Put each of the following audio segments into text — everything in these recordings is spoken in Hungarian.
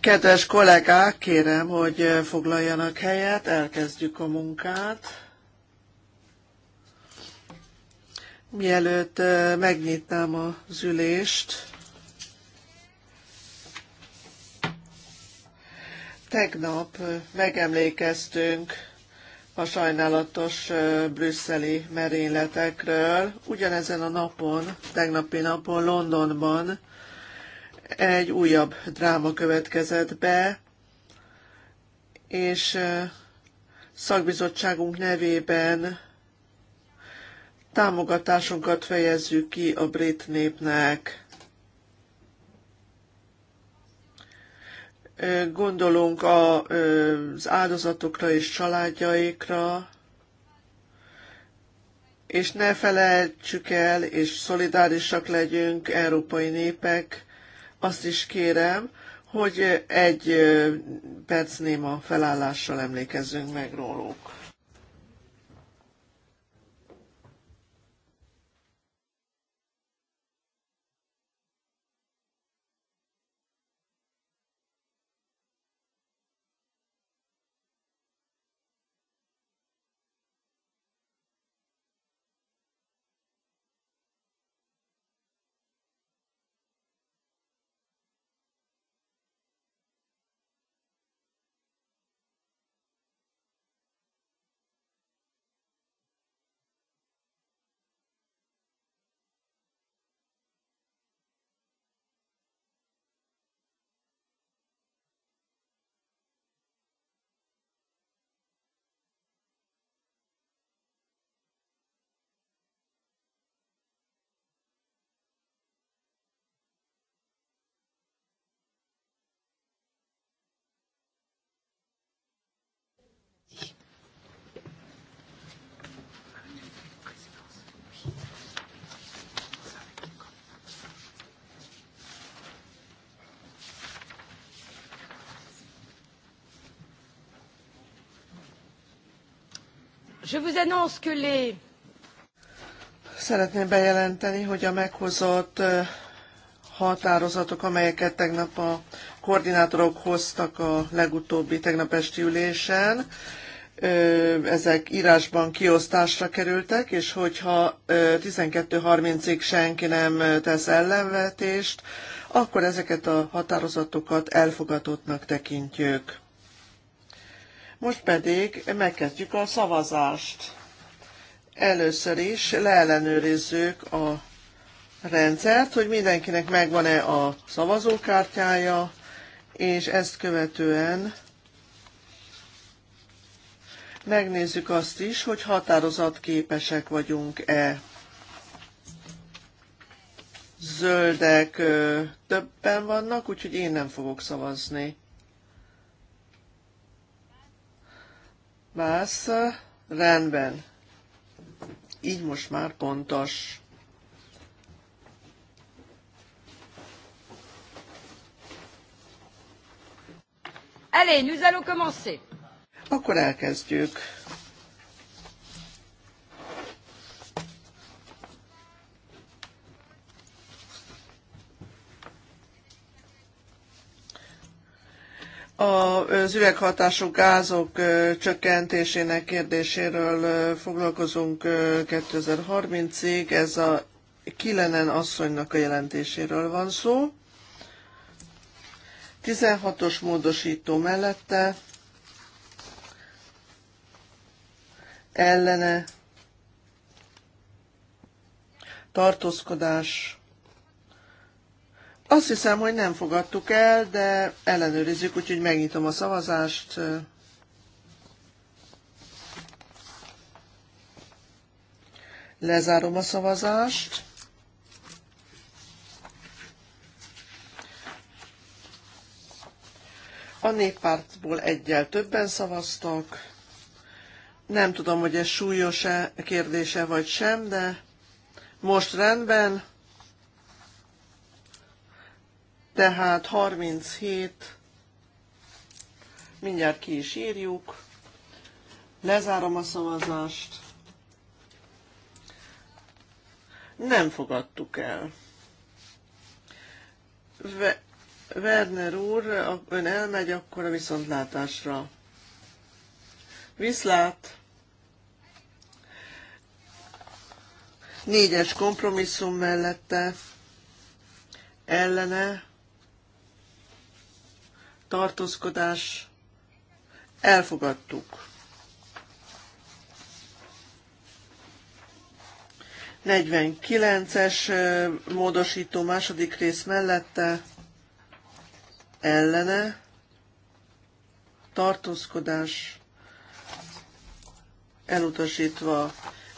Kedves kollégák, kérem, hogy foglaljanak helyet, elkezdjük a munkát. Mielőtt megnyitnám az ülést, tegnap megemlékeztünk a sajnálatos brüsszeli merényletekről. Ugyanezen a napon, tegnapi napon Londonban egy újabb dráma következett be, és szakbizottságunk nevében támogatásunkat fejezzük ki a brit népnek. gondolunk az áldozatokra és családjaikra, és ne felejtsük el, és szolidárisak legyünk, európai népek, azt is kérem, hogy egy perc néma felállással emlékezzünk meg róluk. Je vous annonce que les... Szeretném bejelenteni, hogy a meghozott határozatok, amelyeket tegnap a koordinátorok hoztak a legutóbbi tegnap esti ülésen, ezek írásban kiosztásra kerültek, és hogyha 12.30-ig senki nem tesz ellenvetést, akkor ezeket a határozatokat elfogadottnak tekintjük. Most pedig megkezdjük a szavazást. Először is leellenőrizzük a rendszert, hogy mindenkinek megvan-e a szavazókártyája, és ezt követően megnézzük azt is, hogy határozatképesek vagyunk-e. Zöldek többen vannak, úgyhogy én nem fogok szavazni. Vász, rendben. Így most már pontos. Allez, nous allons commencer. Akkor elkezdjük. az üveghatású gázok csökkentésének kérdéséről foglalkozunk 2030-ig. Ez a Kilenen asszonynak a jelentéséről van szó. 16-os módosító mellette ellene tartózkodás azt hiszem, hogy nem fogadtuk el, de ellenőrizzük, úgyhogy megnyitom a szavazást. Lezárom a szavazást. A néppártból egyel többen szavaztak. Nem tudom, hogy ez súlyos-e kérdése vagy sem, de most rendben. Tehát 37, mindjárt ki is írjuk, lezárom a szavazást, nem fogadtuk el. Ve- Werner úr, ön elmegy akkor a viszontlátásra. Viszlát! Négyes kompromisszum mellette ellene tartózkodás, elfogadtuk. 49-es módosító második rész mellette ellene tartózkodás elutasítva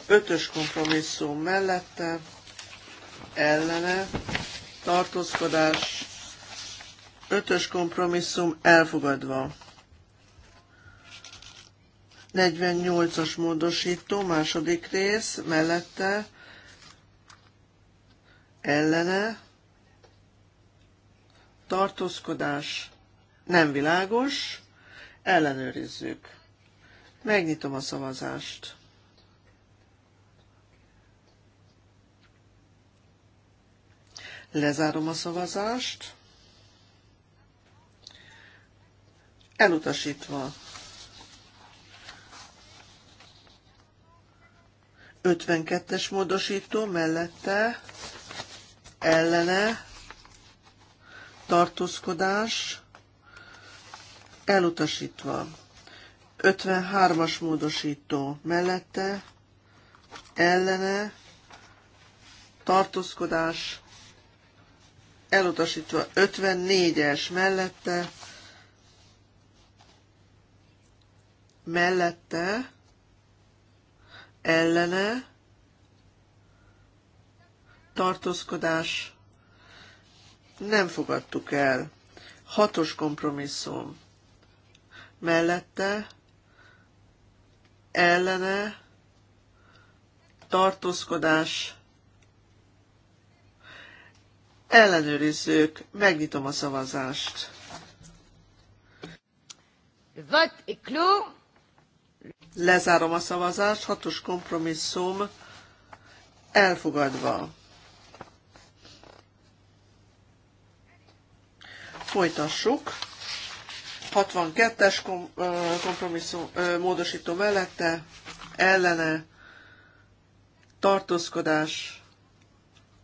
ötös kompromisszum mellette ellene tartózkodás Ötös kompromisszum elfogadva. 48-as módosító, második rész, mellette, ellene, tartózkodás, nem világos, ellenőrizzük. Megnyitom a szavazást. Lezárom a szavazást. elutasítva. 52-es módosító mellette ellene tartózkodás elutasítva. 53-as módosító mellette ellene tartózkodás elutasítva. 54-es mellette mellette, ellene, tartózkodás, nem fogadtuk el. Hatos kompromisszum. Mellette, ellene, tartózkodás, ellenőrizzük, megnyitom a szavazást. Vote est Lezárom a szavazást, hatos kompromisszum elfogadva. Folytassuk. 62-es kompromisszum módosító mellette ellene tartózkodás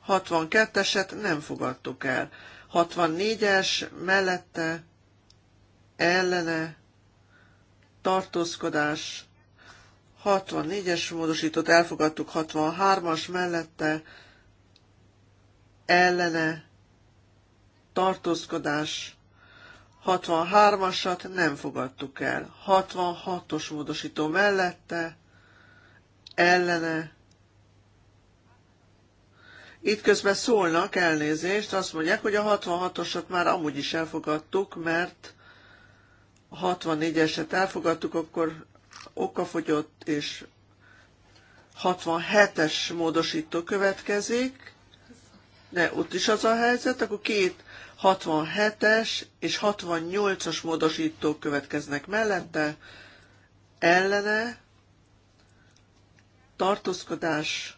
62-eset nem fogadtuk el. 64-es mellette ellene tartózkodás 64-es módosított elfogadtuk, 63-as mellette ellene tartózkodás 63-asat nem fogadtuk el. 66-os módosító mellette ellene itt közben szólnak, elnézést, azt mondják, hogy a 66-osat már amúgy is elfogadtuk, mert 64-eset elfogadtuk, akkor okafogyott, és 67-es módosító következik. De ott is az a helyzet, akkor két 67-es és 68-as módosítók következnek mellette, ellene, tartózkodás,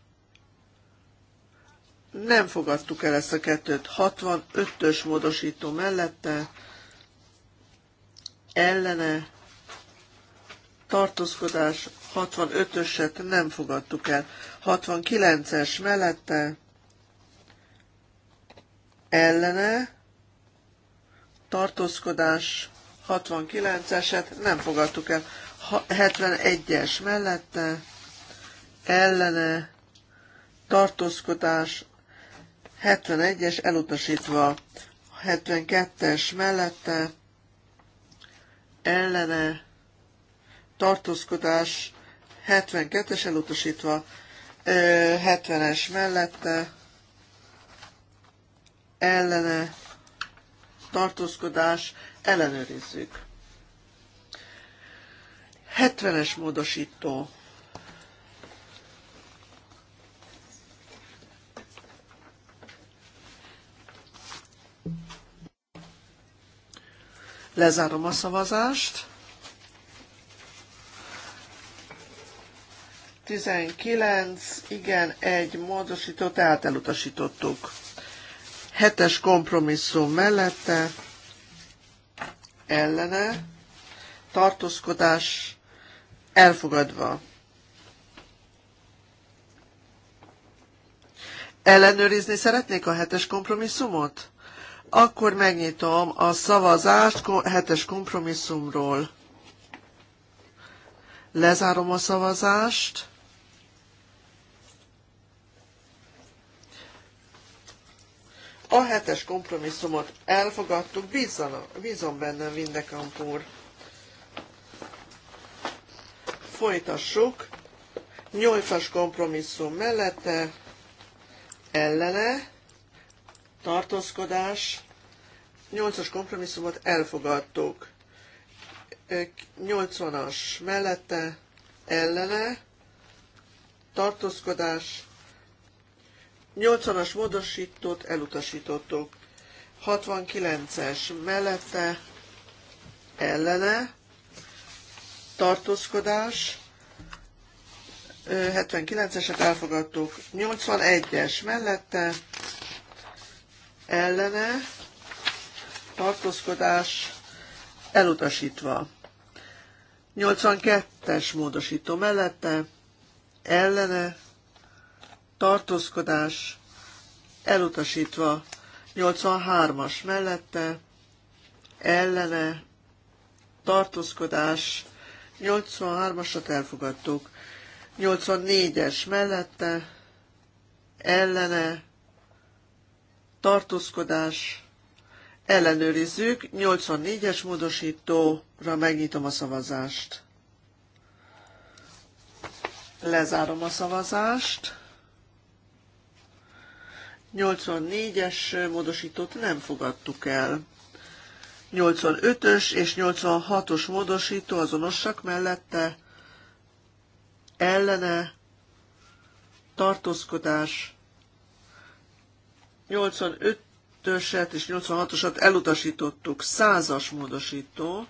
nem fogadtuk el ezt a kettőt, 65-ös módosító mellette, ellene, tartózkodás 65-öset nem fogadtuk el. 69-es mellette ellene tartózkodás 69-eset nem fogadtuk el. 71-es mellette ellene tartózkodás 71-es elutasítva. 72-es mellette ellene tartózkodás 72-es elutasítva, 70-es mellette, ellene tartózkodás ellenőrizzük. 70-es módosító. Lezárom a szavazást. 19, igen, egy módosító, tehát elutasítottuk. Hetes kompromisszum mellette, ellene, tartózkodás elfogadva. Ellenőrizni szeretnék a hetes kompromisszumot? Akkor megnyitom a szavazást hetes kompromisszumról. Lezárom a szavazást. A hetes kompromisszumot elfogadtuk, bízzanak, bízom bennem Vindekamp úr. Folytassuk. Nyolcas kompromisszum mellette, ellene, tartózkodás. Nyolcas kompromisszumot elfogadtuk. Nyolcvanas mellette, ellene, tartózkodás, 80-as módosítót elutasítottuk. 69-es mellette ellene tartózkodás. 79-eset elfogadtuk. 81-es mellette ellene tartózkodás elutasítva. 82-es módosító mellette ellene tartózkodás elutasítva 83-as mellette, ellene, tartózkodás 83-asat elfogadtuk, 84-es mellette, ellene, tartózkodás, ellenőrizzük, 84-es módosítóra megnyitom a szavazást. Lezárom a szavazást. 84-es módosítót nem fogadtuk el. 85-ös és 86-os módosító azonosak mellette ellene tartózkodás 85-öset és 86-osat elutasítottuk. 100-as módosító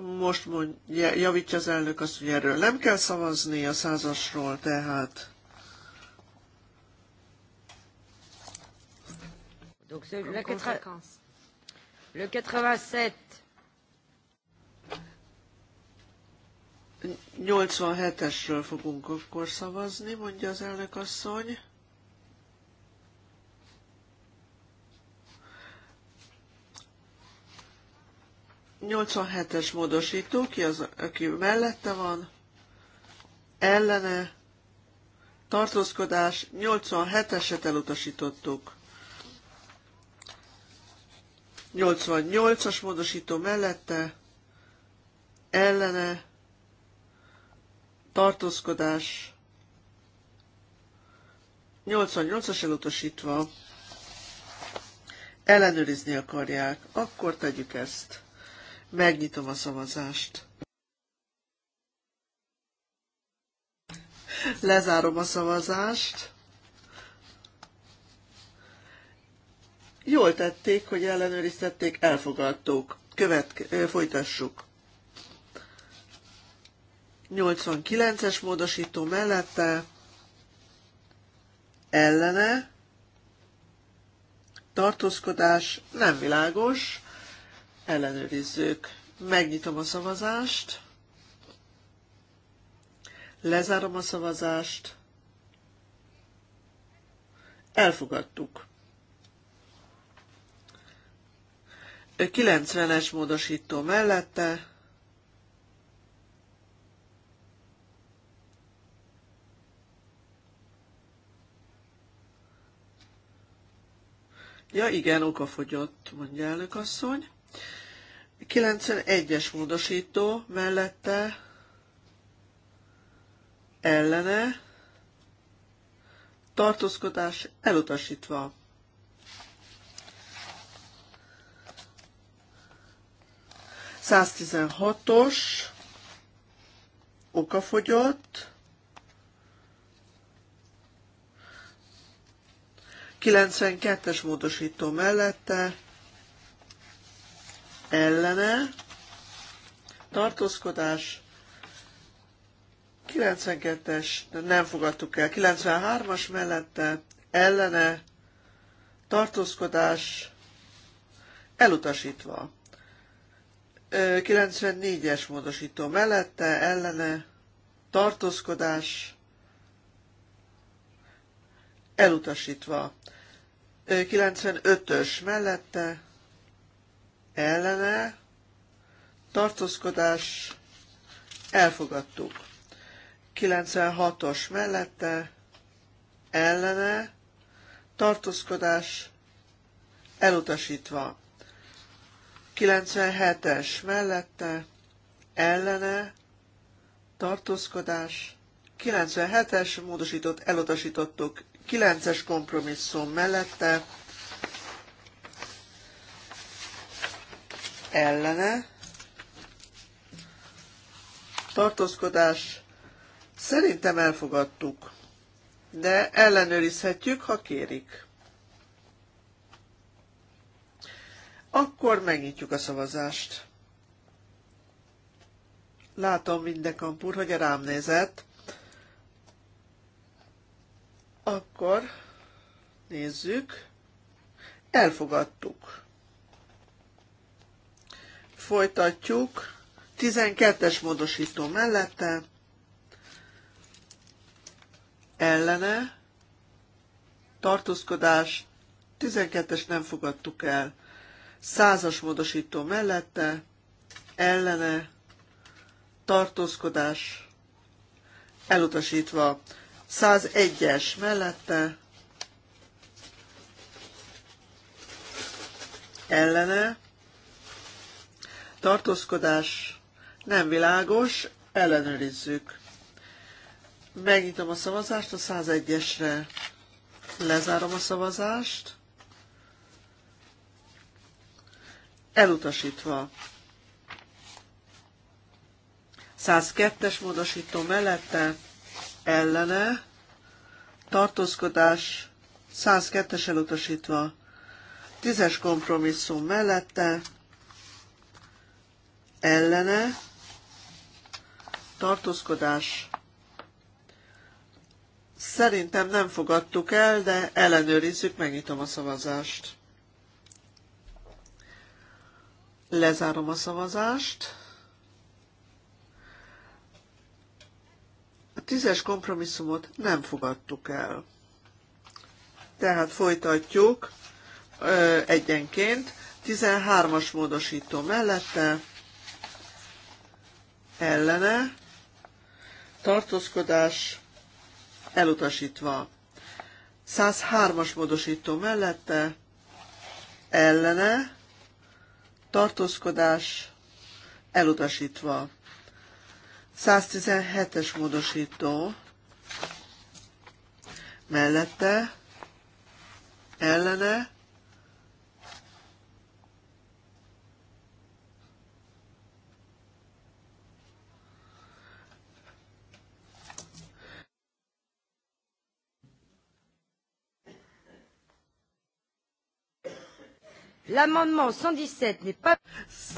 Most mondja, javítja az elnök azt, hogy erről nem kell szavazni a százasról, tehát. Donc le, le 87. 87-esről fogunk akkor szavazni, mondja az elnök asszony. 87-es módosító, ki az, aki mellette van, ellene, tartózkodás, 87-eset elutasítottuk. 88-as módosító mellette, ellene, tartózkodás, 88-as elutasítva, ellenőrizni akarják, akkor tegyük ezt. Megnyitom a szavazást. Lezárom a szavazást. Jól tették, hogy ellenőriztették, elfogadtuk. Követ, folytassuk. 89-es módosító mellette ellene tartózkodás nem világos, ellenőrizzük. Megnyitom a szavazást, lezárom a szavazást, elfogadtuk. 90-es módosító mellette, Ja igen, okafogyott, mondja elnök asszony. 91-es módosító mellette ellene tartózkodás elutasítva. Száztizenhatos okafogyott. 92-es módosító mellette ellene, tartózkodás, 92-es, nem fogadtuk el, 93-as mellette, ellene, tartózkodás, elutasítva. 94-es módosító mellette, ellene, tartózkodás, elutasítva. 95-ös mellette, ellene, tartózkodás, elfogadtuk. 96-os mellette, ellene, tartózkodás, elutasítva. 97-es mellette, ellene, tartózkodás, 97-es módosított elutasítottuk, 9-es kompromisszum mellette, ellene tartózkodás szerintem elfogadtuk, de ellenőrizhetjük, ha kérik. Akkor megnyitjuk a szavazást. Látom minden kampúr, hogy rám nézett. Akkor nézzük. Elfogadtuk. Folytatjuk. 12-es módosító mellette. Ellene. Tartózkodás. 12-es nem fogadtuk el. 100-as módosító mellette. Ellene. Tartózkodás. Elutasítva. 101-es mellette. Ellene tartózkodás, nem világos, ellenőrizzük. Megnyitom a szavazást a 101-esre. Lezárom a szavazást. Elutasítva. 102-es módosító mellette ellene tartózkodás 102-es elutasítva. 10-es kompromisszum mellette ellene tartózkodás. Szerintem nem fogadtuk el, de ellenőrizzük, megnyitom a szavazást. Lezárom a szavazást. A tízes kompromisszumot nem fogadtuk el. Tehát folytatjuk ö, egyenként. 13-as módosító mellette ellene, tartózkodás elutasítva. 103-as módosító mellette, ellene, tartózkodás elutasítva. 117-es módosító mellette, ellene, L'amendement 117 n'est pas...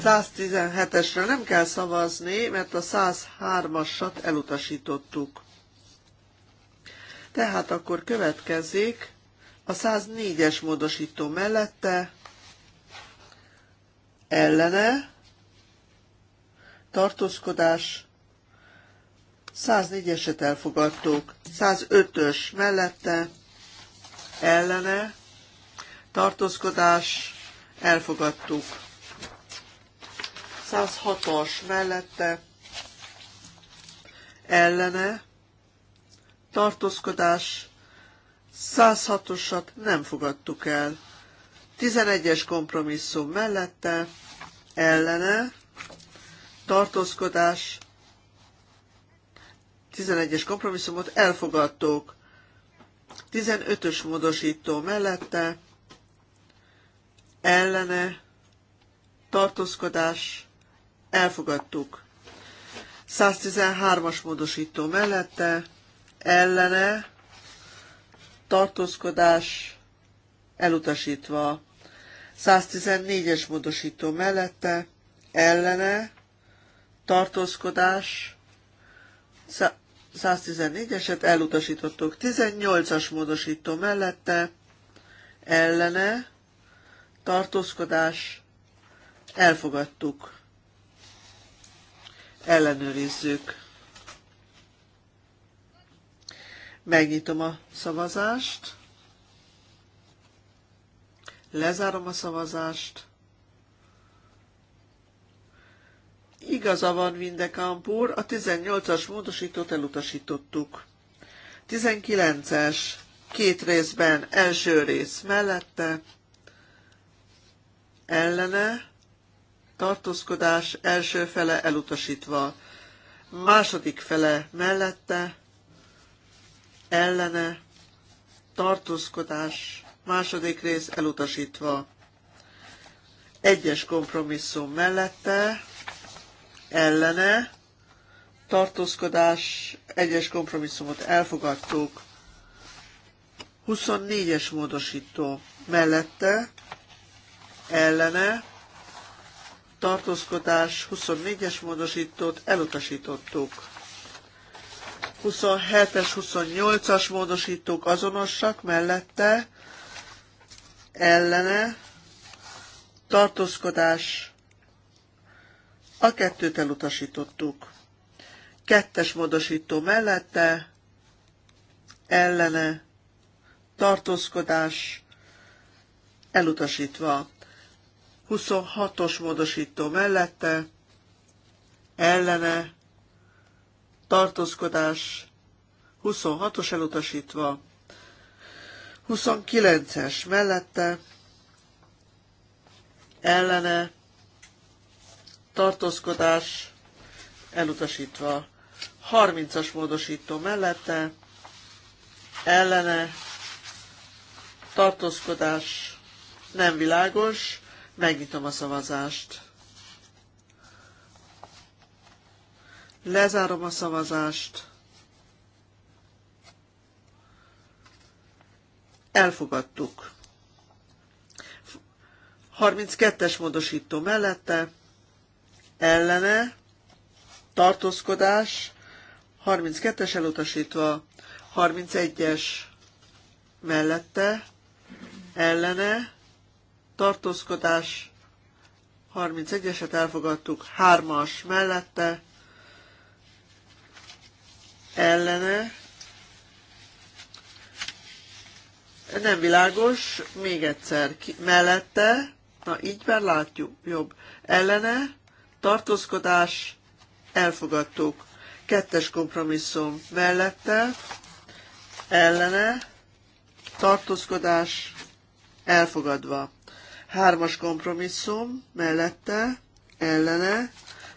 117 esre nem kell szavazni, mert a 103-asat elutasítottuk. Tehát akkor következik a 104-es módosító mellette, ellene, tartózkodás, 104-eset elfogadtuk, 105-ös mellette, ellene, tartózkodás, elfogadtuk. 106-os mellette ellene tartózkodás 106-osat nem fogadtuk el. 11-es kompromisszum mellette ellene tartózkodás 11-es kompromisszumot elfogadtuk. 15-ös módosító mellette ellene tartózkodás elfogadtuk. 113-as módosító mellette ellene tartózkodás elutasítva. 114-es módosító mellette ellene tartózkodás 114-eset elutasítottuk. 18-as módosító mellette ellene tartózkodás, elfogadtuk, ellenőrizzük. Megnyitom a szavazást, lezárom a szavazást, Igaza van Vindekán úr, a 18-as módosítót elutasítottuk. 19-es, két részben, első rész mellette, ellene, tartózkodás első fele elutasítva, második fele mellette, ellene, tartózkodás második rész elutasítva, egyes kompromisszum mellette, ellene, tartózkodás, egyes kompromisszumot elfogadtuk, 24-es módosító mellette, ellene tartózkodás 24-es módosítót elutasítottuk. 27-es, 28-as módosítók azonosak mellette ellene tartózkodás a kettőt elutasítottuk. Kettes módosító mellette ellene tartózkodás elutasítva. 26-os módosító mellette, ellene, tartózkodás, 26-os elutasítva, 29-es mellette, ellene, tartózkodás, elutasítva, 30-as módosító mellette, ellene, tartózkodás, nem világos, Megnyitom a szavazást. Lezárom a szavazást. Elfogadtuk. 32-es módosító mellette, ellene, tartózkodás, 32-es elutasítva, 31-es mellette, ellene, tartózkodás, 31-eset elfogadtuk, 3-as mellette, ellene, nem világos, még egyszer, ki, mellette, na így már látjuk, jobb, ellene, tartózkodás, elfogadtuk, kettes kompromisszum mellette, ellene, tartózkodás, elfogadva. Hármas kompromisszum mellette, ellene,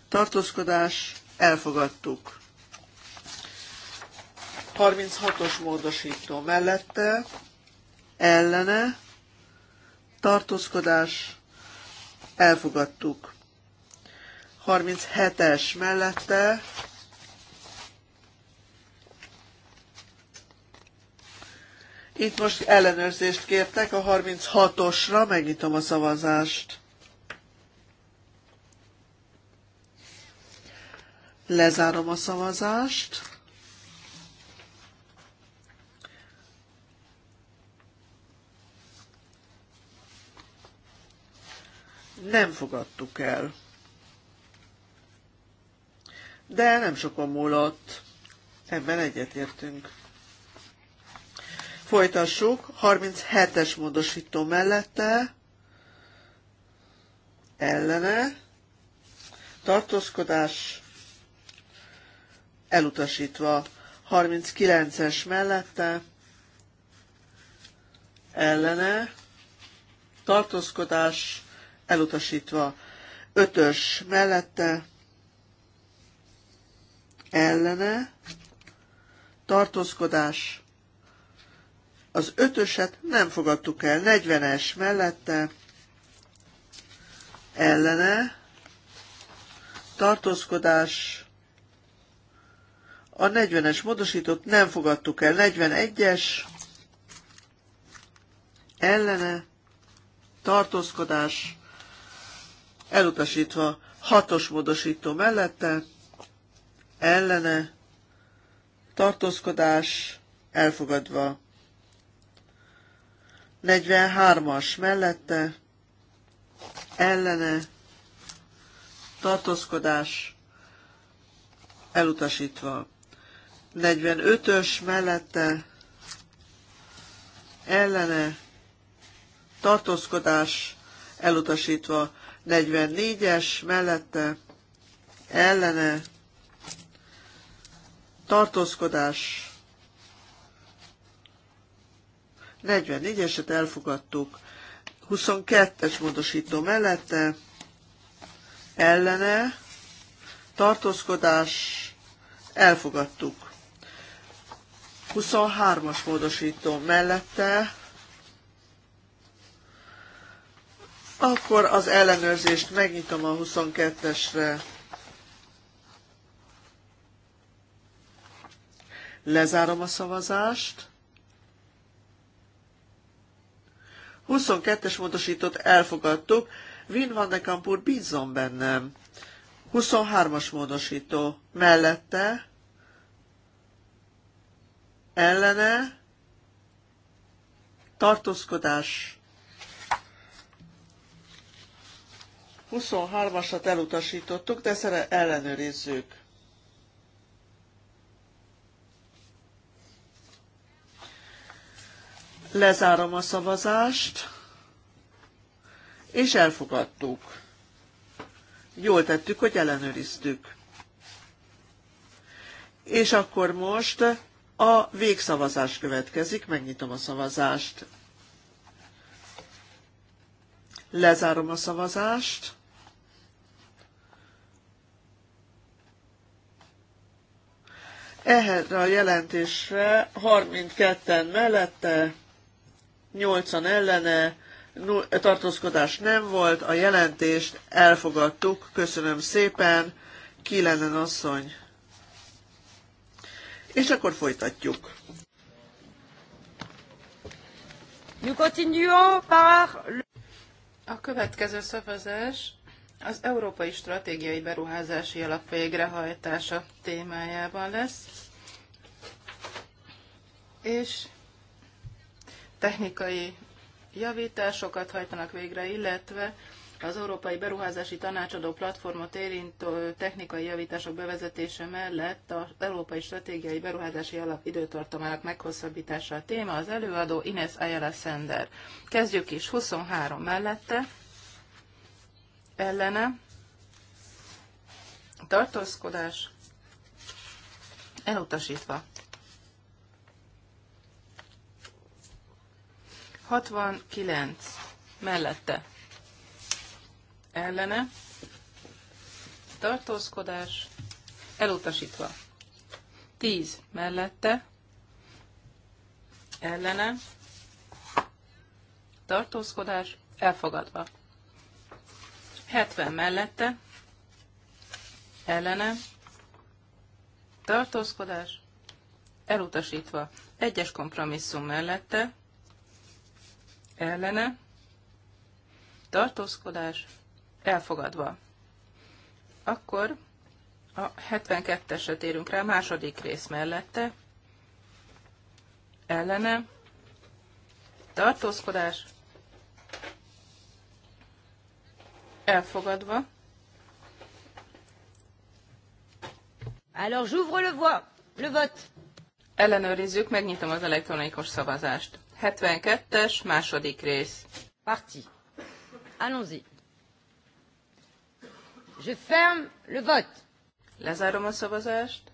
tartózkodás, elfogadtuk. 36-os módosító mellette, ellene, tartózkodás, elfogadtuk. 37-es mellette, Itt most ellenőrzést kértek a 36-osra, megnyitom a szavazást. Lezárom a szavazást. Nem fogadtuk el. De nem sokan múlott. Ebben egyetértünk. Folytassuk, 37-es módosító mellette, ellene, tartózkodás, elutasítva, 39-es mellette, ellene, tartózkodás, elutasítva, 5-ös mellette, ellene, tartózkodás, az ötöset nem fogadtuk el, 40-es mellette, ellene, tartózkodás, a 40-es módosított nem fogadtuk el, 41-es, ellene, tartózkodás, elutasítva, 6-os módosító mellette, ellene, tartózkodás, elfogadva. 43-as mellette ellene tartózkodás elutasítva. 45-ös mellette ellene tartózkodás elutasítva. 44-es mellette ellene tartózkodás 44-eset elfogadtuk. 22-es módosító mellette ellene tartózkodás elfogadtuk. 23-as módosító mellette Akkor az ellenőrzést megnyitom a 22-esre. Lezárom a szavazást. 22-es módosítót elfogadtuk. Vin van de Kampur, bízom bennem. 23-as módosító mellette, ellene, tartózkodás. 23-asat elutasítottuk, de szere ellenőrizzük. Lezárom a szavazást, és elfogadtuk. Jól tettük, hogy ellenőriztük. És akkor most a végszavazás következik, megnyitom a szavazást. Lezárom a szavazást. Ehhez a jelentésre 32-en mellette nyolcan ellene, tartózkodás nem volt, a jelentést elfogadtuk, köszönöm szépen, lenne asszony. És akkor folytatjuk. a következő szavazás az Európai Stratégiai Beruházási Alap végrehajtása témájában lesz, és technikai javításokat hajtanak végre, illetve az Európai Beruházási Tanácsadó Platformot érintő technikai javítások bevezetése mellett az Európai Stratégiai Beruházási Alap időtartamának meghosszabbítása a téma. Az előadó Ines Ayala Sender. Kezdjük is 23 mellette, ellene, tartózkodás, elutasítva. 69 mellette ellene tartózkodás elutasítva. 10 mellette ellene tartózkodás elfogadva. 70 mellette ellene tartózkodás elutasítva. Egyes kompromisszum mellette ellene, tartózkodás elfogadva. Akkor a 72-esre térünk rá, második rész mellette, ellene, tartózkodás elfogadva. Alors j'ouvre le voie, le vote. Ellenőrizzük, megnyitom az elektronikus szavazást. 72-es második rész. Parti. Allons-y. Je ferme le vote. Lezárom a szavazást.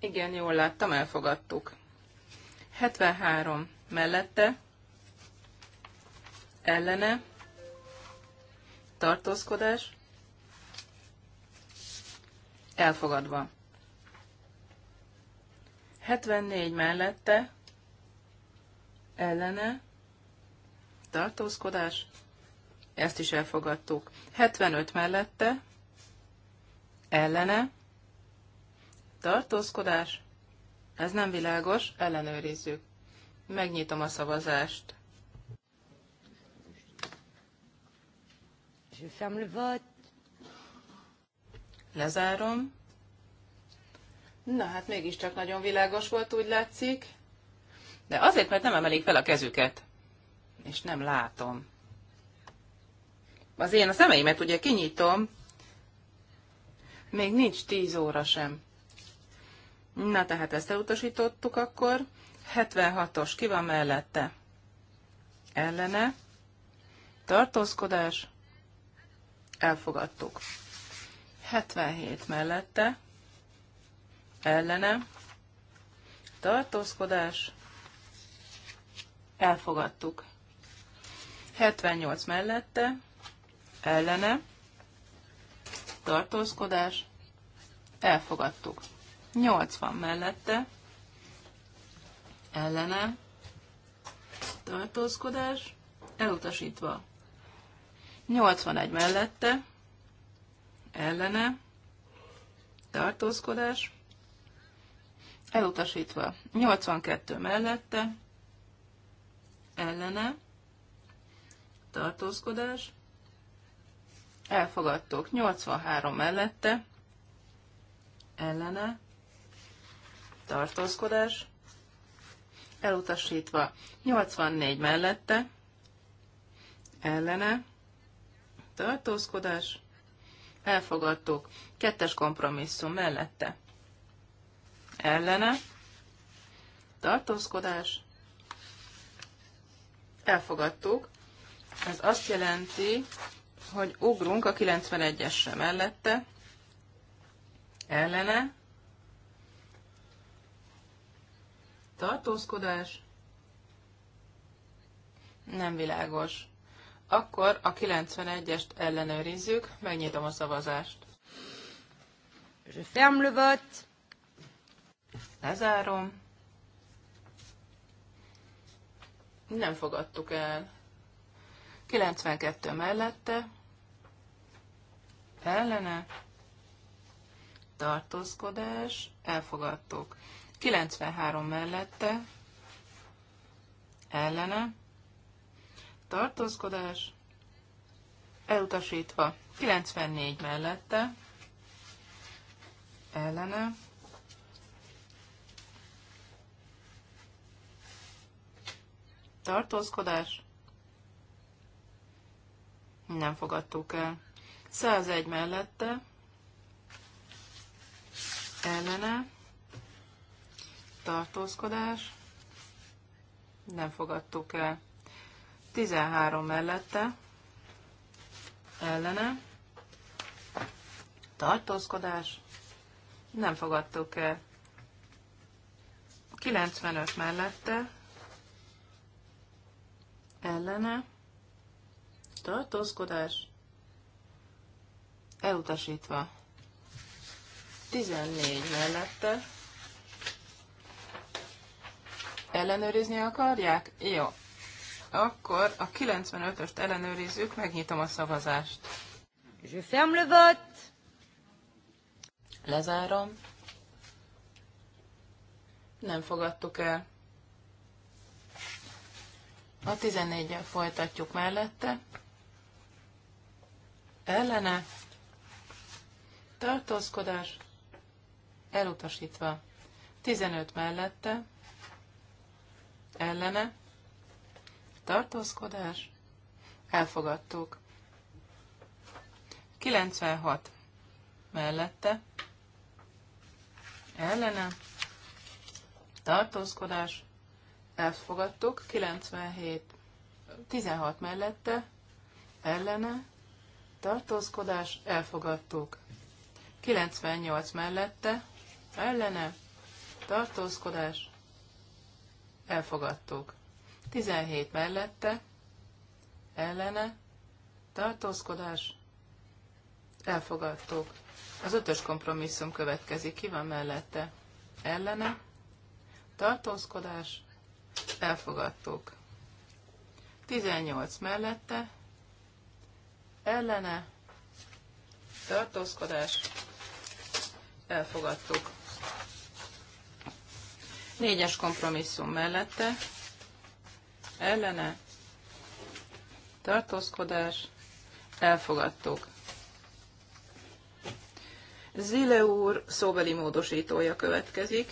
Igen, jól láttam, elfogadtuk. 73 mellette, ellene, tartózkodás, elfogadva. 74 mellette, ellene, tartózkodás, ezt is elfogadtuk. 75 mellette, ellene, tartózkodás, ez nem világos, ellenőrizzük. Megnyitom a szavazást. Je ferme le vote. Lezárom. Na hát mégiscsak nagyon világos volt, úgy látszik. De azért, mert nem emelik fel a kezüket. És nem látom. Az én a szemeimet ugye kinyitom. Még nincs tíz óra sem. Na tehát ezt elutasítottuk akkor. 76-os, ki van mellette? Ellene. Tartózkodás. Elfogadtuk. 77 mellette. Ellene. Tartózkodás elfogadtuk. 78 mellette, ellene, tartózkodás, elfogadtuk. 80 mellette, ellene, tartózkodás, elutasítva. 81 mellette, ellene, tartózkodás, elutasítva. 82 mellette, ellene, tartózkodás, elfogadtok 83 mellette, ellene, tartózkodás, elutasítva 84 mellette, ellene, tartózkodás, elfogadtuk, kettes kompromisszum mellette, ellene, tartózkodás, elfogadtuk. Ez azt jelenti, hogy ugrunk a 91-esre mellette, ellene, tartózkodás, nem világos. Akkor a 91-est ellenőrizzük, megnyitom a szavazást. Je ferme le vote. Lezárom. nem fogadtuk el. 92 mellette, ellene, tartózkodás, elfogadtuk. 93 mellette, ellene, tartózkodás, elutasítva. 94 mellette, ellene, tartózkodás, nem fogadtuk el. 101 mellette, ellene, tartózkodás, nem fogadtuk el. 13 mellette, ellene, tartózkodás, nem fogadtuk el. 95 mellette, ellene, tartózkodás, elutasítva. 14 mellette. Ellenőrizni akarják? Jó. Akkor a 95-öst ellenőrizzük, megnyitom a szavazást. Je ferme le vote. Lezárom. Nem fogadtuk el. A 14 folytatjuk mellette. Ellene. Tartózkodás. Elutasítva. 15 mellette. Ellene. Tartózkodás. Elfogadtuk. 96 mellette. Ellene. Tartózkodás elfogadtuk, 97, 16 mellette, ellene, tartózkodás, elfogadtuk, 98 mellette, ellene, tartózkodás, elfogadtuk, 17 mellette, ellene, tartózkodás, elfogadtuk. Az ötös kompromisszum következik, ki van mellette? Ellene, tartózkodás, elfogadtuk. 18 mellette, ellene, tartózkodás, elfogadtuk. Négyes kompromisszum mellette, ellene, tartózkodás, elfogadtuk. Zile úr szóbeli módosítója következik.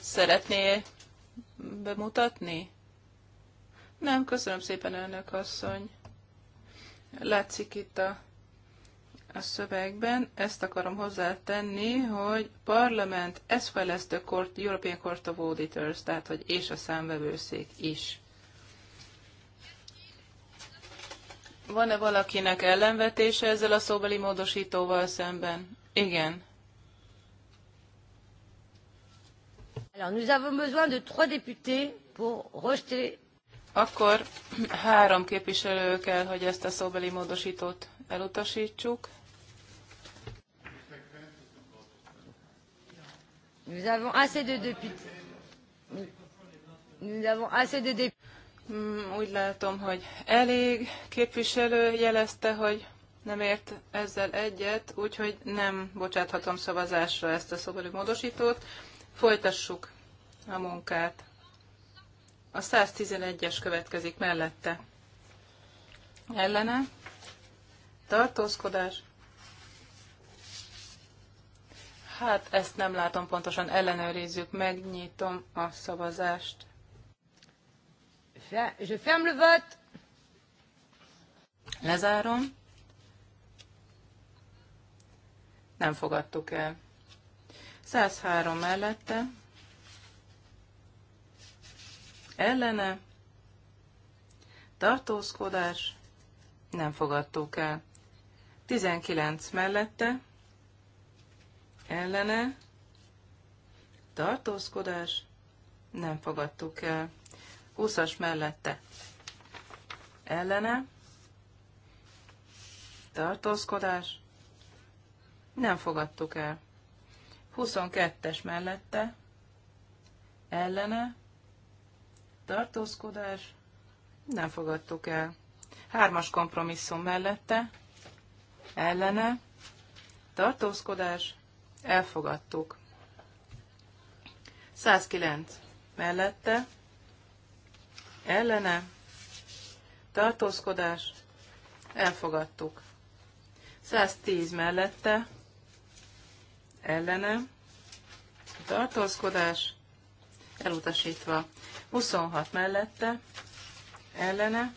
Szeretné bemutatni? Nem, köszönöm szépen, önök asszony. Látszik itt a, a szövegben, ezt akarom hozzátenni, hogy parlament, ez well as the court, European Court of Auditors, tehát hogy és a számvevőszék is. Van-e valakinek ellenvetése ezzel a szóbeli módosítóval szemben? Igen. nous avons besoin de trois députés pour rejeter. Akkor három képviselő kell, hogy ezt a szóbeli módosítót elutasítsuk. Nous avons assez de députés. Nous avons assez de députés. Mm, úgy látom, hogy elég képviselő jelezte, hogy nem ért ezzel egyet, úgyhogy nem bocsáthatom szavazásra ezt a szóbeli módosítót. Folytassuk a munkát. A 111-es következik mellette. Ellene. Tartózkodás. Hát ezt nem látom pontosan, ellenőrizzük, megnyitom a szavazást. Je ferme le vote. Lezárom. Nem fogadtuk el. 103 mellette, ellene, tartózkodás, nem fogadtuk el. 19 mellette, ellene, tartózkodás, nem fogadtuk el. 20-as mellette, ellene, tartózkodás, nem fogadtuk el. 22-es mellette ellene tartózkodás nem fogadtuk el. Hármas kompromisszum mellette ellene tartózkodás elfogadtuk. 109 mellette ellene tartózkodás elfogadtuk. 110 mellette ellene, tartózkodás, elutasítva. 26 mellette, ellene,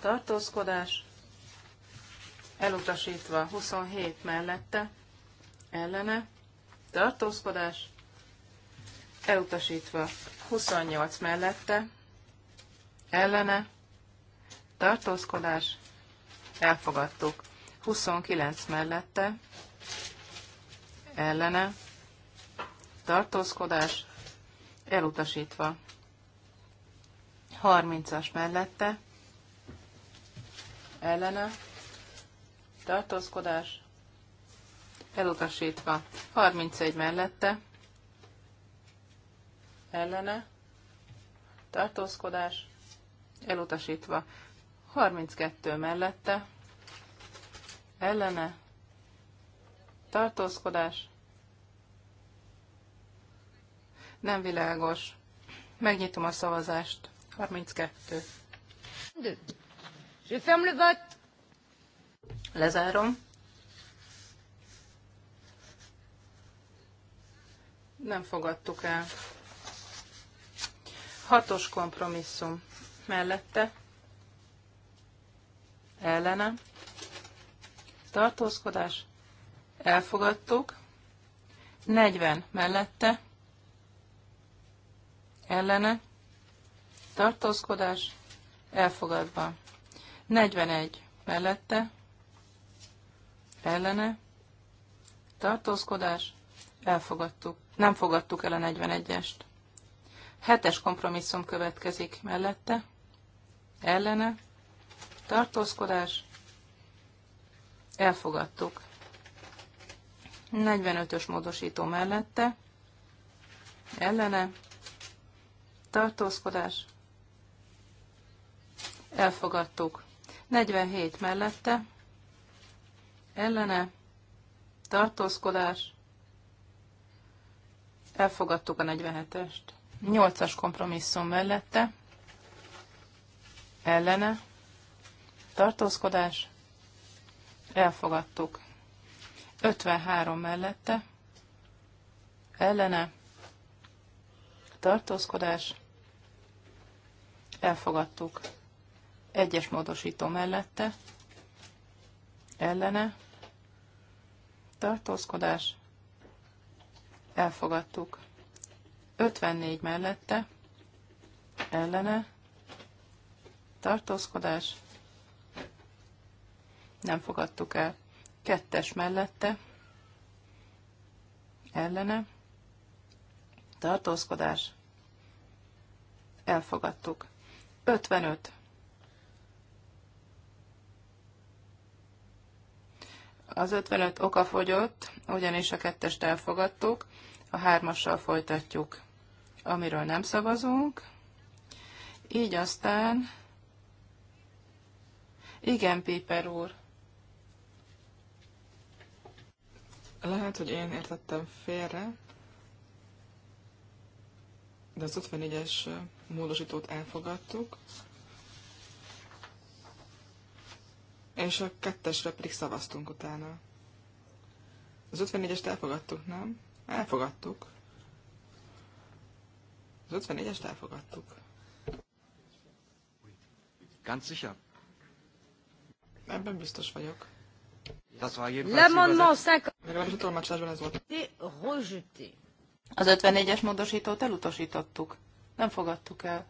tartózkodás, elutasítva. 27 mellette, ellene, tartózkodás, elutasítva. 28 mellette, ellene, tartózkodás, elfogadtuk. 29 mellette, ellene, tartózkodás, elutasítva. 30-as mellette, ellene, tartózkodás, elutasítva. 31 mellette, ellene, tartózkodás, elutasítva. 32 mellette, ellene, Tartózkodás. Nem világos. Megnyitom a szavazást. 32. Je ferme le vote. Lezárom. Nem fogadtuk el. Hatos kompromisszum. Mellette. Ellene. Tartózkodás elfogadtuk, 40 mellette, ellene, tartózkodás, elfogadva, 41 mellette, ellene, tartózkodás, elfogadtuk, nem fogadtuk el a 41-est. Hetes kompromisszum következik mellette, ellene, tartózkodás, elfogadtuk. 45-ös módosító mellette, ellene, tartózkodás, elfogadtuk. 47 mellette, ellene, tartózkodás, elfogadtuk a 47-est. 8-as kompromisszum mellette, ellene, tartózkodás, elfogadtuk. 53 mellette, ellene, tartózkodás, elfogadtuk. Egyes módosító mellette, ellene, tartózkodás, elfogadtuk. 54 mellette, ellene, tartózkodás, nem fogadtuk el. Kettes mellette ellene tartózkodás elfogadtuk. 55. Az 55 oka fogyott, ugyanis a kettest elfogadtuk, a hármassal folytatjuk, amiről nem szavazunk. Így aztán... Igen, Piper úr. Lehet, hogy én értettem félre, de az 54-es módosítót elfogadtuk, és a kettesre pedig szavaztunk utána. Az 54-est elfogadtuk, nem? Elfogadtuk. Az 54-est elfogadtuk. Ganz sicher. Ebben biztos vagyok. L'amendement Legalábbis a tolmácsolásban ez volt. Az 54-es módosítót elutasítottuk. Nem fogadtuk el.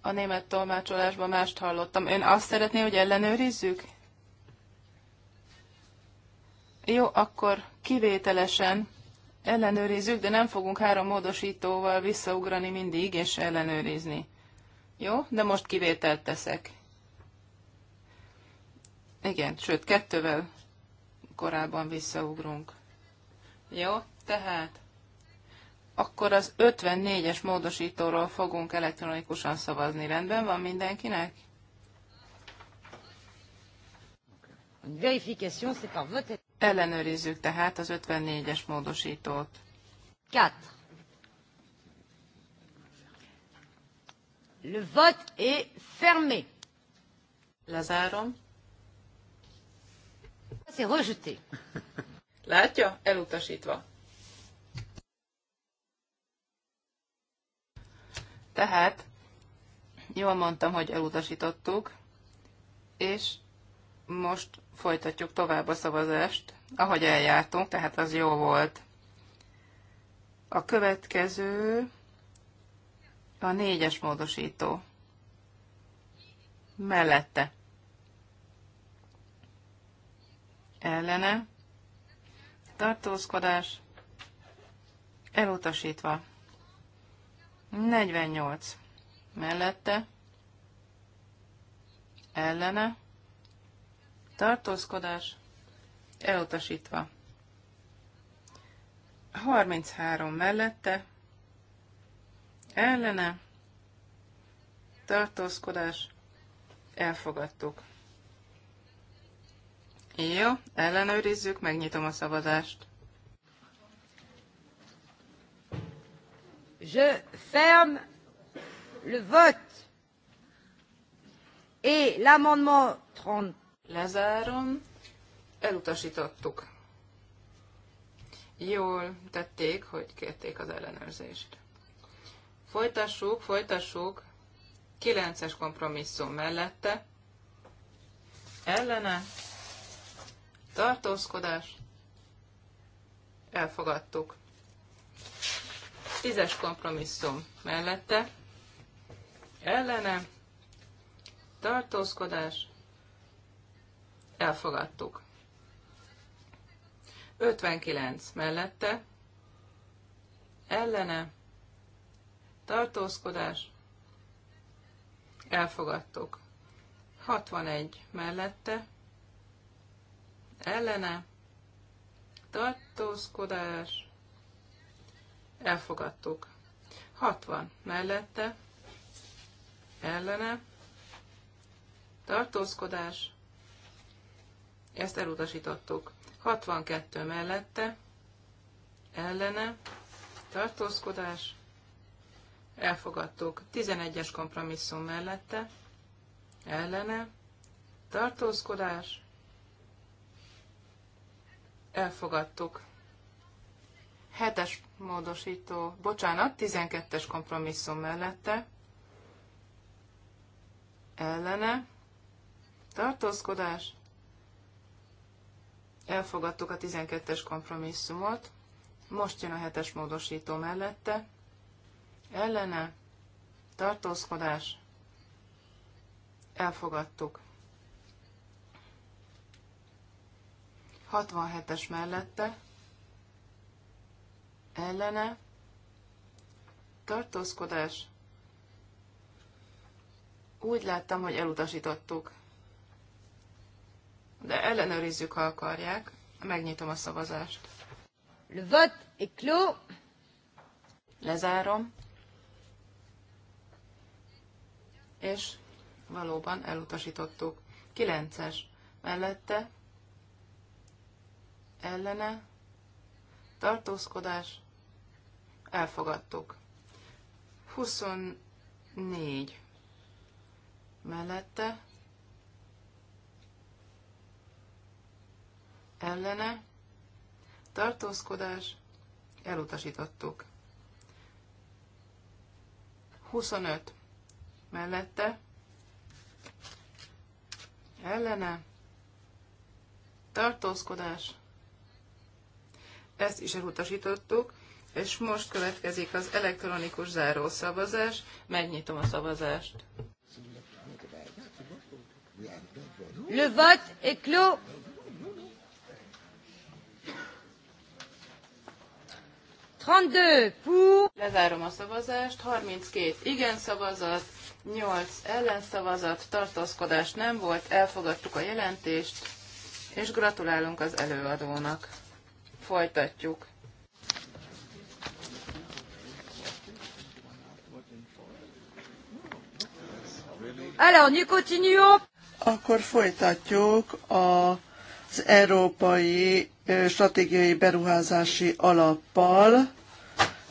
A német tolmácsolásban mást hallottam. Ön azt szeretné, hogy ellenőrizzük? Jó, akkor kivételesen ellenőrizzük, de nem fogunk három módosítóval visszaugrani mindig és ellenőrizni. Jó, de most kivételt teszek. Igen, sőt, kettővel korábban visszaugrunk. Jó, tehát akkor az 54-es módosítóról fogunk elektronikusan szavazni. Rendben van mindenkinek? Ellenőrizzük tehát az 54-es módosítót. 4. Le vote est fermé. Lazarom. Látja? Elutasítva. Tehát, jól mondtam, hogy elutasítottuk, és most folytatjuk tovább a szavazást, ahogy eljártunk, tehát az jó volt. A következő a négyes módosító. Mellette. ellene, tartózkodás, elutasítva. 48 mellette, ellene, tartózkodás, elutasítva. 33 mellette, ellene, tartózkodás, elfogadtuk. Jó, ellenőrizzük, megnyitom a szavazást. Je ferme le vote. Et l'amendement 30. Lezárom. Elutasítottuk. Jól tették, hogy kérték az ellenőrzést. Folytassuk, folytassuk. 9-es kompromisszum mellette. Ellene tartózkodás, elfogadtuk. Tízes kompromisszum mellette, ellene, tartózkodás, elfogadtuk. 59 mellette, ellene, tartózkodás, elfogadtuk. 61 mellette, ellene, tartózkodás, elfogadtuk. 60 mellette, ellene, tartózkodás, ezt elutasítottuk. 62 mellette, ellene, tartózkodás, elfogadtuk. 11-es kompromisszum mellette, ellene, tartózkodás, elfogadtuk. Hetes módosító, bocsánat, 12-es kompromisszum mellette, ellene, tartózkodás, elfogadtuk a 12-es kompromisszumot, most jön a hetes módosító mellette, ellene, tartózkodás, elfogadtuk. 67-es mellette ellene tartózkodás. Úgy láttam, hogy elutasítottuk. De ellenőrizzük, ha akarják. Megnyitom a szavazást. Le vote est clos. Lezárom. És valóban elutasítottuk. 9-es mellette ellene, tartózkodás, elfogadtuk. 24 mellette, ellene, tartózkodás, elutasítottuk. 25 mellette, ellene, tartózkodás, ezt is elutasítottuk, és most következik az elektronikus zárószavazás. Megnyitom a szavazást. Le vote est clos. Lezárom a szavazást, 32 igen szavazat, 8 ellenszavazat, tartózkodás nem volt, elfogadtuk a jelentést, és gratulálunk az előadónak folytatjuk. Alors, nous continuons. Akkor folytatjuk az Európai Stratégiai Beruházási Alappal,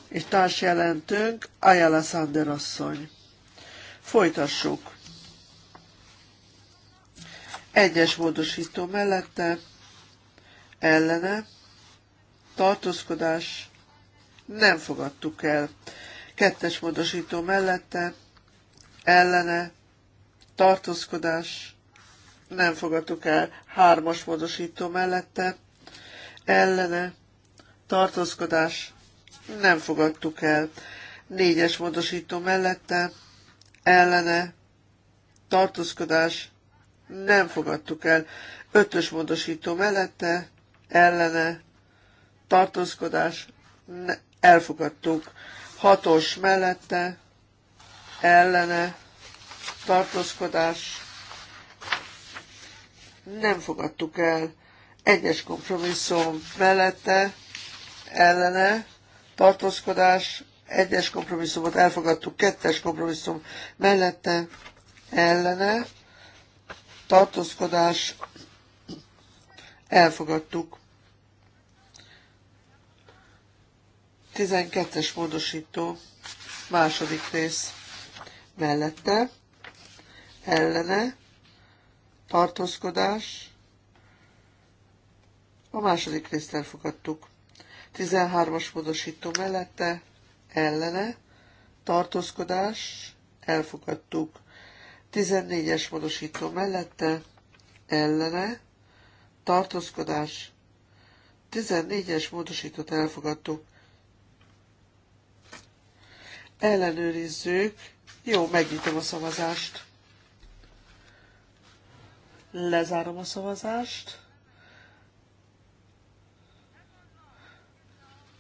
és társjelentőnk Ayala Sander asszony. Folytassuk. Egyes módosító mellette, ellene, tartózkodás nem fogadtuk el. Kettes módosító mellette, ellene, tartózkodás nem fogadtuk el. Hármas módosító mellette, ellene, tartózkodás nem fogadtuk el. Négyes módosító mellette, ellene, tartózkodás nem fogadtuk el. Ötös módosító mellette, ellene, tartózkodás, elfogadtuk. Hatos mellette, ellene, tartózkodás, nem fogadtuk el. Egyes kompromisszum mellette, ellene, tartózkodás, egyes kompromisszumot elfogadtuk, kettes kompromisszum mellette, ellene, tartózkodás, elfogadtuk. 12-es módosító második rész mellette, ellene, tartózkodás, a második részt elfogadtuk. 13-as módosító mellette, ellene, tartózkodás, elfogadtuk. 14-es módosító mellette, ellene, tartózkodás, 14-es módosítót elfogadtuk. Ellenőrizzük. Jó, megnyitom a szavazást. Lezárom a szavazást.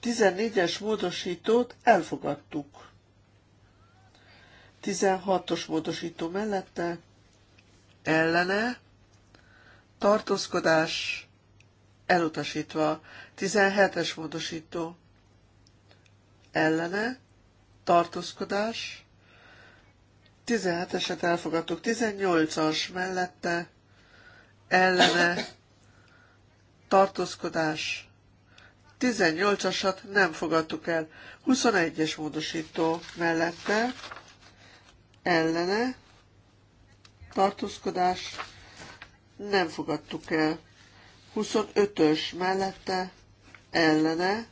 14-es módosítót elfogadtuk. 16-os módosító mellette ellene tartózkodás elutasítva. 17-es módosító ellene tartózkodás. 17-eset elfogadtuk, 18-as mellette ellene tartózkodás. 18-asat nem fogadtuk el. 21-es módosító mellette ellene tartózkodás nem fogadtuk el. 25-ös mellette ellene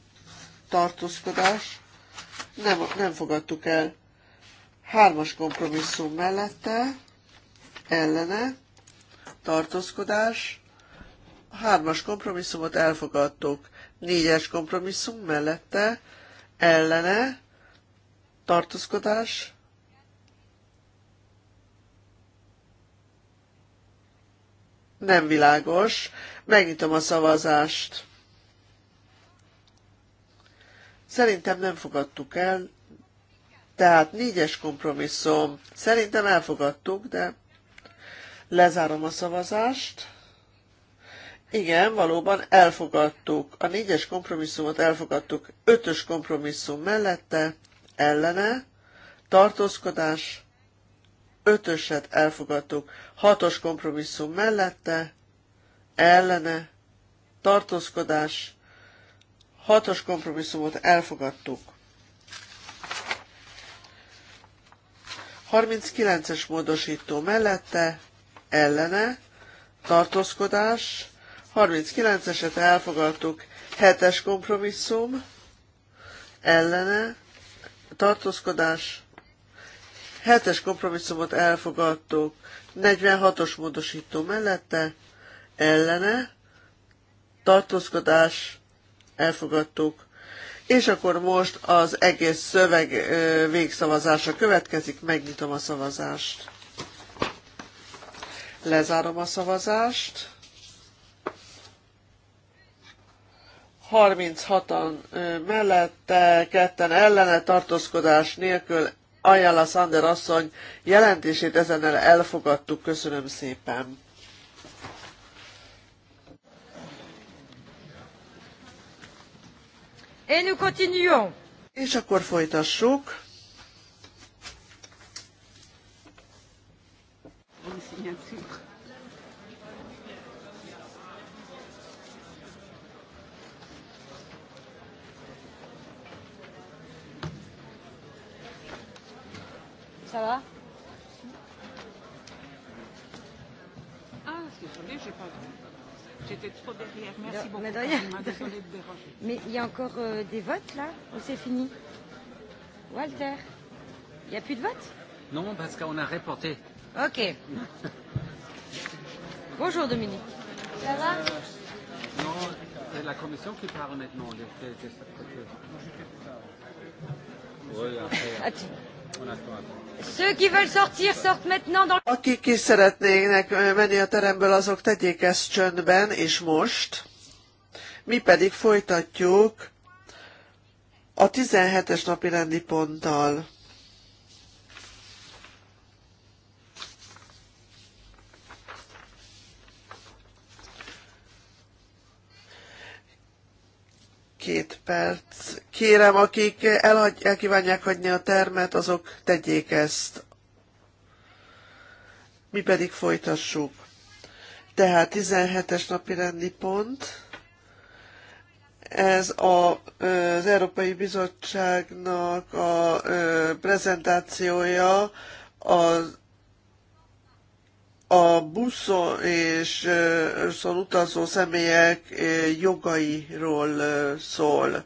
tartózkodás nem, nem fogadtuk el. Hármas kompromisszum mellette, ellene, tartózkodás. Hármas kompromisszumot elfogadtuk. Négyes kompromisszum mellette, ellene, tartózkodás. Nem világos. Megnyitom a szavazást. Szerintem nem fogadtuk el, tehát négyes kompromisszum. Szerintem elfogadtuk, de lezárom a szavazást. Igen, valóban elfogadtuk. A négyes kompromisszumot elfogadtuk. Ötös kompromisszum mellette, ellene, tartózkodás, ötöset elfogadtuk. Hatos kompromisszum mellette, ellene, tartózkodás, Hatos kompromisszumot elfogadtuk. 39-es módosító mellette ellene tartózkodás. 39-eset elfogadtuk. 7-es kompromisszum ellene tartózkodás. 7-es kompromisszumot elfogadtuk. 46-os módosító mellette ellene tartózkodás elfogadtuk. És akkor most az egész szöveg végszavazása következik, megnyitom a szavazást. Lezárom a szavazást. 36-an mellette, ketten ellene tartózkodás nélkül Ajala Sander asszony jelentését ezennel elfogadtuk. Köszönöm szépen. Et nous continuons. És akkor folytassuk. Ça va Ah, c'est j'ai pas J'étais trop derrière. Merci beaucoup. Désolée de déranger. Mais il y a encore euh, des votes là ou c'est fini Walter, il n'y a plus de vote Non, parce qu'on a reporté. Ok. Bonjour Dominique. Ça va Non, c'est la commission qui parle maintenant. Oui, après. Akik ki szeretnének menni a teremből, azok tegyék ezt csöndben, és most. Mi pedig folytatjuk a 17-es napi rendi ponttal. két perc. Kérem, akik elhagy, elkívánják hagyni a termet, azok tegyék ezt. Mi pedig folytassuk. Tehát 17-es napi rendi pont. Ez a, az Európai Bizottságnak a prezentációja az a buszon és szóval utazó személyek jogairól szól.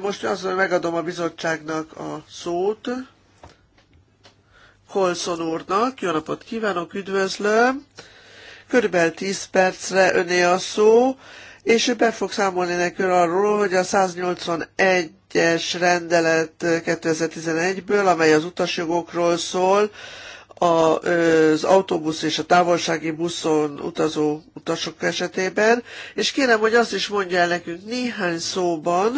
Most azon megadom a bizottságnak a szót. Kolszon úrnak, jó napot kívánok, üdvözlöm. Körülbelül 10 percre öné a szó, és ő be fog számolni nekünk arról, hogy a 181 es rendelet 2011-ből, amely az utasjogokról szól, az autóbusz és a távolsági buszon utazó utasok esetében, és kérem, hogy azt is mondja el nekünk néhány szóban,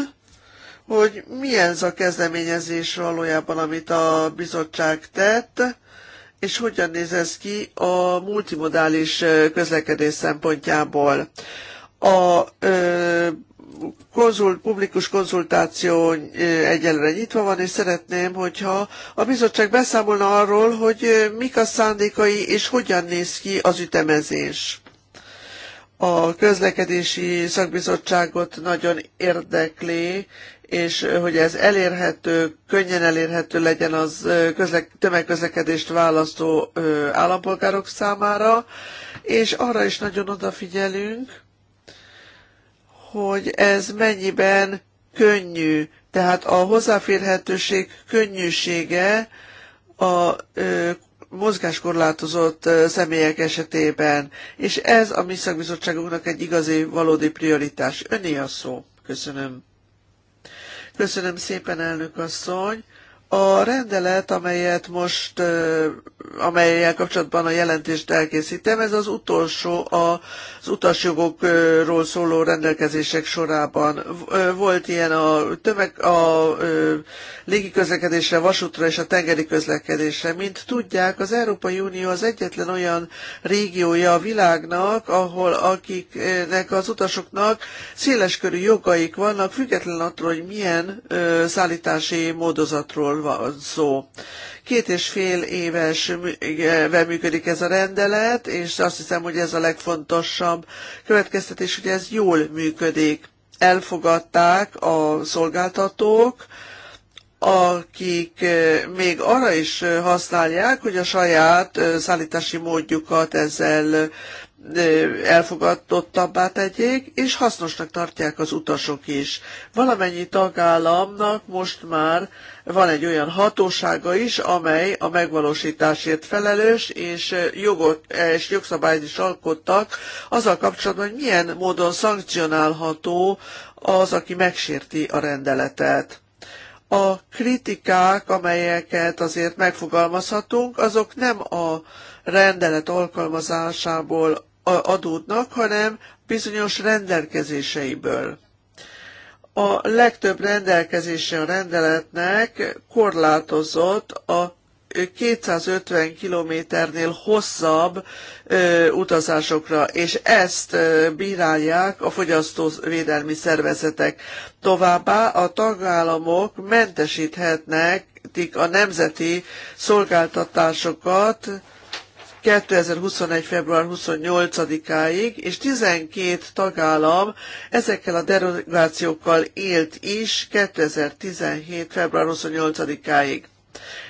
hogy milyen ez a kezdeményezés valójában, amit a bizottság tett, és hogyan néz ez ki a multimodális közlekedés szempontjából. A ö, konzult, publikus konzultáció eh, egyelőre nyitva van, és szeretném, hogyha a bizottság beszámolna arról, hogy eh, mik a szándékai, és hogyan néz ki az ütemezés. A közlekedési szakbizottságot nagyon érdekli, és eh, hogy ez elérhető, könnyen elérhető legyen az közlek, tömegközlekedést választó állampolgárok számára, és arra is nagyon odafigyelünk, hogy ez mennyiben könnyű, tehát a hozzáférhetőség könnyűsége a ö, mozgáskorlátozott személyek esetében, és ez a mi szakbizottságunknak egy igazi, valódi prioritás. Öné a szó. Köszönöm. Köszönöm szépen, elnök asszony. A rendelet, amelyet most, amelyel kapcsolatban a jelentést elkészítem, ez az utolsó az utasjogokról szóló rendelkezések sorában. Volt ilyen a tömeg, a légiközlekedésre, vasútra és a tengeri közlekedésre. Mint tudják, az Európai Unió az egyetlen olyan régiója a világnak, ahol akiknek az utasoknak széleskörű jogaik vannak, független attól, hogy milyen szállítási módozatról van szó. Két és fél éves eh, működik ez a rendelet, és azt hiszem, hogy ez a legfontosabb következtetés, hogy ez jól működik. Elfogadták a szolgáltatók, akik eh, még arra is eh, használják, hogy a saját szállítási módjukat ezzel elfogadottabbá tegyék, és hasznosnak tartják az utasok is. Valamennyi tagállamnak most már van egy olyan hatósága is, amely a megvalósításért felelős, és, jogot, és jogszabályt is alkottak azzal kapcsolatban, hogy milyen módon szankcionálható az, aki megsérti a rendeletet a kritikák, amelyeket azért megfogalmazhatunk, azok nem a rendelet alkalmazásából adódnak, hanem bizonyos rendelkezéseiből. A legtöbb rendelkezése a rendeletnek korlátozott a 250 kilométernél hosszabb ö, utazásokra, és ezt ö, bírálják a fogyasztóvédelmi szervezetek. Továbbá a tagállamok mentesíthetnek a nemzeti szolgáltatásokat, 2021. február 28-áig, és 12 tagállam ezekkel a derogációkkal élt is 2017. február 28-áig.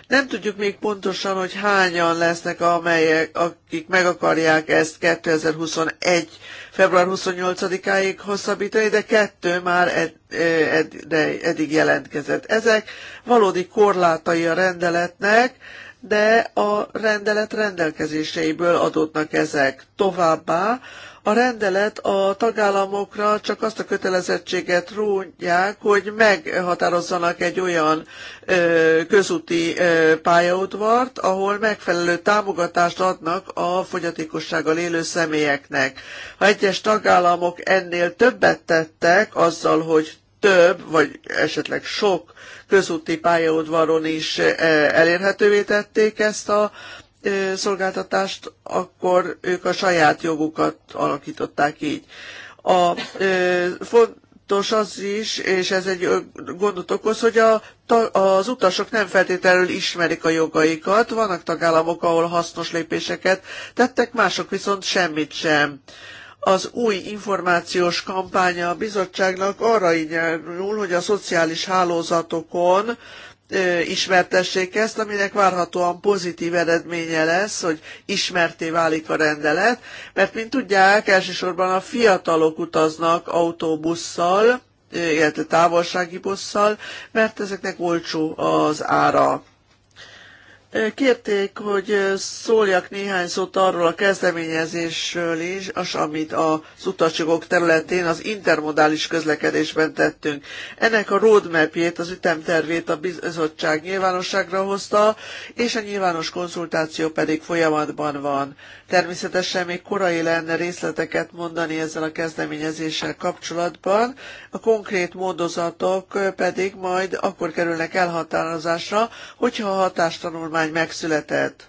Nem tudjuk még pontosan, hogy hányan lesznek, amelyek, akik meg akarják ezt 2021. február 28-áig hosszabbítani, de kettő már ed, ed, ed, eddig jelentkezett. Ezek valódi korlátai a rendeletnek, de a rendelet rendelkezéseiből adódnak ezek. Továbbá a rendelet a tagállamokra csak azt a kötelezettséget rónják, hogy meghatározzanak egy olyan ö, közúti ö, pályaudvart, ahol megfelelő támogatást adnak a fogyatékossággal élő személyeknek. Ha egyes tagállamok ennél többet tettek azzal, hogy több, vagy esetleg sok közúti pályaudvaron is e, elérhetővé tették ezt a e, szolgáltatást, akkor ők a saját jogukat alakították így. A e, fontos az is, és ez egy gondot okoz, hogy a, az utasok nem feltétlenül ismerik a jogaikat, vannak tagállamok, ahol hasznos lépéseket tettek, mások viszont semmit sem az új információs kampánya a bizottságnak arra nyúl, hogy a szociális hálózatokon ismertessék ezt, aminek várhatóan pozitív eredménye lesz, hogy ismerté válik a rendelet, mert mint tudják, elsősorban a fiatalok utaznak autóbusszal, illetve távolsági busszal, mert ezeknek olcsó az ára. Kérték, hogy szóljak néhány szót arról a kezdeményezésről is, az, amit az utasjogok területén az intermodális közlekedésben tettünk. Ennek a roadmapjét, az ütemtervét a bizottság nyilvánosságra hozta, és a nyilvános konzultáció pedig folyamatban van. Természetesen még korai lenne részleteket mondani ezzel a kezdeményezéssel kapcsolatban, a konkrét módozatok pedig majd akkor kerülnek elhatározásra, hogyha a hatástanulmány tanulmány megszületett.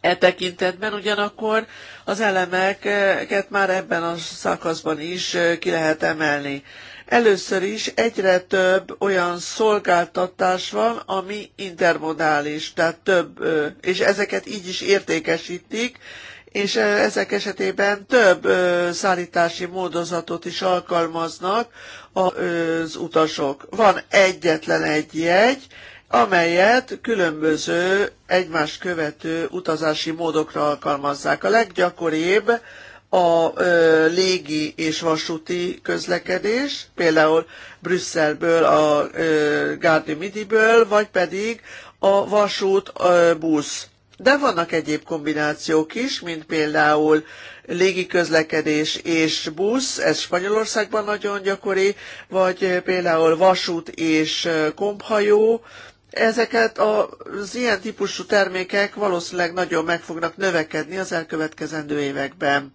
E tekintetben ugyanakkor az elemeket már ebben a szakaszban is ki lehet emelni. Először is egyre több olyan szolgáltatás van, ami intermodális, tehát több, és ezeket így is értékesítik, és ezek esetében több szállítási módozatot is alkalmaznak az utasok. Van egyetlen egy jegy, amelyet különböző egymást követő utazási módokra alkalmazzák. A leggyakoribb a ö, légi és vasúti közlekedés, például Brüsszelből, a Gárdi Midiből, vagy pedig a vasút ö, busz. De vannak egyéb kombinációk is, mint például légi közlekedés és busz, ez Spanyolországban nagyon gyakori, vagy például vasút és komphajó, ö, Ezeket az ilyen típusú termékek valószínűleg nagyon meg fognak növekedni az elkövetkezendő években.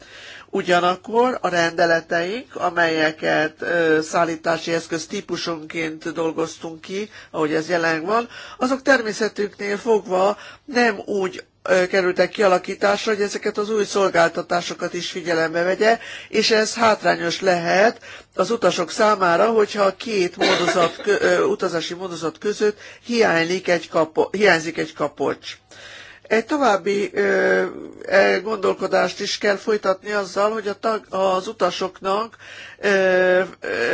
Ugyanakkor a rendeleteink, amelyeket szállítási eszköz típusonként dolgoztunk ki, ahogy ez jelen van, azok természetüknél fogva nem úgy kerültek kialakításra, hogy ezeket az új szolgáltatásokat is figyelembe vegye, és ez hátrányos lehet az utasok számára, hogyha a két módozat, utazási módozat között hiányzik egy, kapo, hiányzik egy kapocs. Egy további ö, e, gondolkodást is kell folytatni azzal, hogy a tag, az utasoknak ö,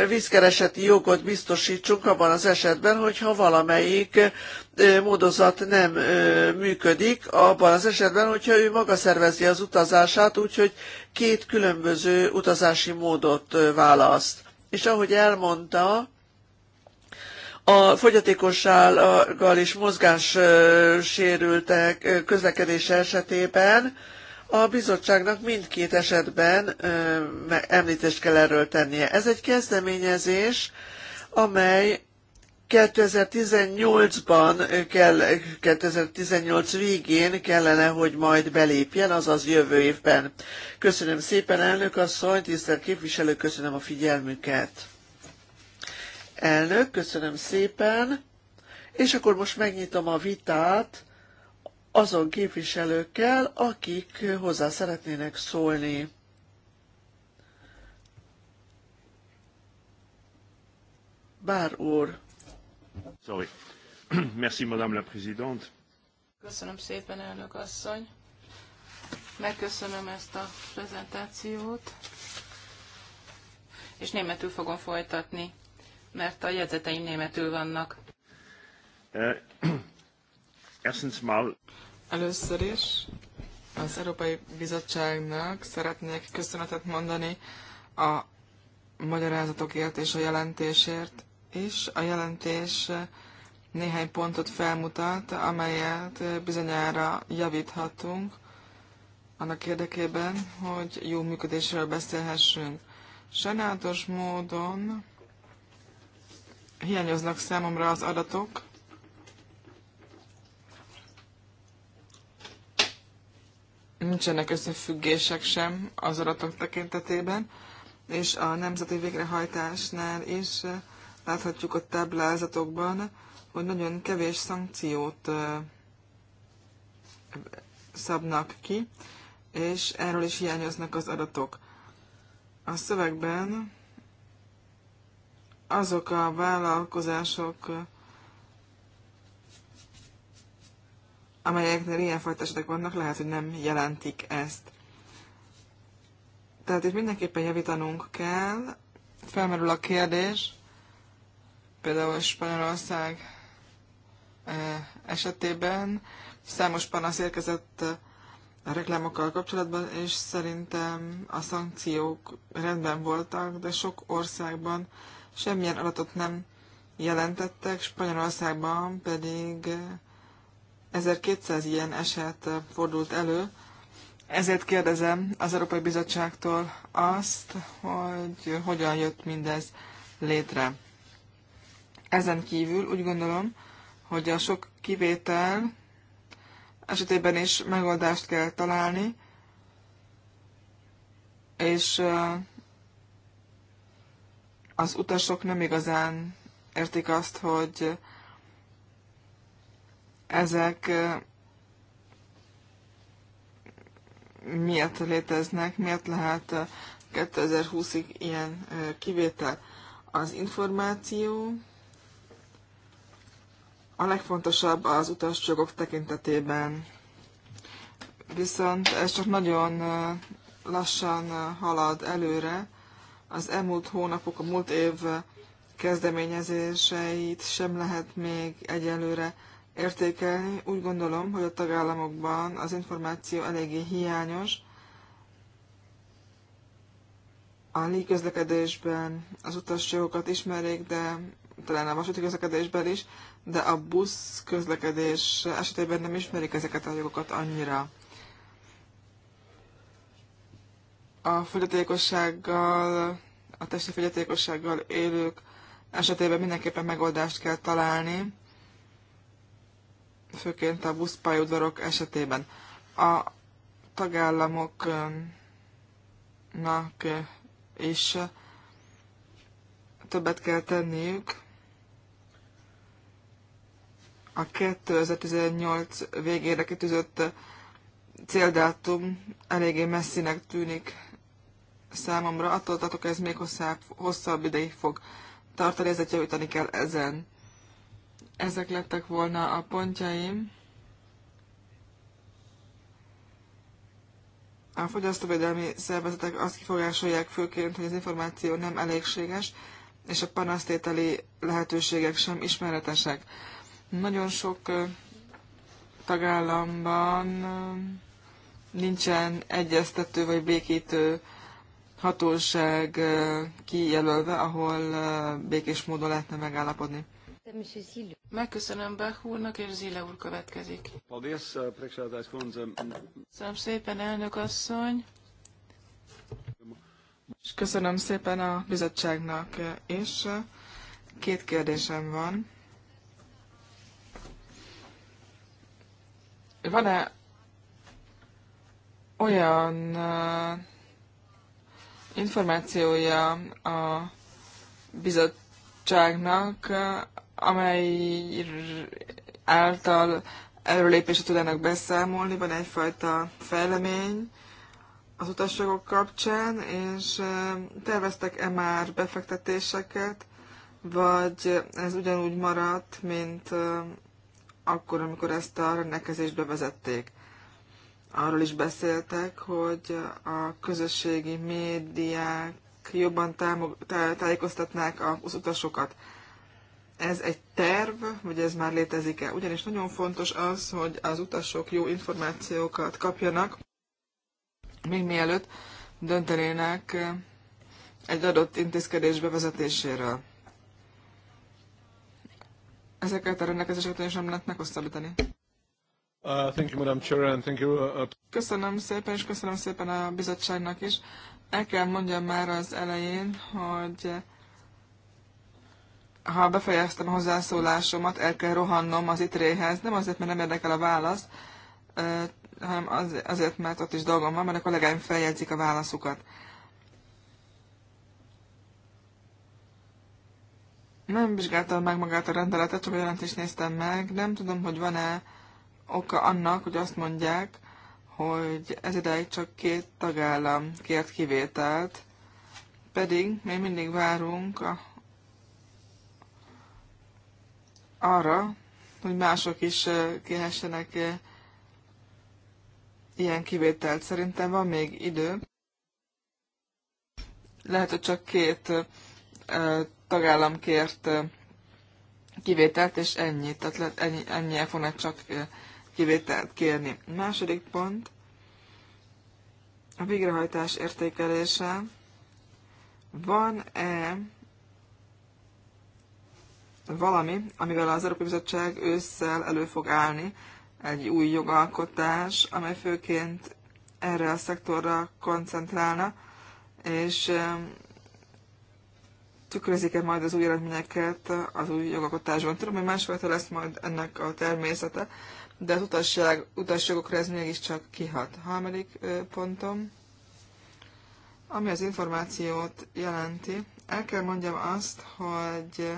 vízkereseti jogot biztosítsunk abban az esetben, hogyha valamelyik ö, módozat nem ö, működik, abban az esetben, hogyha ő maga szervezi az utazását, úgyhogy két különböző utazási módot választ. És ahogy elmondta, a fogyatékossággal és mozgássérültek közlekedése esetében a bizottságnak mindkét esetben említést kell erről tennie. Ez egy kezdeményezés, amely 2018-ban kell, 2018 végén kellene, hogy majd belépjen, azaz jövő évben. Köszönöm szépen, elnök asszony, tisztelt képviselő, köszönöm a figyelmüket. Elnök, köszönöm szépen. És akkor most megnyitom a vitát azon képviselőkkel, akik hozzá szeretnének szólni. Bár úr. Sorry. Merci, Madame la Présidente. Köszönöm szépen, elnök asszony. Megköszönöm ezt a prezentációt, és németül fogom folytatni mert a jegyzeteim németül vannak. Eh, Először is az Európai Bizottságnak szeretnék köszönetet mondani a magyarázatokért és a jelentésért is. A jelentés néhány pontot felmutat, amelyet bizonyára javíthatunk annak érdekében, hogy jó működésről beszélhessünk. Sajnálatos módon hiányoznak számomra az adatok. Nincsenek összefüggések sem az adatok tekintetében, és a nemzeti végrehajtásnál is eh, láthatjuk a táblázatokban, hogy nagyon kevés szankciót eh, szabnak ki, és erről is hiányoznak az adatok. A szövegben azok a vállalkozások, amelyeknél ilyenfajta esetek vannak, lehet, hogy nem jelentik ezt. Tehát itt mindenképpen javítanunk kell. Felmerül a kérdés, például Spanyolország eh, esetében számos panasz érkezett a reklámokkal kapcsolatban, és szerintem a szankciók rendben voltak, de sok országban semmilyen adatot nem jelentettek, Spanyolországban pedig 1200 ilyen eset fordult elő. Ezért kérdezem az Európai Bizottságtól azt, hogy hogyan jött mindez létre. Ezen kívül úgy gondolom, hogy a sok kivétel esetében is megoldást kell találni, és az utasok nem igazán értik azt, hogy ezek eh, miért léteznek, miért lehet 2020-ig eh, ilyen eh, kivétel. Az információ a legfontosabb az utasjogok tekintetében. Viszont ez csak nagyon lassan halad előre, az elmúlt hónapok, a múlt év kezdeményezéseit sem lehet még egyelőre értékelni. Úgy gondolom, hogy a tagállamokban az információ eléggé hiányos. A légközlekedésben az utasjogokat ismerik, de talán a vasúti közlekedésben is, de a busz közlekedés esetében nem ismerik ezeket a jogokat annyira. a fogyatékossággal, a testi fogyatékossággal élők esetében mindenképpen megoldást kell találni, főként a buszpályaudvarok esetében. A tagállamoknak is többet kell tenniük. A 2018 végére kitűzött céldátum eléggé messzinek tűnik számomra, attól tartok, ez még hosszabb, hosszabb ideig fog tartani, ezért javítani kell ezen. Ezek lettek volna a pontjaim. A fogyasztóvédelmi szervezetek azt kifogásolják főként, hogy az információ nem elégséges, és a panasztételi lehetőségek sem ismeretesek. Nagyon sok tagállamban nincsen egyeztető vagy békítő hatóság kijelölve, ahol békés módon lehetne megállapodni. Megköszönöm Bach úrnak, és Zile úr következik. Köszönöm szépen, elnök asszony. És köszönöm szépen a bizottságnak és Két kérdésem van. Van-e olyan információja a bizottságnak, amely által előlépésre tudnának beszámolni, van egyfajta fejlemény az utasságok kapcsán, és terveztek-e már befektetéseket, vagy ez ugyanúgy maradt, mint akkor, amikor ezt a rendelkezést bevezették arról is beszéltek, hogy a közösségi médiák jobban tájékoztatnák az utasokat. Ez egy terv, vagy ez már létezik-e? Ugyanis nagyon fontos az, hogy az utasok jó információkat kapjanak, még mielőtt döntenének egy adott intézkedés bevezetéséről. Ezeket a rendelkezéseket is nem lehet meghosszabbítani. Uh, uh, uh, köszönöm szépen, és köszönöm szépen a bizottságnak is. El kell mondjam már az elején, hogy ha befejeztem a hozzászólásomat, el kell rohannom az itréhez, nem azért, mert nem érdekel a válasz, hanem azért, mert ott is dolgom van, mert a kollégáim feljegyzik a válaszukat. Nem vizsgáltam meg magát a rendeletet, csak a jelentést néztem meg. Nem tudom, hogy van-e oka annak, hogy azt mondják, hogy ez ideig csak két tagállam kért kivételt, pedig még mindig várunk a, arra, hogy mások is kihessenek ilyen kivételt. Szerintem van még idő. Lehet, hogy csak két tagállam kért kivételt, és ennyit. Tehát ennyi, ennyien fognak csak kivételt kérni. Második pont, a végrehajtás értékelése. Van-e valami, amivel az Európai Bizottság ősszel elő fog állni, egy új jogalkotás, amely főként erre a szektorra koncentrálna, és tükrözik-e majd az új eredményeket az új jogalkotásban. Tudom, hogy másfajta lesz majd ennek a természete, de az utasság, utasjogokra ez mégiscsak kihat. Harmadik pontom, ami az információt jelenti. El kell mondjam azt, hogy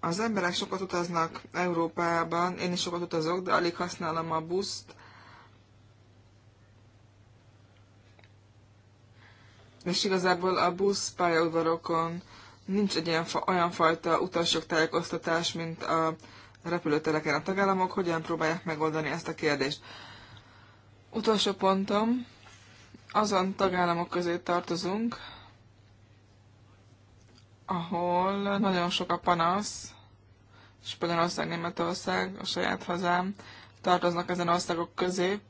az emberek sokat utaznak Európában, én is sokat utazok, de alig használom a buszt, és igazából a busz pályaudvarokon nincs egy ilyen, olyan fajta utasok tájékoztatás, mint a repülőtereken a tagállamok hogyan próbálják megoldani ezt a kérdést. Utolsó pontom, azon tagállamok közé tartozunk, ahol nagyon sok a panasz, Spanyolország, Németország, a saját hazám tartoznak ezen országok közé.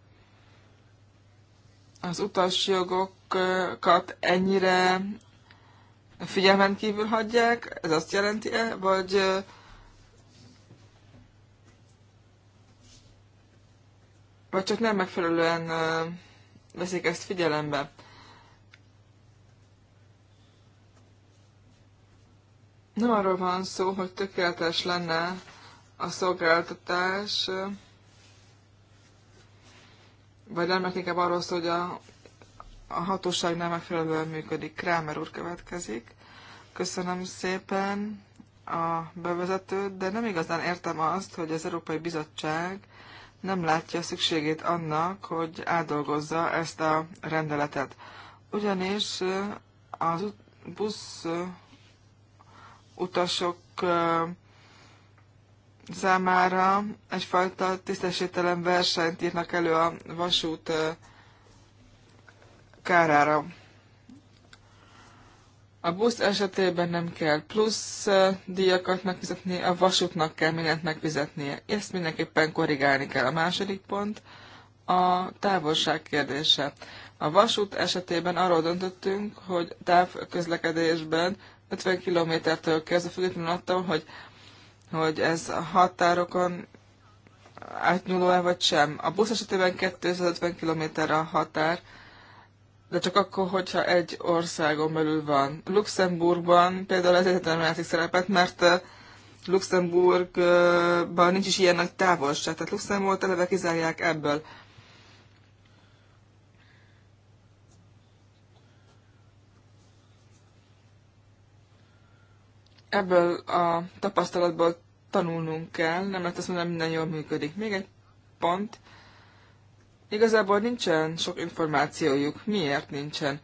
Az jogokat ennyire figyelmen kívül hagyják, ez azt jelenti-e, vagy vagy csak nem megfelelően veszik ezt figyelembe. Nem arról van szó, hogy tökéletes lenne a szolgáltatás, vagy nem, mert inkább arról szó, hogy a, a hatóság nem megfelelően működik. Krámer úr következik. Köszönöm szépen a bevezetőt, de nem igazán értem azt, hogy az Európai Bizottság nem látja szükségét annak, hogy átdolgozza ezt a rendeletet. Ugyanis eh, az busz eh, utasok eh, számára egyfajta tisztességtelen versenyt írnak elő a vasút kárára. A busz esetében nem kell plusz díjakat megfizetni, a vasútnak kell mindent megfizetnie. Ezt mindenképpen korrigálni kell. A második pont a távolság kérdése. A vasút esetében arról döntöttünk, hogy távközlekedésben 50 kilométertől kezdve, függetlenül attól, hogy, hogy ez a határokon átnyúló-e vagy sem. A busz esetében 250 km a határ, de csak akkor, hogyha egy országon belül van. Luxemburgban például ez egyetlenül játszik szerepet, mert Luxemburgban nincs is ilyen nagy távolság, tehát Luxemburgot eleve kizárják ebből. Ebből a tapasztalatból tanulnunk kell, nem lehet azt mondani, minden jól működik. Még egy pont, Igazából nincsen sok információjuk. Miért nincsen?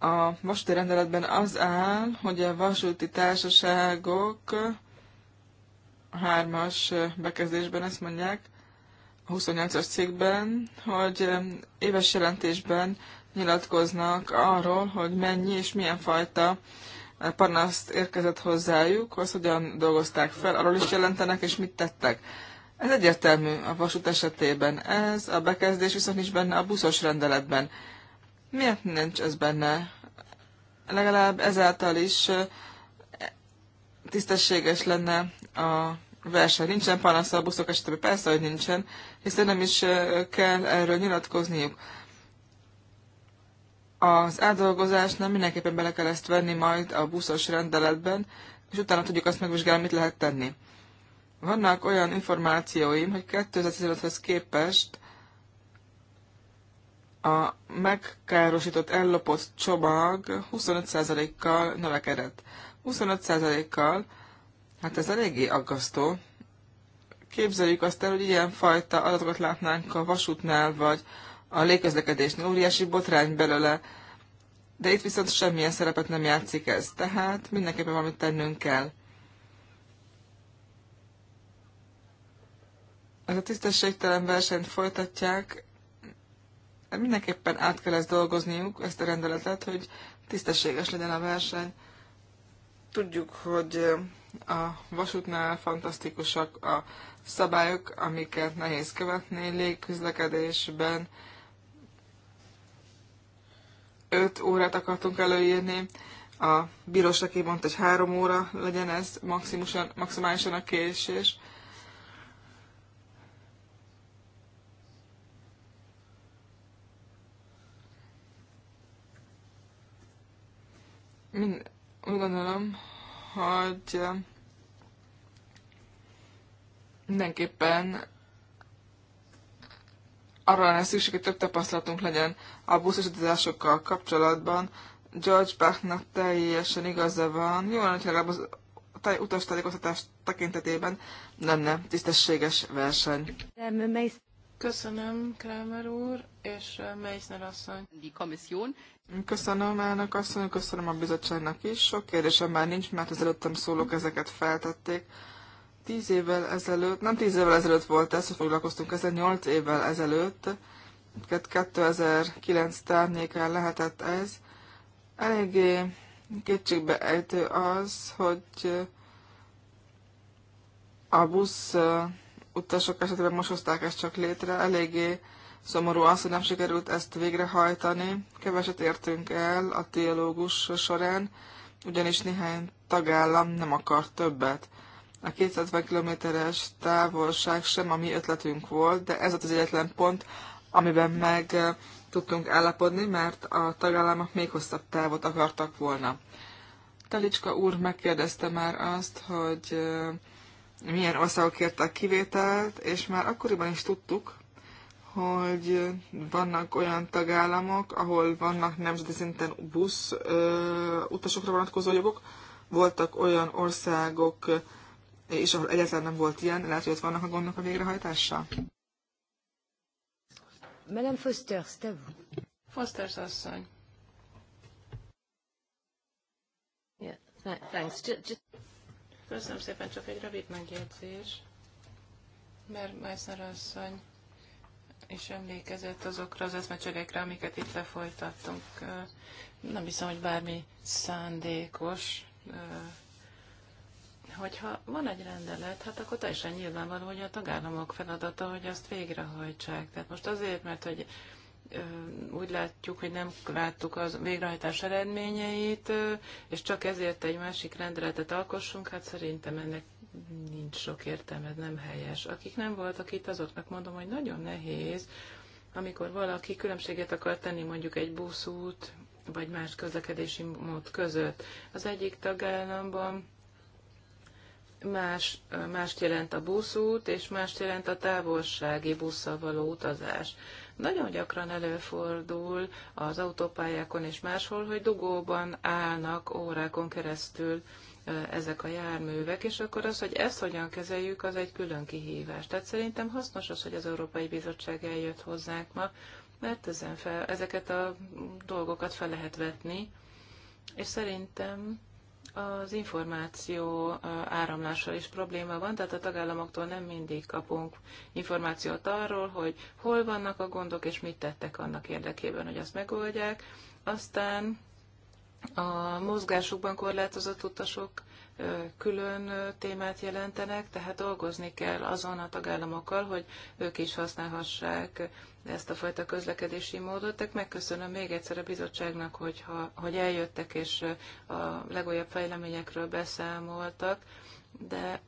A mostani rendeletben az áll, hogy a vasúti társaságok hármas bekezdésben ezt mondják, a 28-as cikkben, hogy éves jelentésben nyilatkoznak arról, hogy mennyi és milyen fajta panaszt érkezett hozzájuk, az hogyan dolgozták fel, arról is jelentenek, és mit tettek. Ez egyértelmű a vasút esetében. Ez a bekezdés viszont nincs benne a buszos rendeletben. Miért nincs ez benne? Legalább ezáltal is tisztességes lenne a verseny. Nincsen panasz a buszok esetében, persze, hogy nincsen, hiszen nem is kell erről nyilatkozniuk. Az átdolgozás nem mindenképpen bele kell ezt venni majd a buszos rendeletben, és utána tudjuk azt megvizsgálni, mit lehet tenni. Vannak olyan információim, hogy 2015 hez képest a megkárosított ellopott csomag 25%-kal növekedett. 25%-kal, hát ez eléggé aggasztó. Képzeljük azt el, hogy ilyen fajta adatokat látnánk a vasútnál, vagy a légközlekedésnél. Óriási botrány belőle. De itt viszont semmilyen szerepet nem játszik ez, tehát mindenképpen valamit tennünk kell. ez a tisztességtelen versenyt folytatják, mindenképpen át kell ezt dolgozniuk, ezt a rendeletet, hogy tisztességes legyen a verseny. Tudjuk, hogy a vasútnál fantasztikusak a szabályok, amiket nehéz követni légközlekedésben. 5 órát akartunk előírni, a bíróság mondta, hogy 3 óra legyen ez maximusan, maximálisan a késés. mind, úgy gondolom, hogy eh, mindenképpen arra lenne szükség, hogy több tapasztalatunk legyen a buszos utazásokkal kapcsolatban. George Bachnak teljesen igaza van. Jó lenne, hogy legalább az utas tájékoztatás tekintetében lenne tisztességes verseny. Köszönöm, Kramer úr és eh, Meissner asszony. Köszönöm elnök asszony, köszönöm a bizottságnak is. Sok kérdésem már nincs, mert az előttem szólók ezeket feltették. Tíz évvel ezelőtt, nem tíz évvel ezelőtt volt ez, hogy foglalkoztunk ezzel, nyolc évvel ezelőtt, 2009 tárnyékán lehetett ez. Eléggé kétségbe ejtő az, hogy a busz utasok esetében most hozták ezt csak létre, eléggé Szomorú az, hogy nem sikerült ezt végrehajtani. Keveset értünk el a dialógus során, ugyanis néhány tagállam nem akar többet. A 250 kilométeres távolság sem a mi ötletünk volt, de ez az egyetlen pont, amiben meg eh, tudtunk állapodni, mert a tagállamok még hosszabb távot akartak volna. Talicska úr megkérdezte már azt, hogy eh, milyen országok kértek kivételt, és már akkoriban is tudtuk, hogy vannak olyan tagállamok, ahol vannak nemzeti szinten busz ö, utasokra vonatkozó jogok, voltak olyan országok, és ahol egyáltalán nem volt ilyen, lehet, hogy ott vannak a gondok a végrehajtással. Madame Foster, c'est Foster asszony. Yeah, thanks. Just, just... Köszönöm szépen, csak egy rövid megjegyzés, mert Meissner asszony és emlékezett azokra az eszmecsegekre, amiket itt lefolytattunk. Nem hiszem, hogy bármi szándékos. Hogyha van egy rendelet, hát akkor teljesen nyilvánvaló, hogy a tagállamok feladata, hogy azt végrehajtsák. Tehát most azért, mert hogy úgy látjuk, hogy nem láttuk az végrehajtás eredményeit, és csak ezért egy másik rendeletet alkossunk, hát szerintem ennek nincs sok értelme, ez nem helyes. Akik nem voltak itt, azoknak mondom, hogy nagyon nehéz, amikor valaki különbséget akar tenni mondjuk egy buszút, vagy más közlekedési mód között. Az egyik tagállamban más, mást jelent a buszút, és mást jelent a távolsági busszal való utazás. Nagyon gyakran előfordul az autópályákon és máshol, hogy dugóban állnak órákon keresztül ezek a járművek, és akkor az, hogy ezt hogyan kezeljük, az egy külön kihívás. Tehát szerintem hasznos az, hogy az Európai Bizottság eljött hozzánk ma, mert ezen fel, ezeket a dolgokat fel lehet vetni, és szerintem az információ áramlással is probléma van, tehát a tagállamoktól nem mindig kapunk információt arról, hogy hol vannak a gondok, és mit tettek annak érdekében, hogy azt megoldják. Aztán a mozgásukban korlátozott utasok külön témát jelentenek, tehát dolgozni kell azon a tagállamokkal, hogy ők is használhassák ezt a fajta közlekedési módot. Tehát megköszönöm még egyszer a bizottságnak, hogyha, hogy eljöttek és a legújabb fejleményekről beszámoltak, de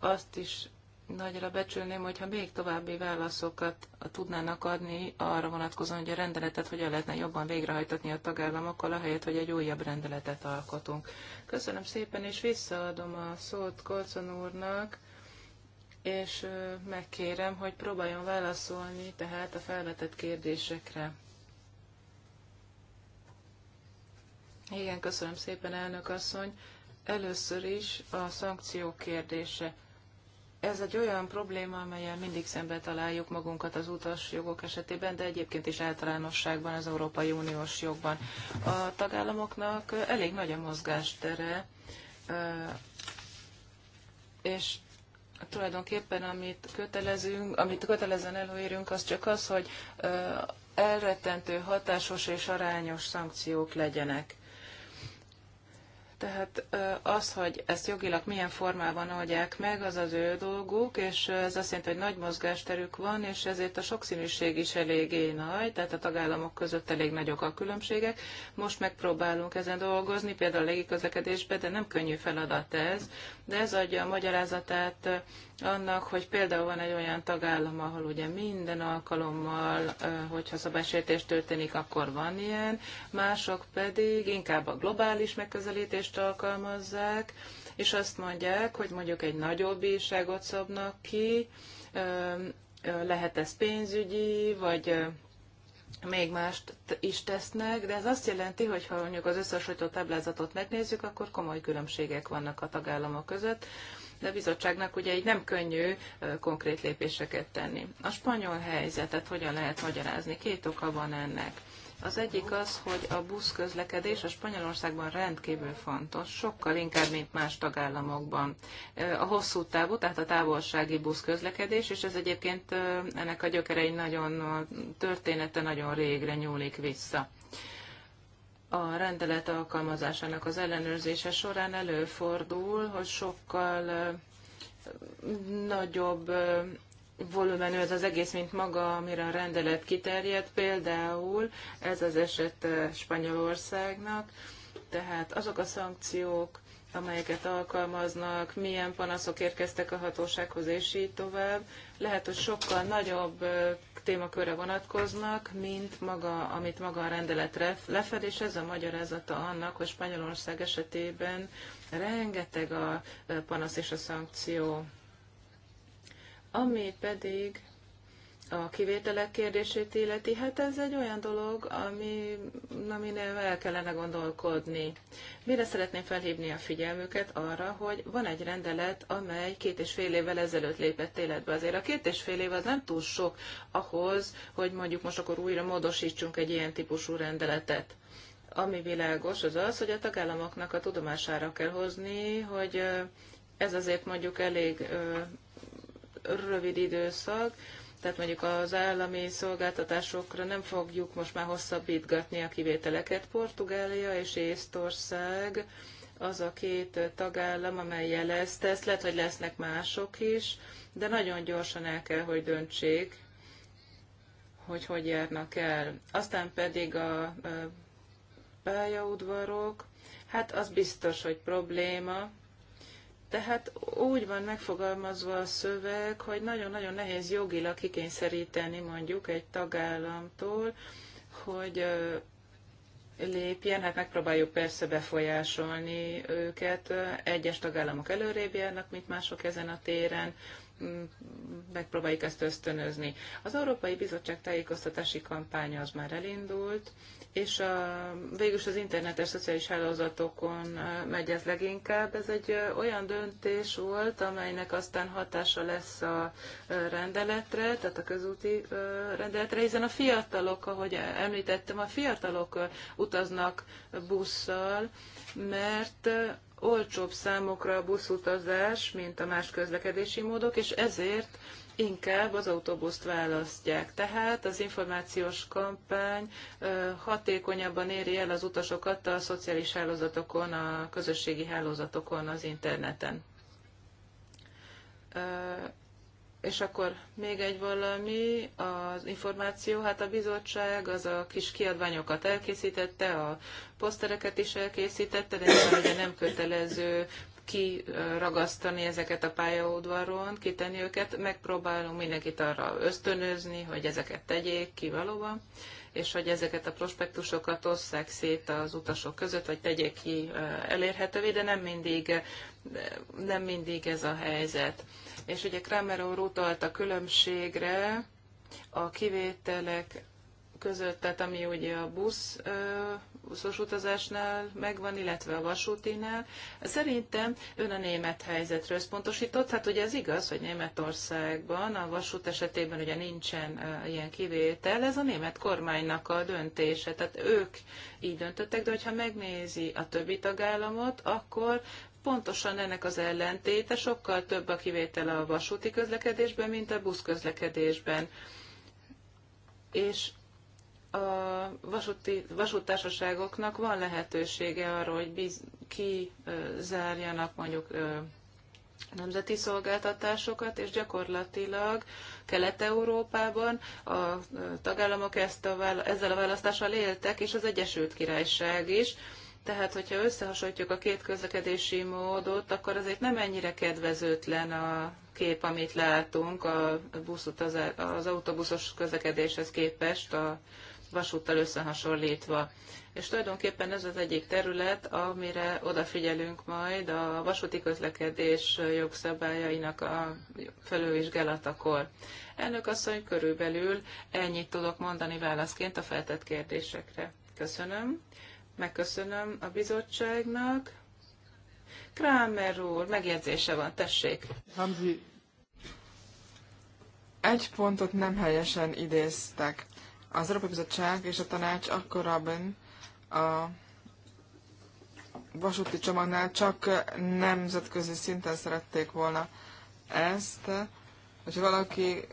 azt is nagyra becsülném, hogyha még további válaszokat tudnának adni arra vonatkozóan, hogy a rendeletet hogyan lehetne jobban végrehajtatni a tagállamokkal, ahelyett, hogy egy újabb rendeletet alkotunk. Köszönöm szépen, és visszaadom a szót Kolcon úrnak, és megkérem, hogy próbáljon válaszolni tehát a felvetett kérdésekre. Igen, köszönöm szépen, elnök asszony. Először is a szankciók kérdése ez egy olyan probléma, amelyel mindig szembe találjuk magunkat az utas jogok esetében, de egyébként is általánosságban az Európai Uniós jogban. A tagállamoknak elég nagy a mozgástere, és tulajdonképpen amit kötelezünk, amit kötelezen előírunk, az csak az, hogy elrettentő, hatásos és arányos szankciók legyenek. Tehát az, hogy ezt jogilag milyen formában oldják meg, az az ő dolguk, és ez azt jelenti, hogy nagy mozgásterük van, és ezért a sokszínűség is eléggé nagy, tehát a tagállamok között elég nagyok a különbségek. Most megpróbálunk ezen dolgozni, például a légiközlekedésben, de nem könnyű feladat ez, de ez adja a magyarázatát annak, hogy például van egy olyan tagállam, ahol ugye minden alkalommal, hogyha szabálysértés történik, akkor van ilyen, mások pedig inkább a globális megközelítést alkalmazzák, és azt mondják, hogy mondjuk egy nagyobb bírságot szabnak ki, lehet ez pénzügyi, vagy még mást is tesznek, de ez azt jelenti, hogy ha mondjuk az összehasonlító táblázatot megnézzük, akkor komoly különbségek vannak a tagállamok között, de a bizottságnak ugye így nem könnyű konkrét lépéseket tenni. A spanyol helyzetet hogyan lehet magyarázni? Két oka van ennek. Az egyik az, hogy a buszközlekedés a Spanyolországban rendkívül fontos, sokkal inkább, mint más tagállamokban. A hosszú távú, tehát a távolsági buszközlekedés, és ez egyébként ennek a gyökerei nagyon, a története nagyon régre nyúlik vissza. A rendelet alkalmazásának az ellenőrzése során előfordul, hogy sokkal nagyobb volumenű ez az egész, mint maga, amire a rendelet kiterjed. Például ez az eset eh, Spanyolországnak, tehát azok a szankciók, amelyeket alkalmaznak, milyen panaszok érkeztek a hatósághoz, és így tovább. Lehet, hogy sokkal nagyobb eh, témakörre vonatkoznak, mint maga, amit maga a rendelet lefed, és ez a magyarázata annak, hogy Spanyolország esetében rengeteg a eh, panasz és a szankció ami pedig a kivételek kérdését illeti, hát ez egy olyan dolog, ami, aminél el kellene gondolkodni. Mire szeretném felhívni a figyelmüket arra, hogy van egy rendelet, amely két és fél évvel ezelőtt lépett életbe. Azért a két és fél év az nem túl sok ahhoz, hogy mondjuk most akkor újra módosítsunk egy ilyen típusú rendeletet. Ami világos, az az, hogy a tagállamoknak a tudomására kell hozni, hogy ez azért mondjuk elég rövid időszak, tehát mondjuk az állami szolgáltatásokra nem fogjuk most már hosszabbítgatni a kivételeket. Portugália és Észtország az a két tagállam, amely jelezte, ezt lehet, hogy lesznek mások is, de nagyon gyorsan el kell, hogy döntsék, hogy hogy járnak el. Aztán pedig a pályaudvarok, hát az biztos, hogy probléma, tehát úgy van megfogalmazva a szöveg, hogy nagyon-nagyon nehéz jogilag kikényszeríteni mondjuk egy tagállamtól, hogy lépjen, hát megpróbáljuk persze befolyásolni őket. Egyes tagállamok előrébb járnak, mint mások ezen a téren, mm, megpróbáljuk ezt ösztönözni. Az Európai Bizottság tájékoztatási kampánya az már elindult, és a, végülis az internetes szociális hálózatokon megy ez leginkább. Ez egy olyan döntés volt, amelynek aztán hatása lesz a rendeletre, tehát a közúti rendeletre, hiszen a fiatalok, ahogy említettem, a fiatalok utaznak busszal, mert olcsóbb számokra a buszutazás, mint a más közlekedési módok, és ezért inkább az autóbuszt választják. Tehát az információs kampány hatékonyabban éri el az utasokat a szociális hálózatokon, a közösségi hálózatokon, az interneten. És akkor még egy valami, az információ, hát a bizottság az a kis kiadványokat elkészítette, a posztereket is elkészítette, de nem kötelező kiragasztani ezeket a pályaudvaron, kitenni őket, megpróbálunk mindenkit arra ösztönözni, hogy ezeket tegyék ki valóban, és hogy ezeket a prospektusokat osszák szét az utasok között, vagy tegyék ki elérhetővé, de nem mindig, nem mindig ez a helyzet. És ugye Kramer úr utalt a különbségre, a kivételek között, tehát ami ugye a busz, buszos utazásnál megvan, illetve a vasútinál. Szerintem ön a német helyzetről összpontosított. Hát ugye ez igaz, hogy Németországban a vasút esetében ugye nincsen ilyen kivétel. Ez a német kormánynak a döntése, tehát ők így döntöttek, de hogyha megnézi a többi tagállamot, akkor pontosan ennek az ellentéte, sokkal több a kivétel a vasúti közlekedésben, mint a buszközlekedésben. És a vasúti, vasúttársaságoknak van lehetősége arra, hogy biz, zárjanak, mondjuk nemzeti szolgáltatásokat, és gyakorlatilag Kelet-Európában a tagállamok ezt a, ezzel a választással éltek, és az Egyesült Királyság is. Tehát, hogyha összehasonlítjuk a két közlekedési módot, akkor azért nem ennyire kedvezőtlen a kép, amit látunk a busz az autóbuszos közlekedéshez képest a vasúttal összehasonlítva. És tulajdonképpen ez az egyik terület, amire odafigyelünk majd a vasúti közlekedés jogszabályainak a felülvizsgálatakor. Elnök asszony, körülbelül ennyit tudok mondani válaszként a feltett kérdésekre. Köszönöm. Megköszönöm a bizottságnak. Kramer úr, megjegyzése van, tessék. Hamzi, egy pontot nem helyesen idéztek. Az Európai Bizottság és a tanács akkorabban a vasúti csomagnál csak nemzetközi szinten szerették volna ezt, hogyha valaki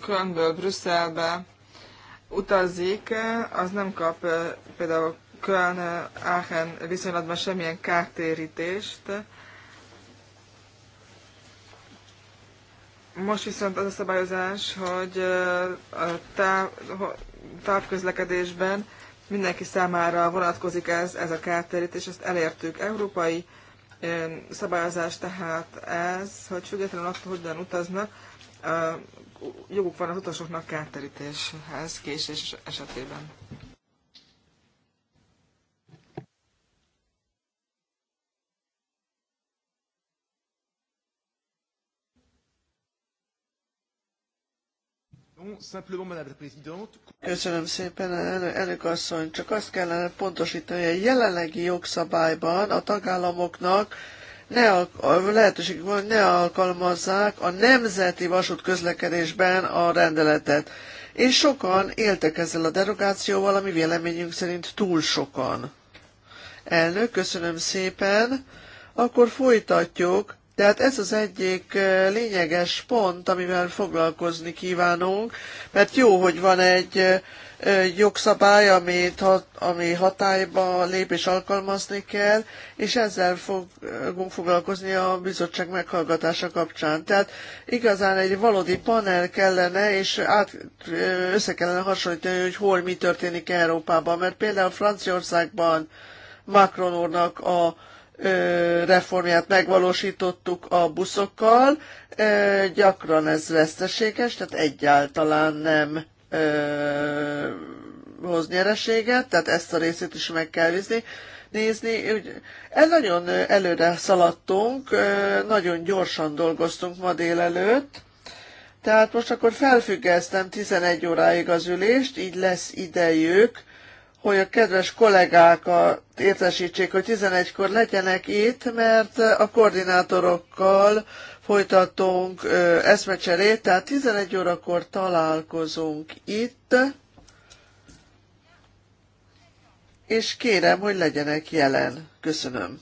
Kölnből Brüsszelbe utazik, az nem kap például Köln Aachen viszonylatban semmilyen kártérítést, Most viszont az a szabályozás, hogy a táv, távközlekedésben mindenki számára vonatkozik ez, ez a kártérítés, ezt elértük. Európai szabályozás tehát ez, hogy függetlenül attól, hogyan utaznak, joguk van az utasoknak kárterítéshez késés esetében. Köszönöm szépen, elnök asszony. Csak azt kellene pontosítani, hogy a jelenlegi jogszabályban a tagállamoknak ne a, a lehetőség van, ne alkalmazzák a nemzeti vasút közlekedésben a rendeletet. És sokan éltek ezzel a derogációval, ami véleményünk szerint túl sokan. Elnök, köszönöm szépen. Akkor folytatjuk tehát ez az egyik lényeges pont, amivel foglalkozni kívánunk, mert jó, hogy van egy jogszabály, amit, ami hatályba lép és alkalmazni kell, és ezzel fogunk foglalkozni a bizottság meghallgatása kapcsán. Tehát igazán egy valódi panel kellene, és át, össze kellene hasonlítani, hogy hol mi történik Európában, mert például Franciaországban Macron úrnak a reformját megvalósítottuk a buszokkal, gyakran ez veszteséges, tehát egyáltalán nem hoz nyereséget, tehát ezt a részét is meg kell vizni nézni. el nagyon előre szaladtunk, nagyon gyorsan dolgoztunk ma délelőtt, tehát most akkor felfüggesztem 11 óráig az ülést, így lesz idejük hogy a kedves kollégákat értesítsék, hogy 11-kor legyenek itt, mert a koordinátorokkal folytatunk eszmecserét, tehát 11 órakor találkozunk itt, és kérem, hogy legyenek jelen. Köszönöm.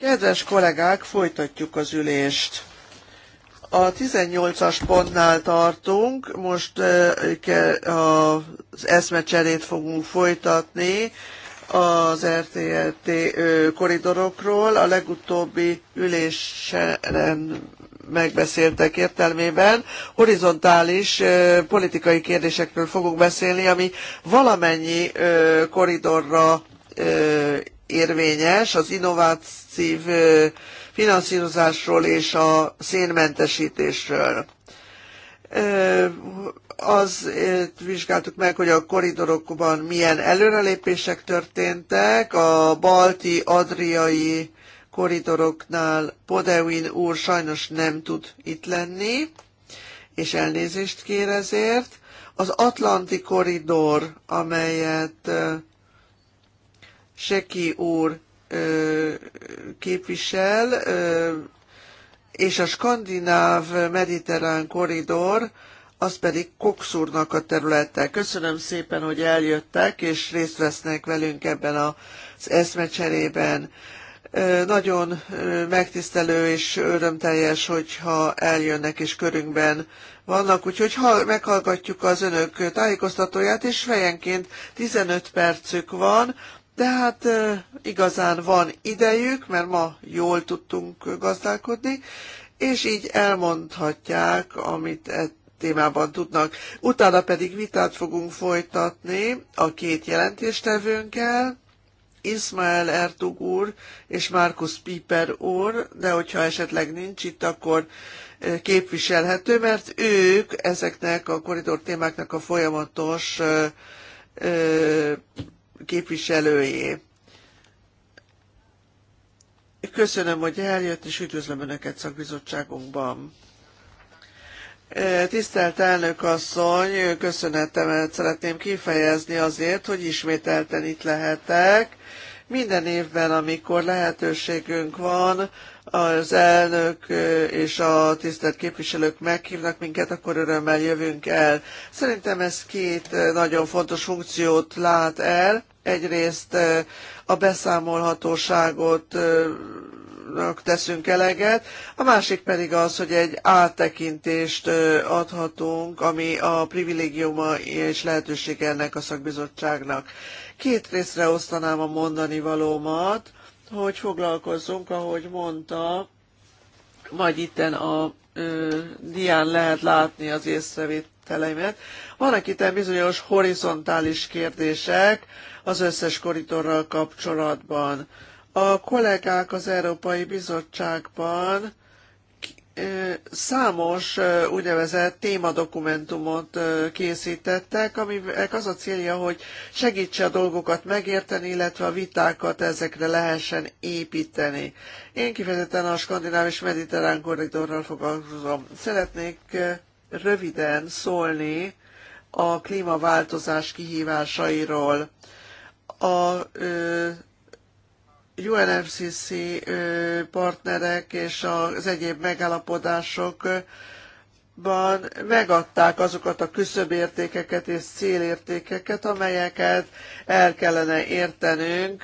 Kedves kollégák, folytatjuk az ülést. A 18-as pontnál tartunk, most az eszmecserét fogunk folytatni az RTLT koridorokról. A legutóbbi ülésen megbeszéltek értelmében. Horizontális ö, politikai kérdésekről fogunk beszélni, ami valamennyi ö, koridorra érvényes az innovatív finanszírozásról és a szénmentesítésről. Az vizsgáltuk meg, hogy a koridorokban milyen előrelépések történtek, a balti, adriai koridoroknál Podewin úr sajnos nem tud itt lenni, és elnézést kér ezért. Az Atlanti koridor, amelyet Seki úr képvisel, és a skandináv mediterrán koridor, az pedig Kokszúrnak a területe. Köszönöm szépen, hogy eljöttek, és részt vesznek velünk ebben az eszmecserében. Nagyon megtisztelő és örömteljes, hogyha eljönnek és körünkben vannak, úgyhogy ha meghallgatjuk az önök tájékoztatóját, és fejenként 15 percük van, hát igazán van idejük, mert ma jól tudtunk gazdálkodni, és így elmondhatják, amit e témában tudnak. Utána pedig vitát fogunk folytatni a két jelentéstevőnkkel, Ismael Ertug úr és Markus Piper úr, de hogyha esetleg nincs itt, akkor képviselhető, mert ők ezeknek a koridor témáknak a folyamatos képviselőjé. Köszönöm, hogy eljött, és üdvözlöm Önöket szakbizottságunkban. E, tisztelt elnök asszony, köszönetemet szeretném kifejezni azért, hogy ismételten itt lehetek. Minden évben, amikor lehetőségünk van, az elnök és a tisztelt képviselők meghívnak minket, akkor örömmel jövünk el. Szerintem ez két nagyon fontos funkciót lát el egyrészt a beszámolhatóságot teszünk eleget, a másik pedig az, hogy egy áttekintést adhatunk, ami a privilégiuma és lehetőség ennek a szakbizottságnak. Két részre osztanám a mondani valómat, hogy foglalkozzunk, ahogy mondta, majd itten a ö, dián lehet látni az észrevételeimet. Vannak itt bizonyos horizontális kérdések, az összes koridorral kapcsolatban. A kollégák az Európai Bizottságban számos úgynevezett témadokumentumot készítettek, aminek az a célja, hogy segítse a dolgokat megérteni, illetve a vitákat ezekre lehessen építeni. Én kifejezetten a skandináv és mediterrán korridorral foglalkozom. Szeretnék röviden szólni a klímaváltozás kihívásairól a UNFCC partnerek és az egyéb megállapodásokban megadták azokat a küszöbértékeket és célértékeket, amelyeket el kellene értenünk.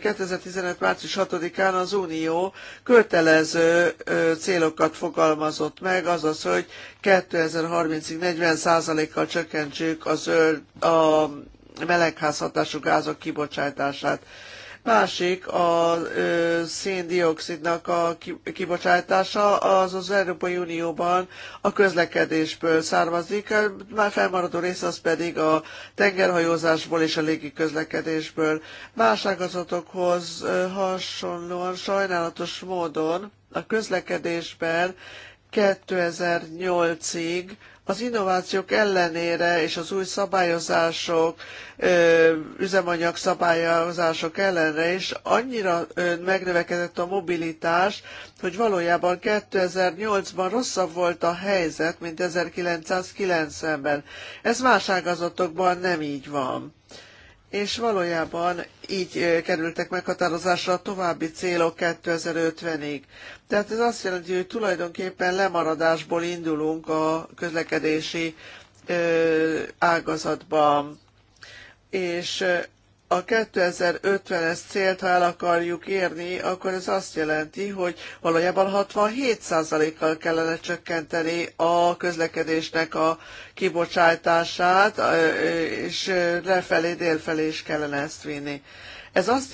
2015. március 6-án az Unió kötelező célokat fogalmazott meg, azaz, hogy 2030-ig 40%-kal csökkentsük a zöld, a melegházhatású gázok kibocsátását. Másik a széndiokszidnak a kibocsátása az az Európai Unióban a közlekedésből származik, már felmaradó rész az pedig a tengerhajózásból és a légi közlekedésből. Más ágazatokhoz hasonlóan sajnálatos módon a közlekedésben 2008-ig az innovációk ellenére és az új szabályozások, üzemanyag szabályozások ellenére is annyira megnövekedett a mobilitás, hogy valójában 2008-ban rosszabb volt a helyzet, mint 1990-ben. Ez más ágazatokban nem így van és valójában így kerültek meghatározásra a további célok 2050-ig. Tehát ez azt jelenti, hogy tulajdonképpen lemaradásból indulunk a közlekedési ágazatban és a 2050-es célt, ha el akarjuk érni, akkor ez azt jelenti, hogy valójában 67%-kal kellene csökkenteni a közlekedésnek a kibocsátását, és lefelé, délfelé is kellene ezt vinni. Ez azt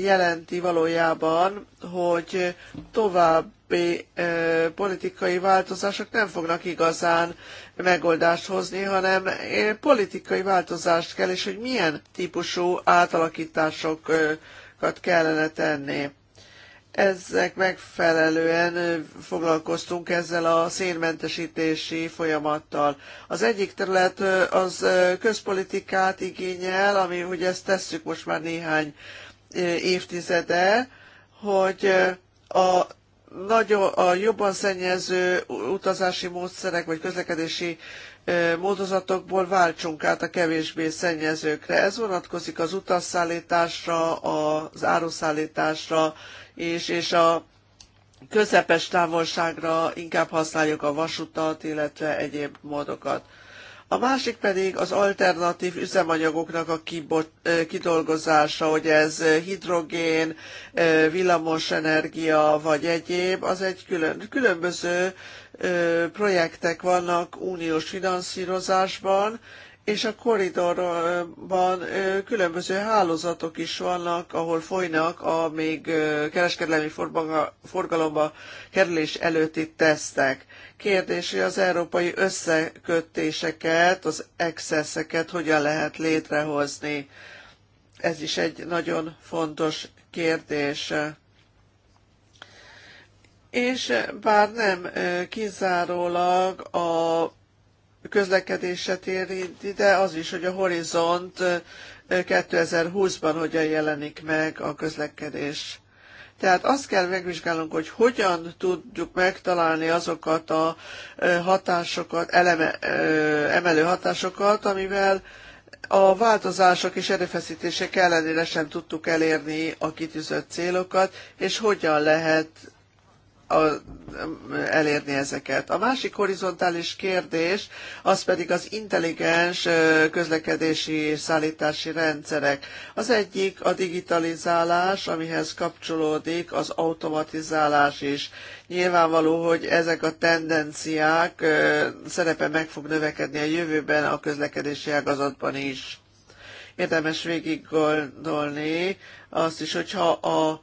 jelenti valójában, hogy további politikai változások nem fognak igazán megoldást hozni, hanem politikai változást kell, és hogy milyen típusú átalakításokat kellene tenni. Ezek megfelelően foglalkoztunk ezzel a szénmentesítési folyamattal. Az egyik terület az közpolitikát igényel, ami ugye ezt tesszük most már néhány évtizede, hogy a nagyon a jobban szennyező utazási módszerek vagy közlekedési módozatokból váltsunk át a kevésbé szennyezőkre. Ez vonatkozik az utasszállításra, az áruszállításra és, és a közepes távolságra inkább használjuk a vasutat, illetve egyéb módokat. A másik pedig az alternatív üzemanyagoknak a kibot, kidolgozása, hogy ez hidrogén, villamosenergia vagy egyéb, az egy külön, különböző projektek vannak uniós finanszírozásban, és a koridorban különböző hálózatok is vannak, ahol folynak a még kereskedelmi forgalomba kerülés előtti tesztek kérdésé az európai összekötéseket, az excesseket hogyan lehet létrehozni. Ez is egy nagyon fontos kérdés és bár nem kizárólag a közlekedéset érinti, de az is, hogy a Horizont 2020-ban hogyan jelenik meg a közlekedés. Tehát azt kell megvizsgálnunk, hogy hogyan tudjuk megtalálni azokat a hatásokat, eleme, emelő hatásokat, amivel a változások és erőfeszítések ellenére sem tudtuk elérni a kitűzött célokat, és hogyan lehet a, elérni ezeket. A másik horizontális kérdés az pedig az intelligens közlekedési és szállítási rendszerek. Az egyik a digitalizálás, amihez kapcsolódik az automatizálás is. Nyilvánvaló, hogy ezek a tendenciák szerepe meg fog növekedni a jövőben a közlekedési ágazatban is. Érdemes végig gondolni azt is, hogyha a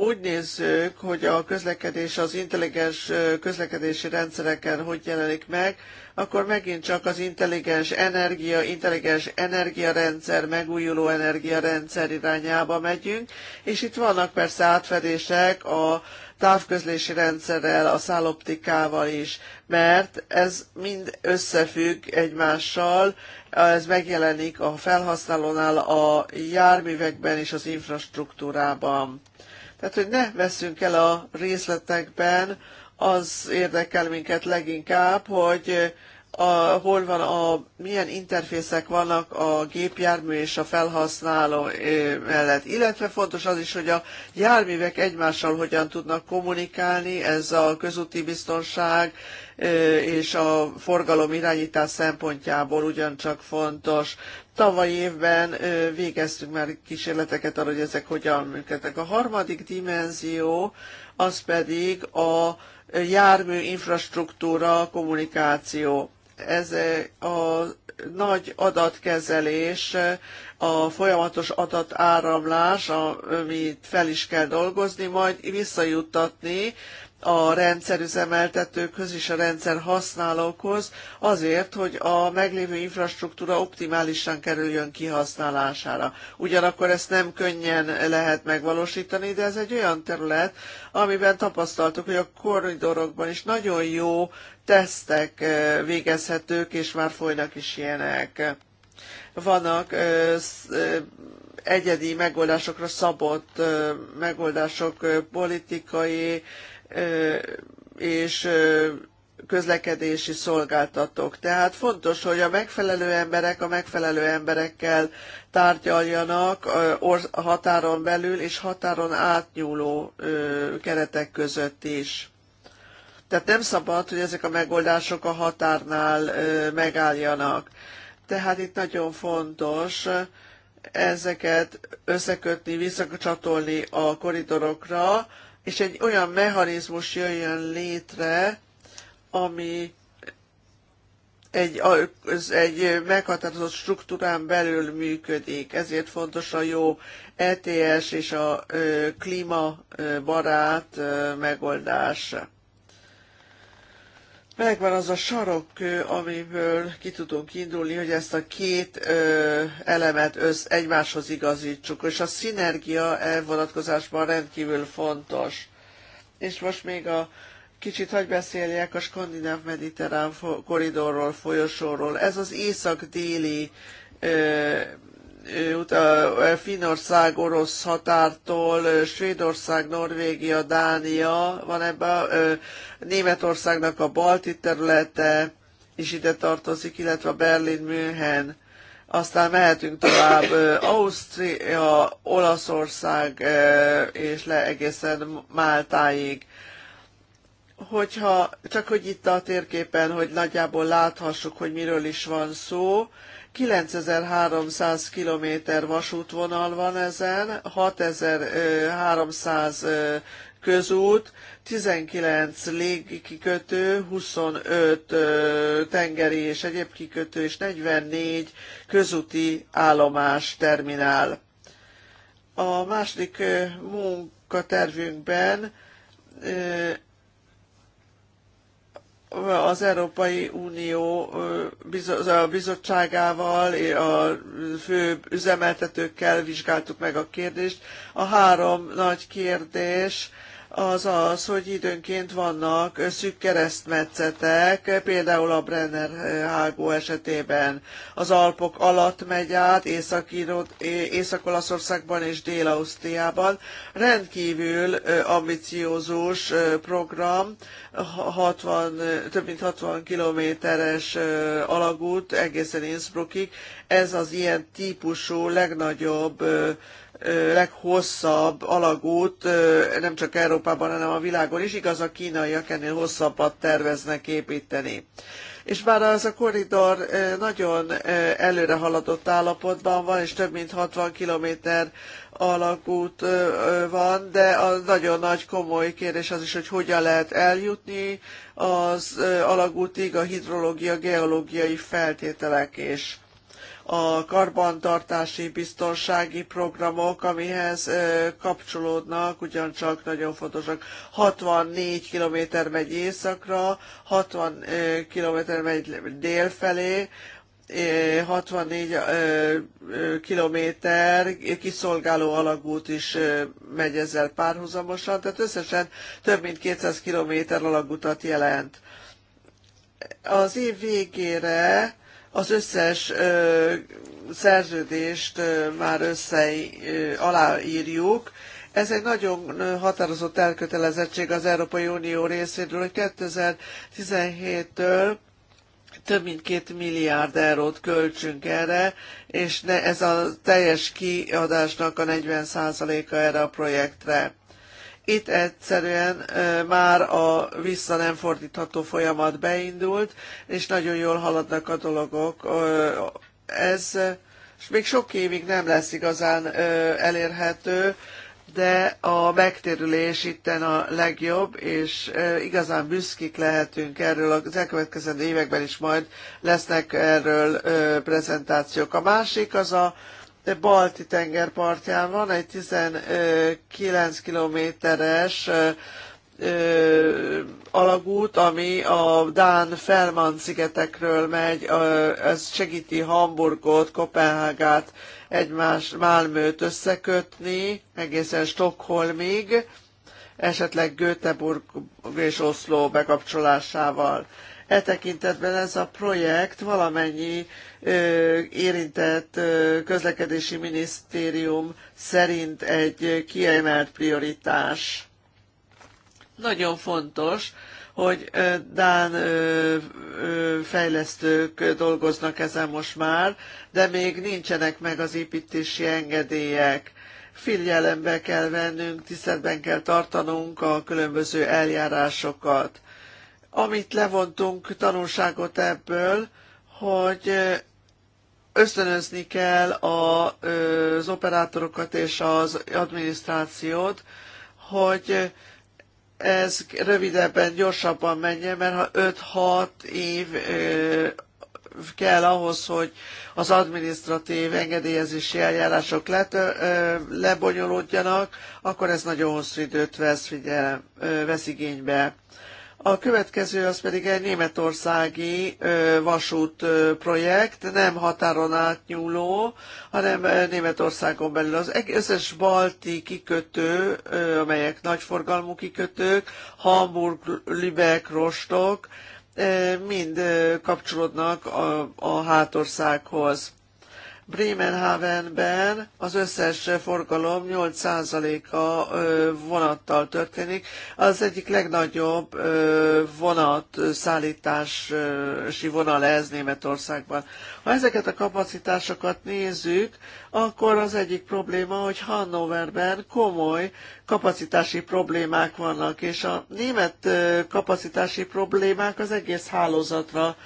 úgy nézzük, hogy a közlekedés az intelligens közlekedési rendszereken hogy jelenik meg, akkor megint csak az intelligens energia, intelligens energiarendszer, megújuló energiarendszer irányába megyünk, és itt vannak persze átfedések a távközlési rendszerrel, a száloptikával is, mert ez mind összefügg egymással, ez megjelenik a felhasználónál a járművekben és az infrastruktúrában. Tehát, hogy ne veszünk el a részletekben, az érdekel minket leginkább, hogy a, hol van a, milyen interfészek vannak a gépjármű és a felhasználó mellett. Illetve fontos az is, hogy a járművek egymással hogyan tudnak kommunikálni, ez a közúti biztonság és a forgalom irányítás szempontjából ugyancsak fontos. Tavaly évben végeztünk már kísérleteket arra, hogy ezek hogyan működnek. A harmadik dimenzió az pedig a jármű infrastruktúra, kommunikáció. Ez a nagy adatkezelés, a folyamatos adatáramlás, amit fel is kell dolgozni, majd visszajuttatni a rendszerüzemeltetőkhöz és a rendszer használókhoz azért, hogy a meglévő infrastruktúra optimálisan kerüljön kihasználására. Ugyanakkor ezt nem könnyen lehet megvalósítani, de ez egy olyan terület, amiben tapasztaltuk, hogy a korridorokban is nagyon jó tesztek eh, végezhetők, és már folynak is ilyenek. Vannak eh, eh, egyedi megoldásokra szabott megoldások, politikai és közlekedési szolgáltatók. Tehát fontos, hogy a megfelelő emberek a megfelelő emberekkel tárgyaljanak határon belül és határon átnyúló keretek között is. Tehát nem szabad, hogy ezek a megoldások a határnál megálljanak. Tehát itt nagyon fontos ezeket összekötni, visszacsatolni a koridorokra, és egy olyan mechanizmus jöjjön létre, ami egy, egy meghatározott struktúrán belül működik. Ezért fontos a jó ETS és a klímabarát megoldása megvan az a sarokkő, amiből ki tudunk indulni, hogy ezt a két ö, elemet össz, egymáshoz igazítsuk, és a szinergia e vonatkozásban rendkívül fontos. És most még a kicsit hagy beszéljek a skandináv mediterrán koridorról, folyosóról. Ez az észak-déli Finország, orosz határtól, Svédország, Norvégia, Dánia van ebben, Németországnak a balti területe is ide tartozik, illetve Berlin, München. Aztán mehetünk tovább Ausztria, Olaszország és le egészen Máltáig hogyha, csak hogy itt a térképen, hogy nagyjából láthassuk, hogy miről is van szó, 9300 km vasútvonal van ezen, 6300 közút, 19 légkikötő, 25 tengeri és egyéb kikötő és 44 közúti állomás terminál. A második munkatervünkben az Európai Unió bizottságával, a fő üzemeltetőkkel vizsgáltuk meg a kérdést. A három nagy kérdés az az, hogy időnként vannak szűk keresztmetszetek, például a Brenner hágó esetében az Alpok alatt megy át, Észak-Olaszországban és Dél-Ausztriában. Rendkívül ambiciózus program, 60, több mint 60 kilométeres alagút egészen Innsbruckig. Ez az ilyen típusú legnagyobb leghosszabb alagút nem csak Európában, hanem a világon is. Igaz, a kínaiak ennél hosszabbat terveznek építeni. És bár az a korridor nagyon előre haladott állapotban van, és több mint 60 kilométer alagút van, de a nagyon nagy komoly kérdés az is, hogy hogyan lehet eljutni az alagútig a hidrológia, geológiai feltételek és a karbantartási biztonsági programok, amihez kapcsolódnak, ugyancsak nagyon fontosak. 64 km megy északra, 60 km megy dél felé, 64 kilométer kiszolgáló alagút is megy ezzel párhuzamosan, tehát összesen több mint 200 kilométer alagutat jelent. Az év végére az összes szerződést már össze aláírjuk. Ez egy nagyon határozott elkötelezettség az Európai Unió részéről, hogy 2017-től több mint két milliárd eurót költsünk erre, és ne, ez a teljes kiadásnak a 40%-a erre a projektre. Itt egyszerűen már a vissza nem fordítható folyamat beindult, és nagyon jól haladnak a dologok. Ez és még sok évig nem lesz igazán elérhető, de a megtérülés itten a legjobb, és igazán büszkik lehetünk erről. Az elkövetkezendő években is majd lesznek erről prezentációk. A másik az a balti tenger partján van egy 19 kilométeres alagút, ami a Dán felman szigetekről megy, ez segíti Hamburgot, Kopenhágát, egymás Málmőt összekötni, egészen Stockholmig, esetleg Göteborg és Oszló bekapcsolásával. E tekintetben ez a projekt valamennyi érintett közlekedési minisztérium szerint egy kiemelt prioritás. Nagyon fontos, hogy Dán fejlesztők dolgoznak ezen most már, de még nincsenek meg az építési engedélyek. Figyelembe kell vennünk, tiszteletben kell tartanunk a különböző eljárásokat. Amit levontunk tanulságot ebből, hogy ösztönözni kell az operátorokat és az adminisztrációt, hogy ez rövidebben, gyorsabban menjen, mert ha 5-6 év kell ahhoz, hogy az adminisztratív engedélyezési eljárások let, lebonyolódjanak, akkor ez nagyon hosszú időt vesz, figyelem, vesz igénybe. A következő az pedig egy németországi vasútprojekt, nem határon átnyúló, hanem Németországon belül. Az összes balti kikötő, amelyek nagyforgalmú kikötők, Hamburg, Lübeck, Rostock, mind kapcsolódnak a, a hátországhoz. Bremenhavenben az összes forgalom 8%-a vonattal történik. Az egyik legnagyobb vonat szállítási vonal ez Németországban. Ha ezeket a kapacitásokat nézzük, akkor az egyik probléma, hogy Hannoverben komoly kapacitási problémák vannak, és a német kapacitási problémák az egész hálózatra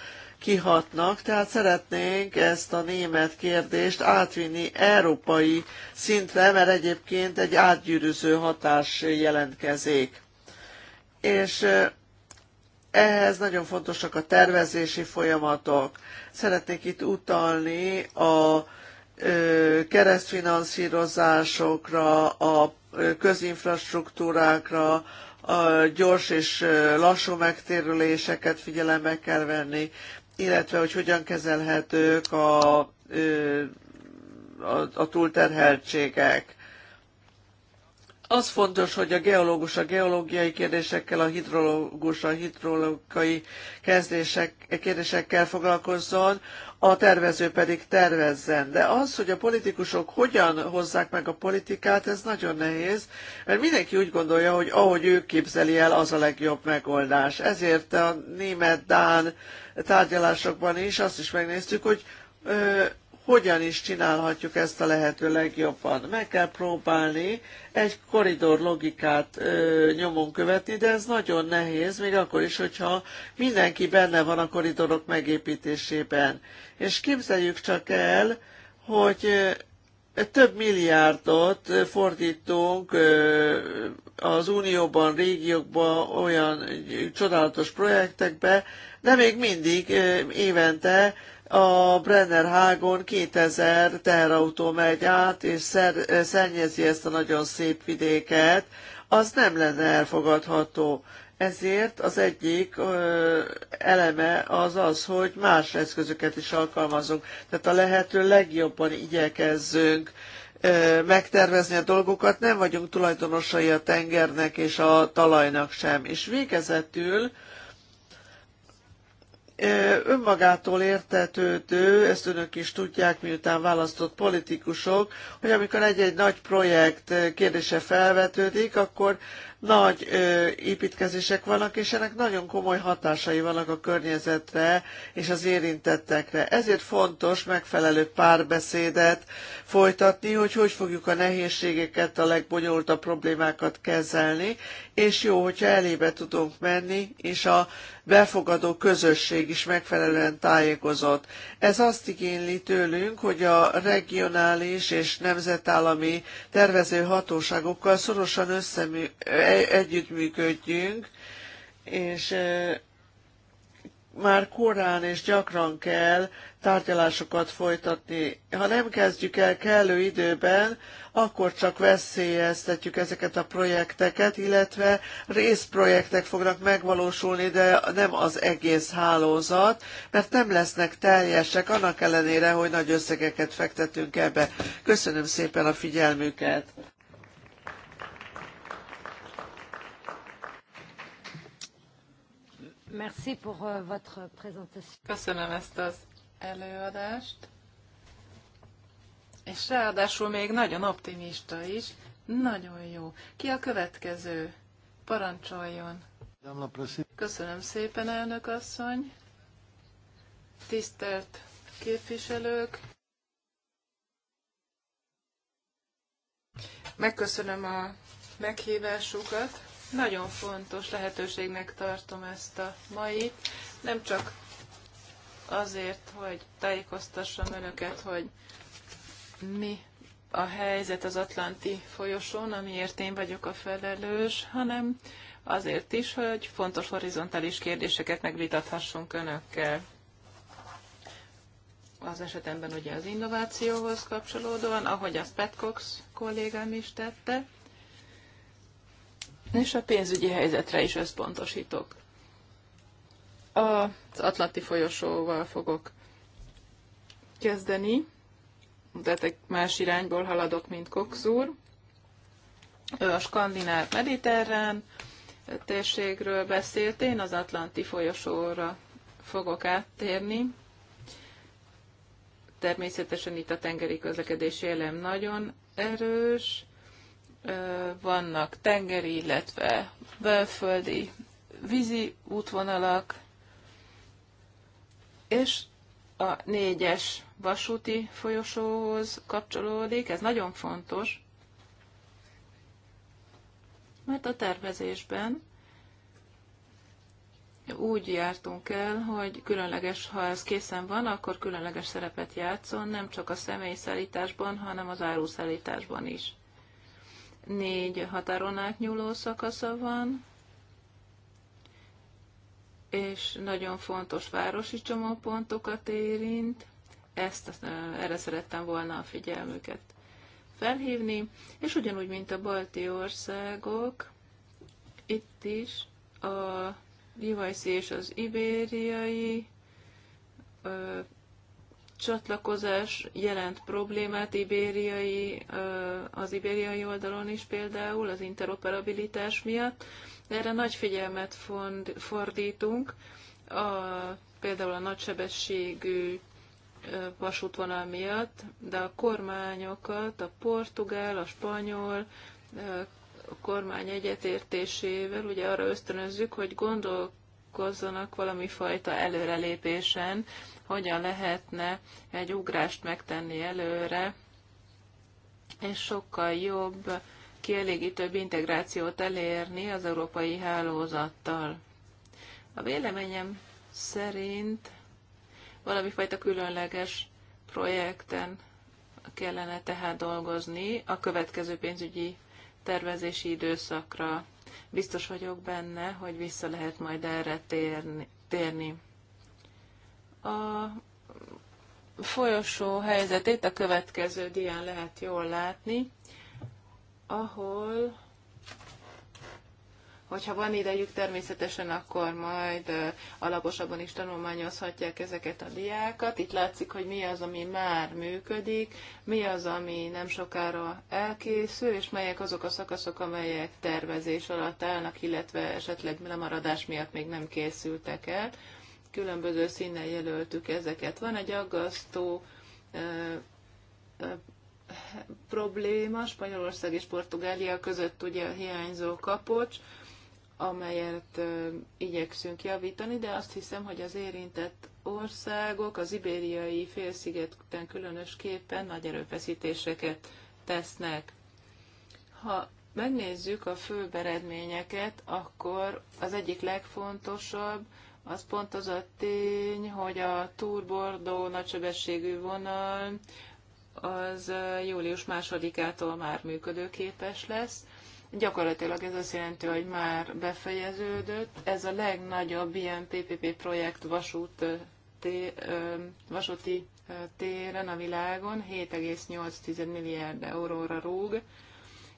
kihatnak, tehát szeretnénk ezt a német kérdést átvinni európai szintre, mert egyébként egy átgyűrűző hatás jelentkezik. És ehhez nagyon fontosak a tervezési folyamatok. Szeretnék itt utalni a keresztfinanszírozásokra, a közinfrastruktúrákra, a gyors és lassú megtérüléseket figyelembe kell venni illetve hogy hogyan kezelhetők a, a, a túlterheltségek. Az fontos, hogy a geológus a geológiai kérdésekkel, a hidrológus a hidrológiai kérdésekkel foglalkozzon, a tervező pedig tervezzen. De az, hogy a politikusok hogyan hozzák meg a politikát, ez nagyon nehéz, mert mindenki úgy gondolja, hogy ahogy ő képzeli el, az a legjobb megoldás. Ezért a német-dán tárgyalásokban is azt is megnéztük, hogy hogyan is csinálhatjuk ezt a lehető legjobban. Meg kell próbálni egy koridor logikát ö, nyomon követni, de ez nagyon nehéz, még akkor is, hogyha mindenki benne van a koridorok megépítésében. És képzeljük csak el, hogy több milliárdot fordítunk az unióban, régiókban olyan csodálatos projektekbe, de még mindig évente a Brenner Hágon 2000 teherautó megy át, és szer, szennyezi ezt a nagyon szép vidéket, az nem lenne elfogadható. Ezért az egyik ö, eleme az az, hogy más eszközöket is alkalmazunk. Tehát a lehető legjobban igyekezzünk ö, megtervezni a dolgokat, nem vagyunk tulajdonosai a tengernek és a talajnak sem. És végezetül, ö, önmagától értetődő, ezt önök is tudják, miután választott politikusok, hogy amikor egy-egy nagy projekt kérdése felvetődik, akkor nagy építkezések vannak, és ennek nagyon komoly hatásai vannak a környezetre és az érintettekre. Ezért fontos megfelelő párbeszédet, folytatni, hogy hogy fogjuk a nehézségeket, a legbonyolultabb problémákat kezelni, és jó, hogyha elébe tudunk menni, és a befogadó közösség is megfelelően tájékozott. Ez azt igényli tőlünk, hogy a regionális és nemzetállami tervező hatóságokkal szorosan összemű, e- együttműködjünk, és már korán és gyakran kell tárgyalásokat folytatni. Ha nem kezdjük el kellő időben, akkor csak veszélyeztetjük ezeket a projekteket, illetve részprojektek fognak megvalósulni, de nem az egész hálózat, mert nem lesznek teljesek, annak ellenére, hogy nagy összegeket fektetünk ebbe. Köszönöm szépen a figyelmüket! Merci pour euh, votre présentation. Köszönöm ezt az előadást. És ráadásul még nagyon optimista is. Nagyon jó. Ki a következő? Parancsoljon. Köszönöm szépen, elnök asszony. Tisztelt képviselők. Megköszönöm a meghívásukat. Nagyon fontos lehetőségnek tartom ezt a mai, nem csak azért, hogy tájékoztassam önöket, hogy mi a helyzet az Atlanti folyosón, amiért én vagyok a felelős, hanem azért is, hogy fontos horizontális kérdéseket megvitathassunk önökkel. Az esetemben ugye az innovációhoz kapcsolódóan, ahogy az Petcox kollégám is tette, és a pénzügyi helyzetre is összpontosítok. Az Atlanti folyosóval fogok kezdeni, de más irányból haladok, mint Cox Ő a skandináv mediterrán térségről beszélt, én az Atlanti folyosóra fogok áttérni. Természetesen itt a tengeri közlekedési elem nagyon erős, vannak tengeri, illetve belföldi vízi útvonalak, és a négyes vasúti folyosóhoz kapcsolódik. Ez nagyon fontos, mert a tervezésben úgy jártunk el, hogy különleges, ha ez készen van, akkor különleges szerepet játszon, nem csak a személyszállításban, hanem az áruszállításban is négy határon átnyúló szakasza van, és nagyon fontos városi csomópontokat érint. Ezt eh, erre szerettem volna a figyelmüket felhívni, és ugyanúgy, mint a balti országok, itt is a Livajszi és az ibériai csatlakozás jelent problémát ibériai, az ibériai oldalon is például, az interoperabilitás miatt. Erre nagy figyelmet fordítunk, a, például a nagysebességű vasútvonal miatt, de a kormányokat, a portugál, a spanyol a kormány egyetértésével ugye arra ösztönözzük, hogy gondol, gondolkozzanak valami fajta előrelépésen, hogyan lehetne egy ugrást megtenni előre, és sokkal jobb, kielégítőbb integrációt elérni az európai hálózattal. A véleményem szerint valami fajta különleges projekten kellene tehát dolgozni a következő pénzügyi tervezési időszakra Biztos vagyok benne, hogy vissza lehet majd erre térni. térni. A folyosó helyzetét a következő dián lehet jól látni, ahol Hogyha van idejük, természetesen akkor majd alaposabban is tanulmányozhatják ezeket a diákat. Itt látszik, hogy mi az, ami már működik, mi az, ami nem sokára elkészül, és melyek azok a szakaszok, amelyek tervezés alatt állnak, illetve esetleg lemaradás miatt még nem készültek el. Különböző színnel jelöltük ezeket. Van egy aggasztó probléma Spanyolország és Portugália között ugye a hiányzó kapocs, amelyet igyekszünk javítani, de azt hiszem, hogy az érintett országok, az ibériai félszigeten különösképpen nagy erőfeszítéseket tesznek. Ha megnézzük a fő eredményeket, akkor az egyik legfontosabb az pont az a tény, hogy a túrbordó nagysebességű vonal az július másodikától már működőképes lesz, Gyakorlatilag ez azt jelenti, hogy már befejeződött. Ez a legnagyobb ilyen PPP projekt vasút té, vasúti téren a világon 7,8 milliárd euróra rúg,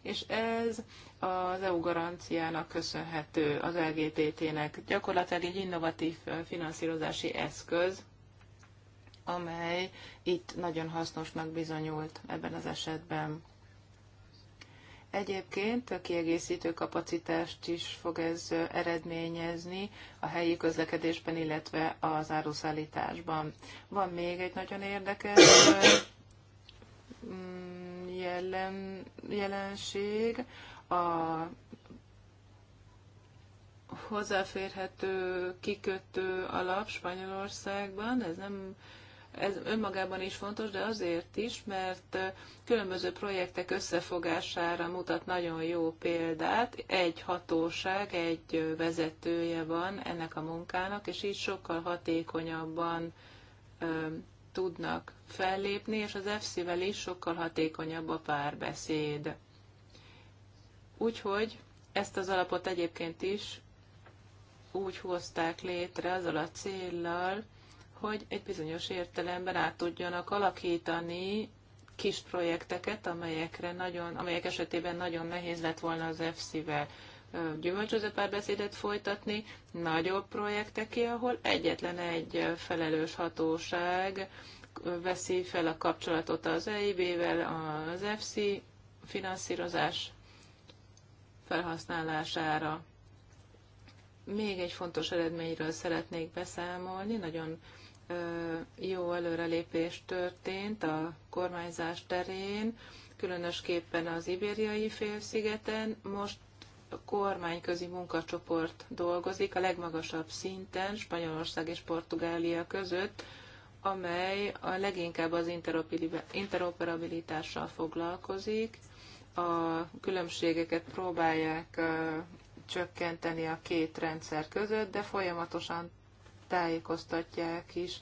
és ez az EU garanciának köszönhető, az LGTT-nek. Gyakorlatilag egy innovatív finanszírozási eszköz, amely itt nagyon hasznosnak bizonyult ebben az esetben. Egyébként a kiegészítő kapacitást is fog ez eredményezni a helyi közlekedésben, illetve az áruszállításban. Van még egy nagyon érdekes mm, jelen, jelenség, a hozzáférhető kikötő alap Spanyolországban, ez nem ez önmagában is fontos, de azért is, mert különböző projektek összefogására mutat nagyon jó példát. Egy hatóság, egy vezetője van ennek a munkának, és így sokkal hatékonyabban tudnak fellépni, és az EFSZ-vel is sokkal hatékonyabb a párbeszéd. Úgyhogy ezt az alapot egyébként is úgy hozták létre azzal a céllal, hogy egy bizonyos értelemben át tudjanak alakítani kis projekteket, amelyekre nagyon, amelyek esetében nagyon nehéz lett volna az EFSZ-vel gyümölcsöző párbeszédet folytatni, nagyobb projekteké, ahol egyetlen egy felelős hatóság veszi fel a kapcsolatot az EIB-vel, az FC finanszírozás felhasználására. Még egy fontos eredményről szeretnék beszámolni, nagyon jó előrelépés történt a kormányzás terén, különösképpen az ibériai félszigeten. Most a kormányközi munkacsoport dolgozik a legmagasabb szinten Spanyolország és Portugália között, amely a leginkább az interoperabilitással foglalkozik. A különbségeket próbálják csökkenteni a két rendszer között, de folyamatosan tájékoztatják is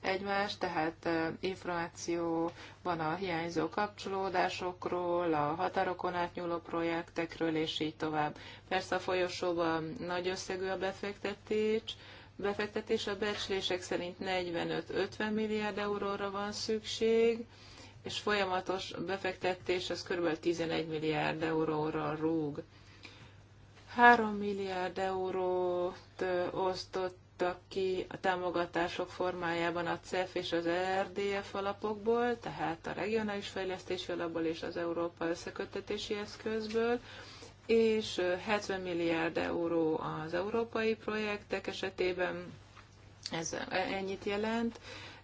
egymást, tehát információ van a hiányzó kapcsolódásokról, a határokon átnyúló projektekről, és így tovább. Persze a folyosóban nagy összegű a befektetés, befektetés a becslések szerint 45-50 milliárd euróra van szükség, és folyamatos befektetés az kb. 11 milliárd euróra rúg. 3 milliárd eurót osztott adtak ki a támogatások formájában a CEF és az ERDF alapokból, tehát a regionális fejlesztési alapból és az Európa összeköttetési eszközből, és 70 milliárd euró az európai projektek esetében, ez ennyit jelent,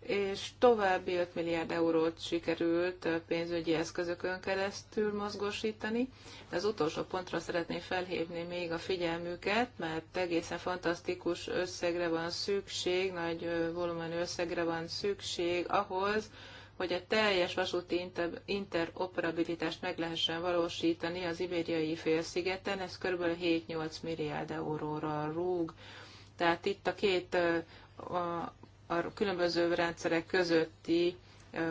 és további 5 milliárd eurót sikerült pénzügyi eszközökön keresztül mozgósítani. De az utolsó pontra szeretném felhívni még a figyelmüket, mert egészen fantasztikus összegre van szükség, nagy volumenű összegre van szükség ahhoz, hogy a teljes vasúti interoperabilitást meg lehessen valósítani az ibériai félszigeten, ez kb. 7-8 milliárd euróra rúg. Tehát itt a két a a különböző rendszerek közötti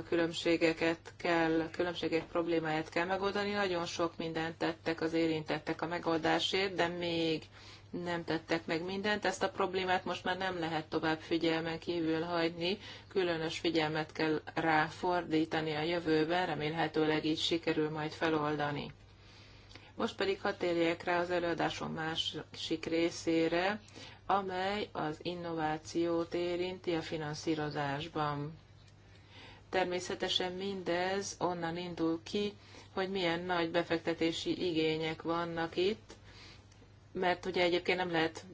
különbségeket kell, különbségek problémáját kell megoldani. Nagyon sok mindent tettek az érintettek a megoldásért, de még nem tettek meg mindent. Ezt a problémát most már nem lehet tovább figyelmen kívül hagyni, különös figyelmet kell ráfordítani a jövőben, remélhetőleg így sikerül majd feloldani. Most pedig hadd térjek rá az előadásom másik részére, amely az innovációt érinti a finanszírozásban. Természetesen mindez onnan indul ki, hogy milyen nagy befektetési igények vannak itt, mert ugye egyébként nem lehet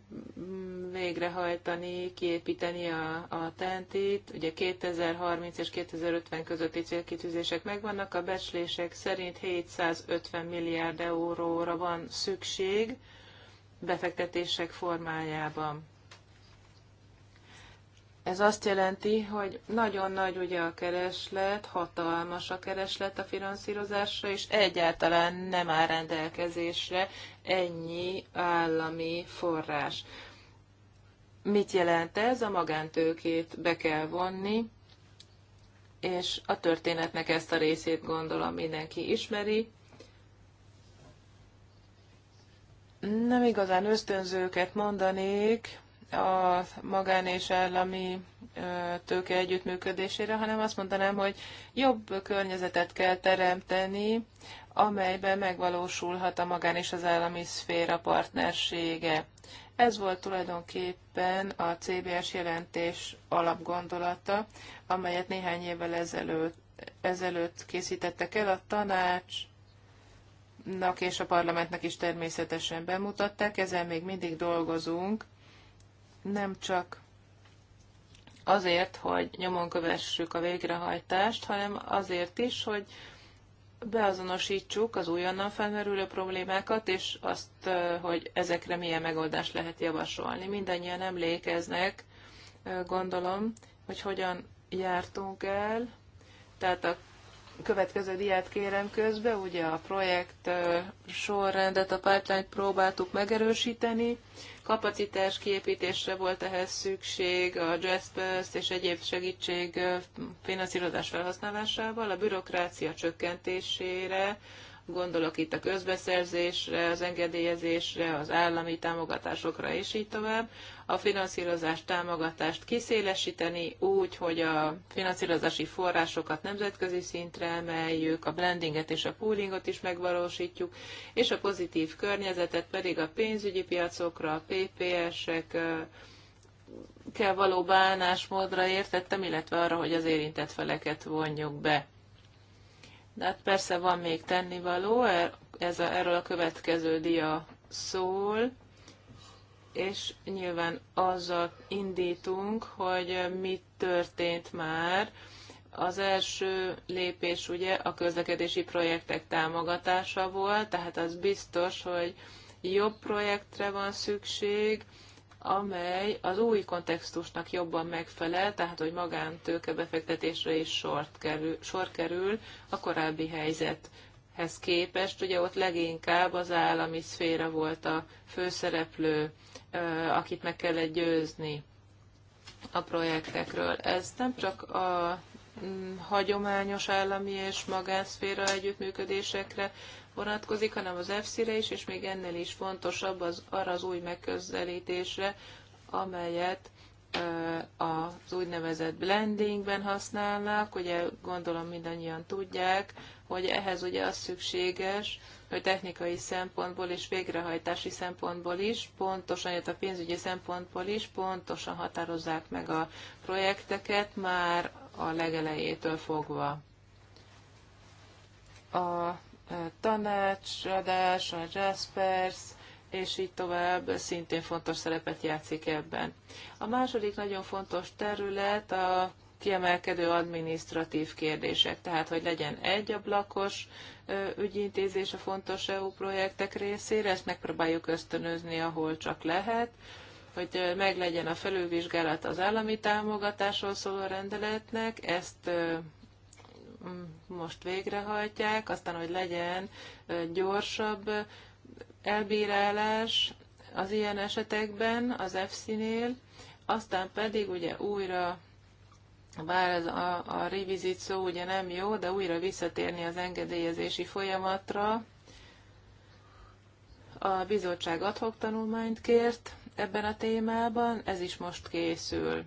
végrehajtani, kiépíteni a, a tentét. Ugye 2030 és 2050 közötti célkitűzések megvannak, a becslések szerint 750 milliárd euróra van szükség, befektetések formájában. Ez azt jelenti, hogy nagyon nagy ugye a kereslet, hatalmas a kereslet a finanszírozásra, és egyáltalán nem áll rendelkezésre ennyi állami forrás. Mit jelent ez? A magántőkét be kell vonni, és a történetnek ezt a részét gondolom mindenki ismeri. Nem igazán ösztönzőket mondanék a magán és állami tőke együttműködésére, hanem azt mondanám, hogy jobb környezetet kell teremteni, amelyben megvalósulhat a magán és az állami szféra partnersége. Ez volt tulajdonképpen a CBS jelentés alapgondolata, amelyet néhány évvel ezelőtt, ezelőtt készítettek el a tanács, nak és a parlamentnek is természetesen bemutatták, ezen még mindig dolgozunk, nem csak azért, hogy nyomon kövessük a végrehajtást, hanem azért is, hogy beazonosítsuk az újonnan felmerülő problémákat, és azt, hogy ezekre milyen megoldást lehet javasolni. Mindannyian emlékeznek, gondolom, hogy hogyan jártunk el, tehát a következő diát kérem közbe, ugye a projekt sorrendet, a pipeline próbáltuk megerősíteni, kapacitás kiépítésre volt ehhez szükség, a jaspers és egyéb segítség finanszírozás felhasználásával, a bürokrácia csökkentésére, gondolok itt a közbeszerzésre, az engedélyezésre, az állami támogatásokra és így tovább. A finanszírozás támogatást kiszélesíteni úgy, hogy a finanszírozási forrásokat nemzetközi szintre emeljük, a blendinget és a poolingot is megvalósítjuk, és a pozitív környezetet pedig a pénzügyi piacokra, a PPS-ek, kell való bánásmódra értettem, illetve arra, hogy az érintett feleket vonjuk be. De hát persze van még tennivaló, er- ez a, erről a következő dia szól, és nyilván azzal indítunk, hogy mit történt már. Az első lépés ugye a közlekedési projektek támogatása volt, tehát az biztos, hogy jobb projektre van szükség, amely az új kontextusnak jobban megfelel, tehát hogy magántőke befektetésre is sort kerül, sor kerül a korábbi helyzethez képest. Ugye ott leginkább az állami szféra volt a főszereplő, akit meg kellett győzni a projektekről. Ez nem csak a mm, hagyományos állami és magánszféra együttműködésekre vonatkozik, hanem az EFSZ-re is, és még ennél is fontosabb az arra az új megközelítésre, amelyet az úgynevezett blendingben használnak, ugye gondolom mindannyian tudják, hogy ehhez ugye az szükséges, hogy technikai szempontból és végrehajtási szempontból is, pontosan, illetve a pénzügyi szempontból is pontosan határozzák meg a projekteket már a legelejétől fogva. A tanácsadás, a Jaspers, és így tovább szintén fontos szerepet játszik ebben. A második nagyon fontos terület a kiemelkedő adminisztratív kérdések, tehát hogy legyen egy ablakos ügyintézés a fontos EU projektek részére, ezt megpróbáljuk ösztönözni, ahol csak lehet, hogy meglegyen a felülvizsgálat az állami támogatásról szóló rendeletnek, ezt most végrehajtják, aztán, hogy legyen gyorsabb elbírálás az ilyen esetekben az EFSZ-nél, aztán pedig ugye újra bár ez a, a revizit szó ugye nem jó, de újra visszatérni az engedélyezési folyamatra. A bizottság adhok tanulmányt kért ebben a témában, ez is most készül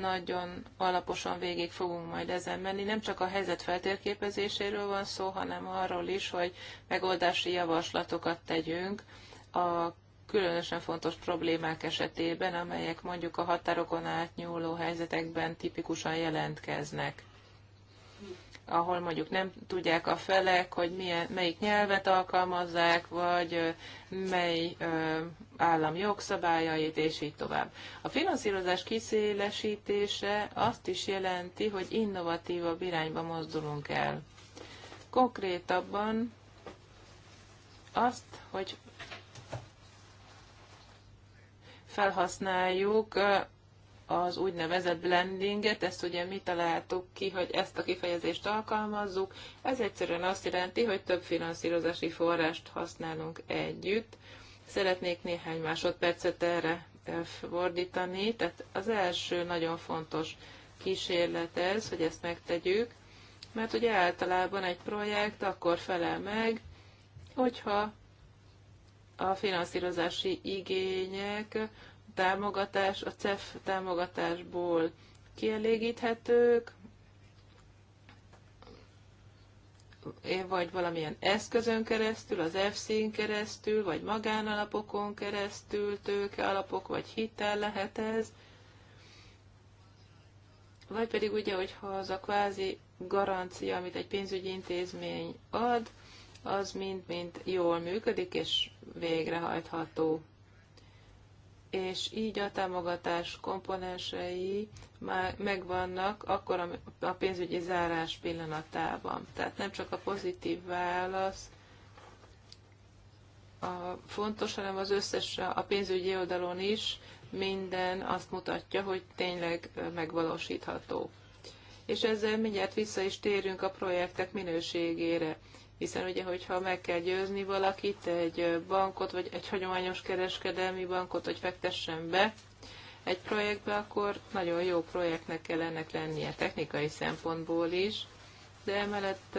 nagyon alaposan végig fogunk majd ezen menni. Nem csak a helyzet feltérképezéséről van szó, hanem arról is, hogy megoldási javaslatokat tegyünk a különösen fontos problémák esetében, amelyek mondjuk a határokon átnyúló helyzetekben tipikusan jelentkeznek ahol mondjuk nem tudják a felek, hogy milyen, melyik nyelvet alkalmazzák, vagy mely állam jogszabályait, és így tovább. A finanszírozás kiszélesítése azt is jelenti, hogy innovatívabb irányba mozdulunk el. Konkrétabban azt, hogy felhasználjuk az úgynevezett blendinget, ezt ugye mi találtuk ki, hogy ezt a kifejezést alkalmazzuk. Ez egyszerűen azt jelenti, hogy több finanszírozási forrást használunk együtt. Szeretnék néhány másodpercet erre fordítani. Tehát az első nagyon fontos kísérlet ez, hogy ezt megtegyük, mert ugye általában egy projekt akkor felel meg, hogyha a finanszírozási igények támogatás a CEF támogatásból kielégíthetők, vagy valamilyen eszközön keresztül, az EFSZ-n keresztül, vagy magánalapokon keresztül, tőkealapok, vagy hitel lehet ez, vagy pedig ugye, hogyha az a kvázi garancia, amit egy pénzügyi intézmény ad, az mind-mind jól működik és végrehajtható és így a támogatás komponensei már megvannak akkor a pénzügyi zárás pillanatában. Tehát nem csak a pozitív válasz a fontos, hanem az összes a pénzügyi oldalon is minden azt mutatja, hogy tényleg megvalósítható. És ezzel mindjárt vissza is térünk a projektek minőségére. Hiszen ugye, hogyha meg kell győzni valakit, egy bankot, vagy egy hagyományos kereskedelmi bankot, hogy fektessen be egy projektbe, akkor nagyon jó projektnek kell ennek lennie technikai szempontból is, de emellett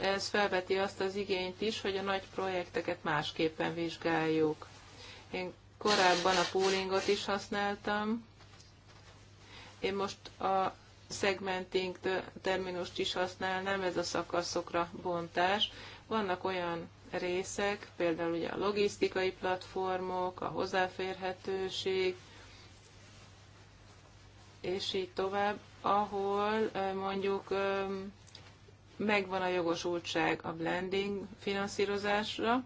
ez felveti azt az igényt is, hogy a nagy projekteket másképpen vizsgáljuk. Én korábban a poolingot is használtam, én most a segmenting terminust is használnám, ez a szakaszokra bontás. Vannak olyan részek, például ugye a logisztikai platformok, a hozzáférhetőség, és így tovább, ahol mondjuk megvan a jogosultság a blending finanszírozásra,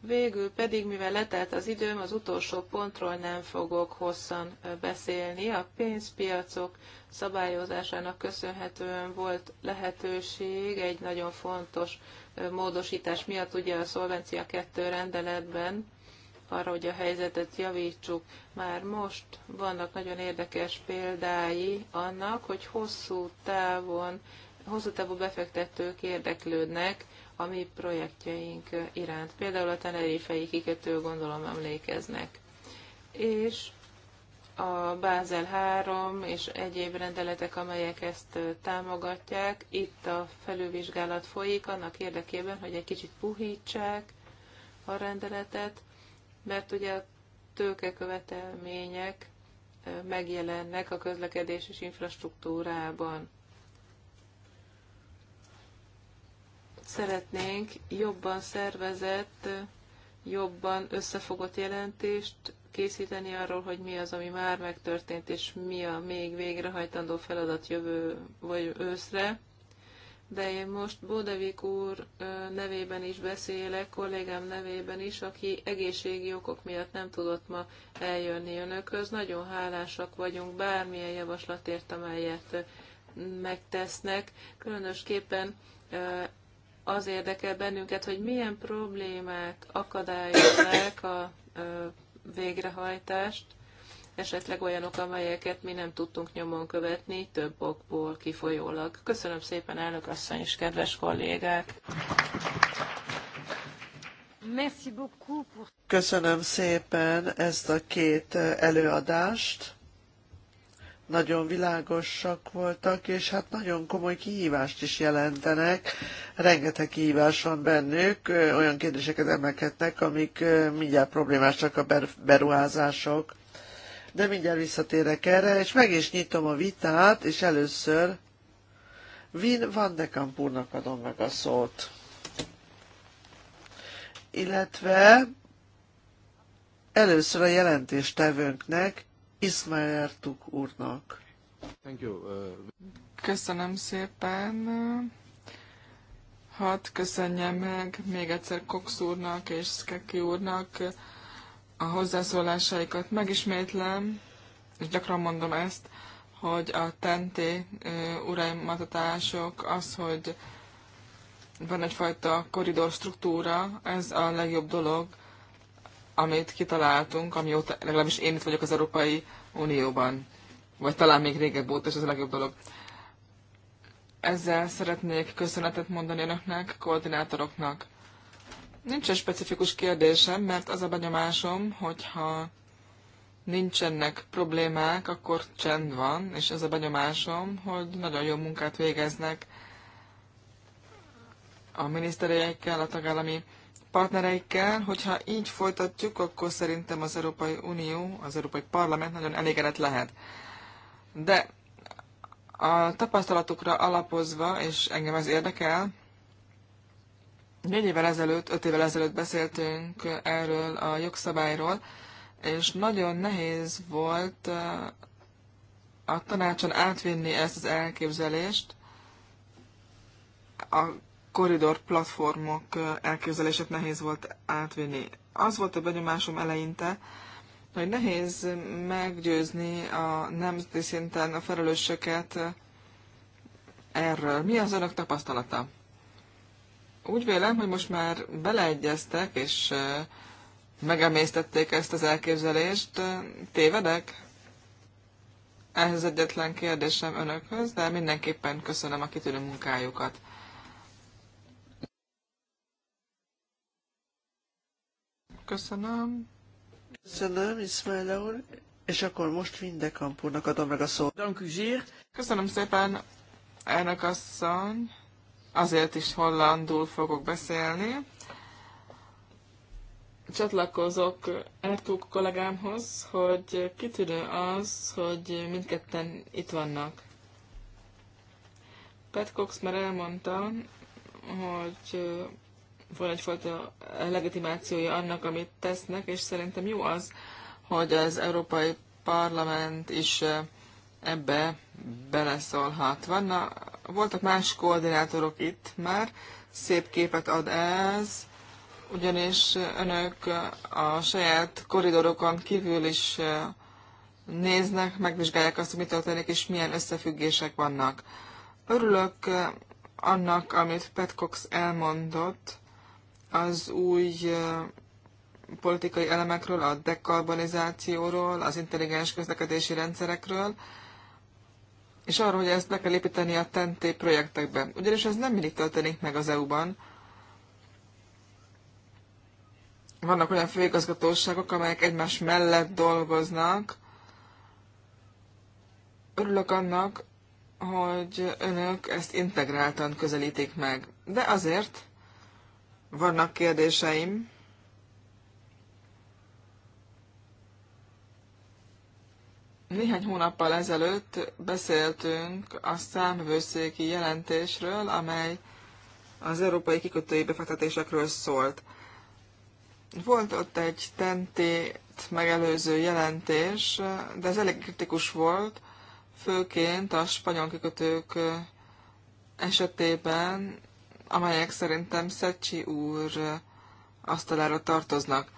Végül pedig, mivel letelt az időm, az utolsó pontról nem fogok hosszan beszélni. A pénzpiacok szabályozásának köszönhetően volt lehetőség egy nagyon fontos módosítás miatt, ugye a Szolvencia 2 rendeletben, arra, hogy a helyzetet javítsuk. Már most vannak nagyon érdekes példái annak, hogy hosszú távon, hosszú távú befektetők érdeklődnek a mi projektjeink iránt. Például a Tenerifei kikötő gondolom emlékeznek. És a Bázel 3 és egyéb rendeletek, amelyek ezt támogatják, itt a felülvizsgálat folyik annak érdekében, hogy egy kicsit puhítsák a rendeletet, mert ugye a tőkekövetelmények megjelennek a közlekedés és infrastruktúrában. Szeretnénk jobban szervezett, jobban összefogott jelentést készíteni arról, hogy mi az, ami már megtörtént, és mi a még végrehajtandó feladat jövő vagy őszre. De én most Bódevik úr nevében is beszélek, kollégám nevében is, aki egészségi okok miatt nem tudott ma eljönni önökhöz. Nagyon hálásak vagyunk bármilyen javaslatért, amelyet megtesznek. Különösképpen az érdekel bennünket, hogy milyen problémák akadályozzák a végrehajtást, esetleg olyanok, amelyeket mi nem tudtunk nyomon követni, több okból kifolyólag. Köszönöm szépen, elnök asszony és kedves kollégák! Köszönöm szépen ezt a két előadást nagyon világosak voltak, és hát nagyon komoly kihívást is jelentenek. Rengeteg kihívás van bennük, olyan kérdéseket emelkednek, amik mindjárt problémásak a beruházások. De mindjárt visszatérek erre, és meg is nyitom a vitát, és először Vin Van de Kampurnak adom meg a szót. Illetve először a jelentéstevőnknek, Ismail Ertug úrnak. Thank you. Uh, Köszönöm szépen. Hadd köszönjem meg még egyszer Cox úrnak és Skeki úrnak a hozzászólásaikat. Megismétlem, és gyakran mondom ezt, hogy a tenté uraimatatások az, hogy van egyfajta koridor struktúra, ez a legjobb dolog amit kitaláltunk, amióta legalábbis én itt vagyok az Európai Unióban. Vagy talán még régebb óta, és ez a legjobb dolog. Ezzel szeretnék köszönetet mondani önöknek, koordinátoroknak. Nincs egy specifikus kérdésem, mert az a benyomásom, hogyha nincsenek problémák, akkor csend van, és az a benyomásom, hogy nagyon jó munkát végeznek a miniszteriekkel, a tagállami partnereikkel, hogyha így folytatjuk, akkor szerintem az Európai Unió, az Európai Parlament nagyon elégedett lehet. De a tapasztalatokra alapozva, és engem ez érdekel, négy évvel ezelőtt, öt évvel ezelőtt beszéltünk erről a jogszabályról, és nagyon nehéz volt a tanácson átvinni ezt az elképzelést, a koridor platformok elképzelését nehéz volt átvinni. Az volt a benyomásom eleinte, hogy nehéz meggyőzni a nemzeti szinten a felelősöket erről. Mi az önök tapasztalata? Úgy vélem, hogy most már beleegyeztek, és megemésztették ezt az elképzelést. Tévedek? Ehhez egyetlen kérdésem önökhöz, de mindenképpen köszönöm a kitűnő munkájukat. Köszönöm. Köszönöm, Ismael úr. És akkor most Vindekamp úrnak adom meg a szót. Köszönöm szépen, elnök asszony. Azért is hollandul fogok beszélni. Csatlakozok Ertug kollégámhoz, hogy kitűnő az, hogy mindketten itt vannak. Pat Cox már elmondta, hogy van egyfajta legitimációja annak, amit tesznek, és szerintem jó az, hogy az Európai Parlament is ebbe beleszólhat. Vanna, voltak más koordinátorok itt már, szép képet ad ez, ugyanis önök a saját koridorokon kívül is néznek, megvizsgálják azt, hogy mi történik, és milyen összefüggések vannak. Örülök annak, amit Petcox elmondott, az új politikai elemekről, a dekarbonizációról, az intelligens közlekedési rendszerekről, és arról, hogy ezt be kell építeni a TNT projektekbe. Ugyanis ez nem mindig történik meg az EU-ban. Vannak olyan főigazgatóságok, amelyek egymás mellett dolgoznak. Örülök annak, hogy önök ezt integráltan közelítik meg. De azért, vannak kérdéseim. Néhány hónappal ezelőtt beszéltünk a számvőszéki jelentésről, amely az európai kikötői befektetésekről szólt. Volt ott egy tentét megelőző jelentés, de ez elég kritikus volt, főként a spanyol kikötők esetében, amelyek szerintem Szecsi úr asztalára tartoznak.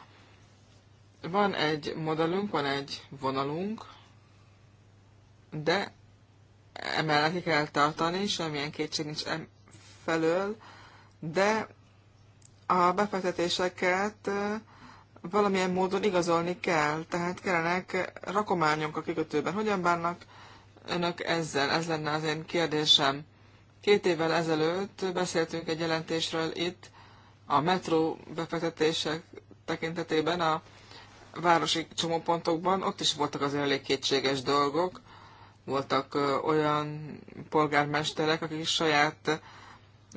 Van egy modellünk, van egy vonalunk, de emellett ki kell tartani, semmilyen kétség nincs felől, de a befektetéseket valamilyen módon igazolni kell, tehát kellenek rakományok a kikötőben. Hogyan bánnak önök ezzel? Ez lenne az én kérdésem. Két évvel ezelőtt beszéltünk egy jelentésről itt a metró befektetések tekintetében a városi csomópontokban. Ott is voltak az elég kétséges dolgok. Voltak olyan polgármesterek, akik saját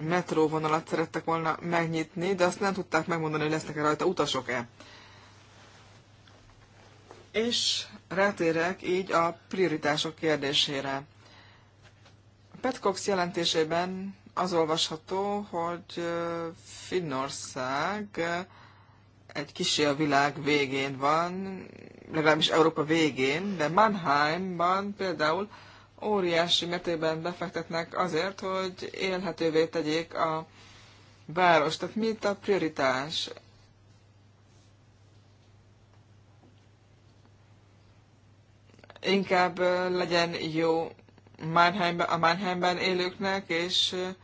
metróvonalat szerettek volna megnyitni, de azt nem tudták megmondani, hogy lesznek-e rajta utasok-e. És rátérek így a prioritások kérdésére. Petcox jelentésében az olvasható, hogy Finnország egy kicsi a világ végén van, legalábbis Európa végén, de Mannheimban például óriási mértékben befektetnek azért, hogy élhetővé tegyék a város. Tehát mi itt a prioritás? Inkább legyen jó Mannheimben, a Mannheimben élőknek, és eh,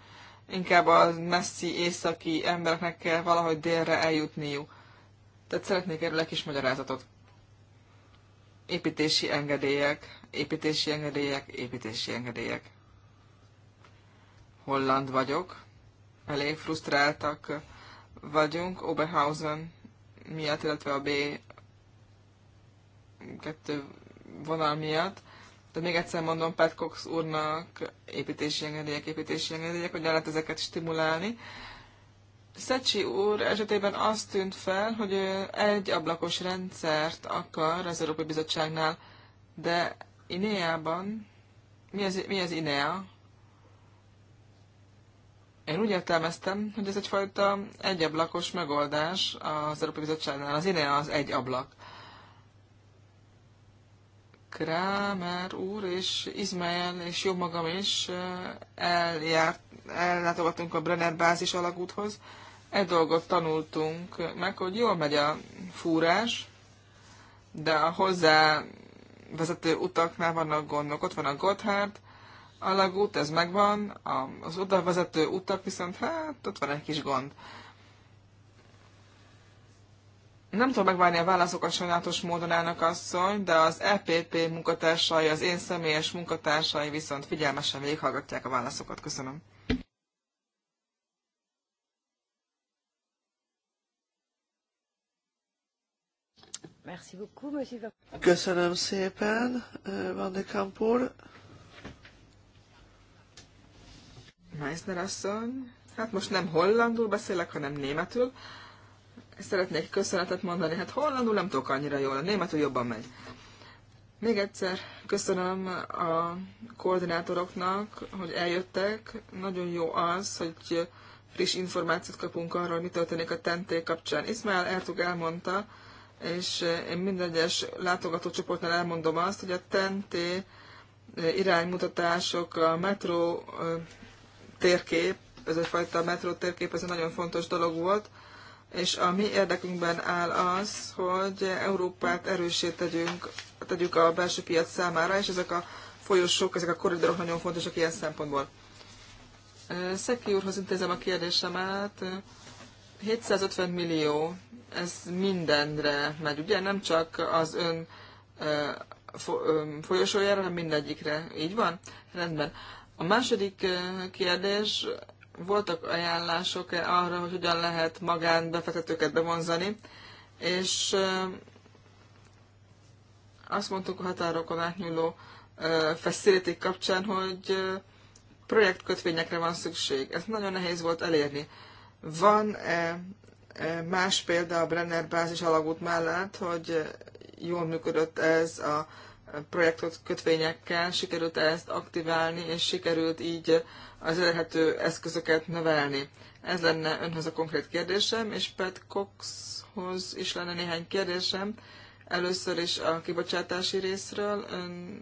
inkább a messzi északi embereknek kell valahogy délre eljutniuk. Tehát szeretnék erről egy kis magyarázatot. Építési engedélyek, építési engedélyek, építési engedélyek. Holland vagyok, elég frusztráltak vagyunk Oberhausen miatt, illetve a B2 vonal miatt. De még egyszer mondom Pat Cox úrnak építési engedélyek, építési engedélyek, hogyan lehet ezeket stimulálni. Szecsi úr esetében azt tűnt fel, hogy egy ablakos rendszert akar az Európai Bizottságnál, de Ineában, mi az, mi az INEA? Én úgy értelmeztem, hogy ez egyfajta egyablakos megoldás az Európai Bizottságnál. Az INEA az egy ablak. Kramer úr és Izmael és jó magam is eh, eljárt, ellátogatunk a Brenner bázis alagúthoz. Egy dolgot tanultunk meg, hogy jól megy a fúrás, de a hozzá vezető utaknál vannak gondok. Ott van a Gotthard alagút, ez megvan, az oda vezető utak viszont hát ott van egy kis gond. Nem tudom megvárni a válaszokat, sajnálatos módon állnak asszony, de az EPP munkatársai, az én személyes munkatársai viszont figyelmesen végighallgatják a válaszokat. Köszönöm. Köszönöm szépen, eh, Van de Kampur. Meissner asszony. Hát most nem hollandul beszélek, hanem németül. Uh, szeretnék köszönetet mondani. Hát hollandul nem tudok annyira jól, a németül jobban megy. Még egyszer köszönöm a koordinátoroknak, hogy eljöttek. Nagyon jó az, hogy friss információt kapunk arról, mi történik a tenté kapcsán. Ismail Ertug elmondta, és én minden egyes látogatócsoportnál elmondom azt, hogy a tenté iránymutatások, a metró térkép, ez egyfajta metró térkép, ez egy nagyon fontos dolog volt, és a mi érdekünkben áll az, hogy Európát erősé tegyünk, tegyük a belső piac számára, és ezek a folyosók, ezek a koridorok nagyon fontosak ilyen szempontból. Szeki úrhoz intézem a kérdésemet. 750 millió, ez mindenre megy, ugye? Nem csak az ön folyosójára, hanem mindegyikre. Így van? Rendben. A második kérdés voltak ajánlások arra, hogy hogyan lehet magánbefektetőket bevonzani, és azt mondtuk a határokon átnyúló facility kapcsán, hogy projektkötvényekre van szükség. Ez nagyon nehéz volt elérni. Van -e más példa a Brenner bázis alagút mellett, hogy jól működött ez a projektot kötvényekkel, sikerült ezt aktiválni, és sikerült így az elérhető eszközöket növelni. Ez lenne önhöz a konkrét kérdésem, és Pat Coxhoz is lenne néhány kérdésem. Először is a kibocsátási részről. Ön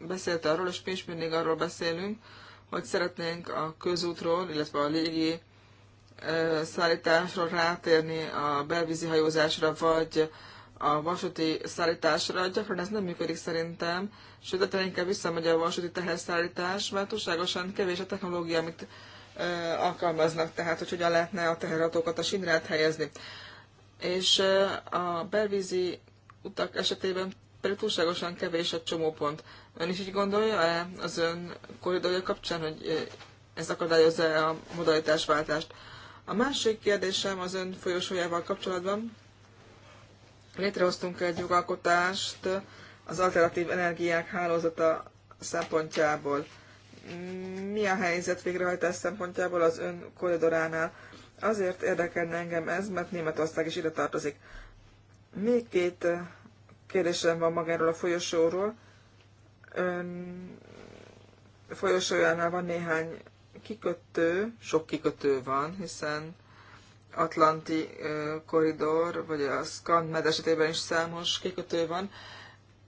beszélt arról, és mi is mindig arról beszélünk, hogy szeretnénk a közútról, illetve a légi szállításról rátérni a belvízi hajózásra, vagy a vasúti szállításra. Gyakran ez nem működik szerintem, sőt, egyre inkább visszamegy a vasúti teherszállítás, mert túlságosan kevés a technológia, amit ö, alkalmaznak, tehát hogy hogyan lehetne a teherautókat a sinre helyezni. És ö, a belvízi utak esetében pedig túlságosan kevés a csomópont. Ön is így gondolja-e az ön koridorja kapcsán, hogy ez akadályozza -e a modalitásváltást? A másik kérdésem az ön folyosójával kapcsolatban, Létrehoztunk egy jogalkotást az alternatív energiák hálózata szempontjából. Mi a helyzet végrehajtás szempontjából az ön koridoránál? Azért érdekelne engem ez, mert Németország is ide tartozik. Még két kérdésem van magáról a folyosóról. Ön folyosójánál van néhány kikötő, sok kikötő van, hiszen Atlanti korridor, vagy a Skandmed esetében is számos kikötő van.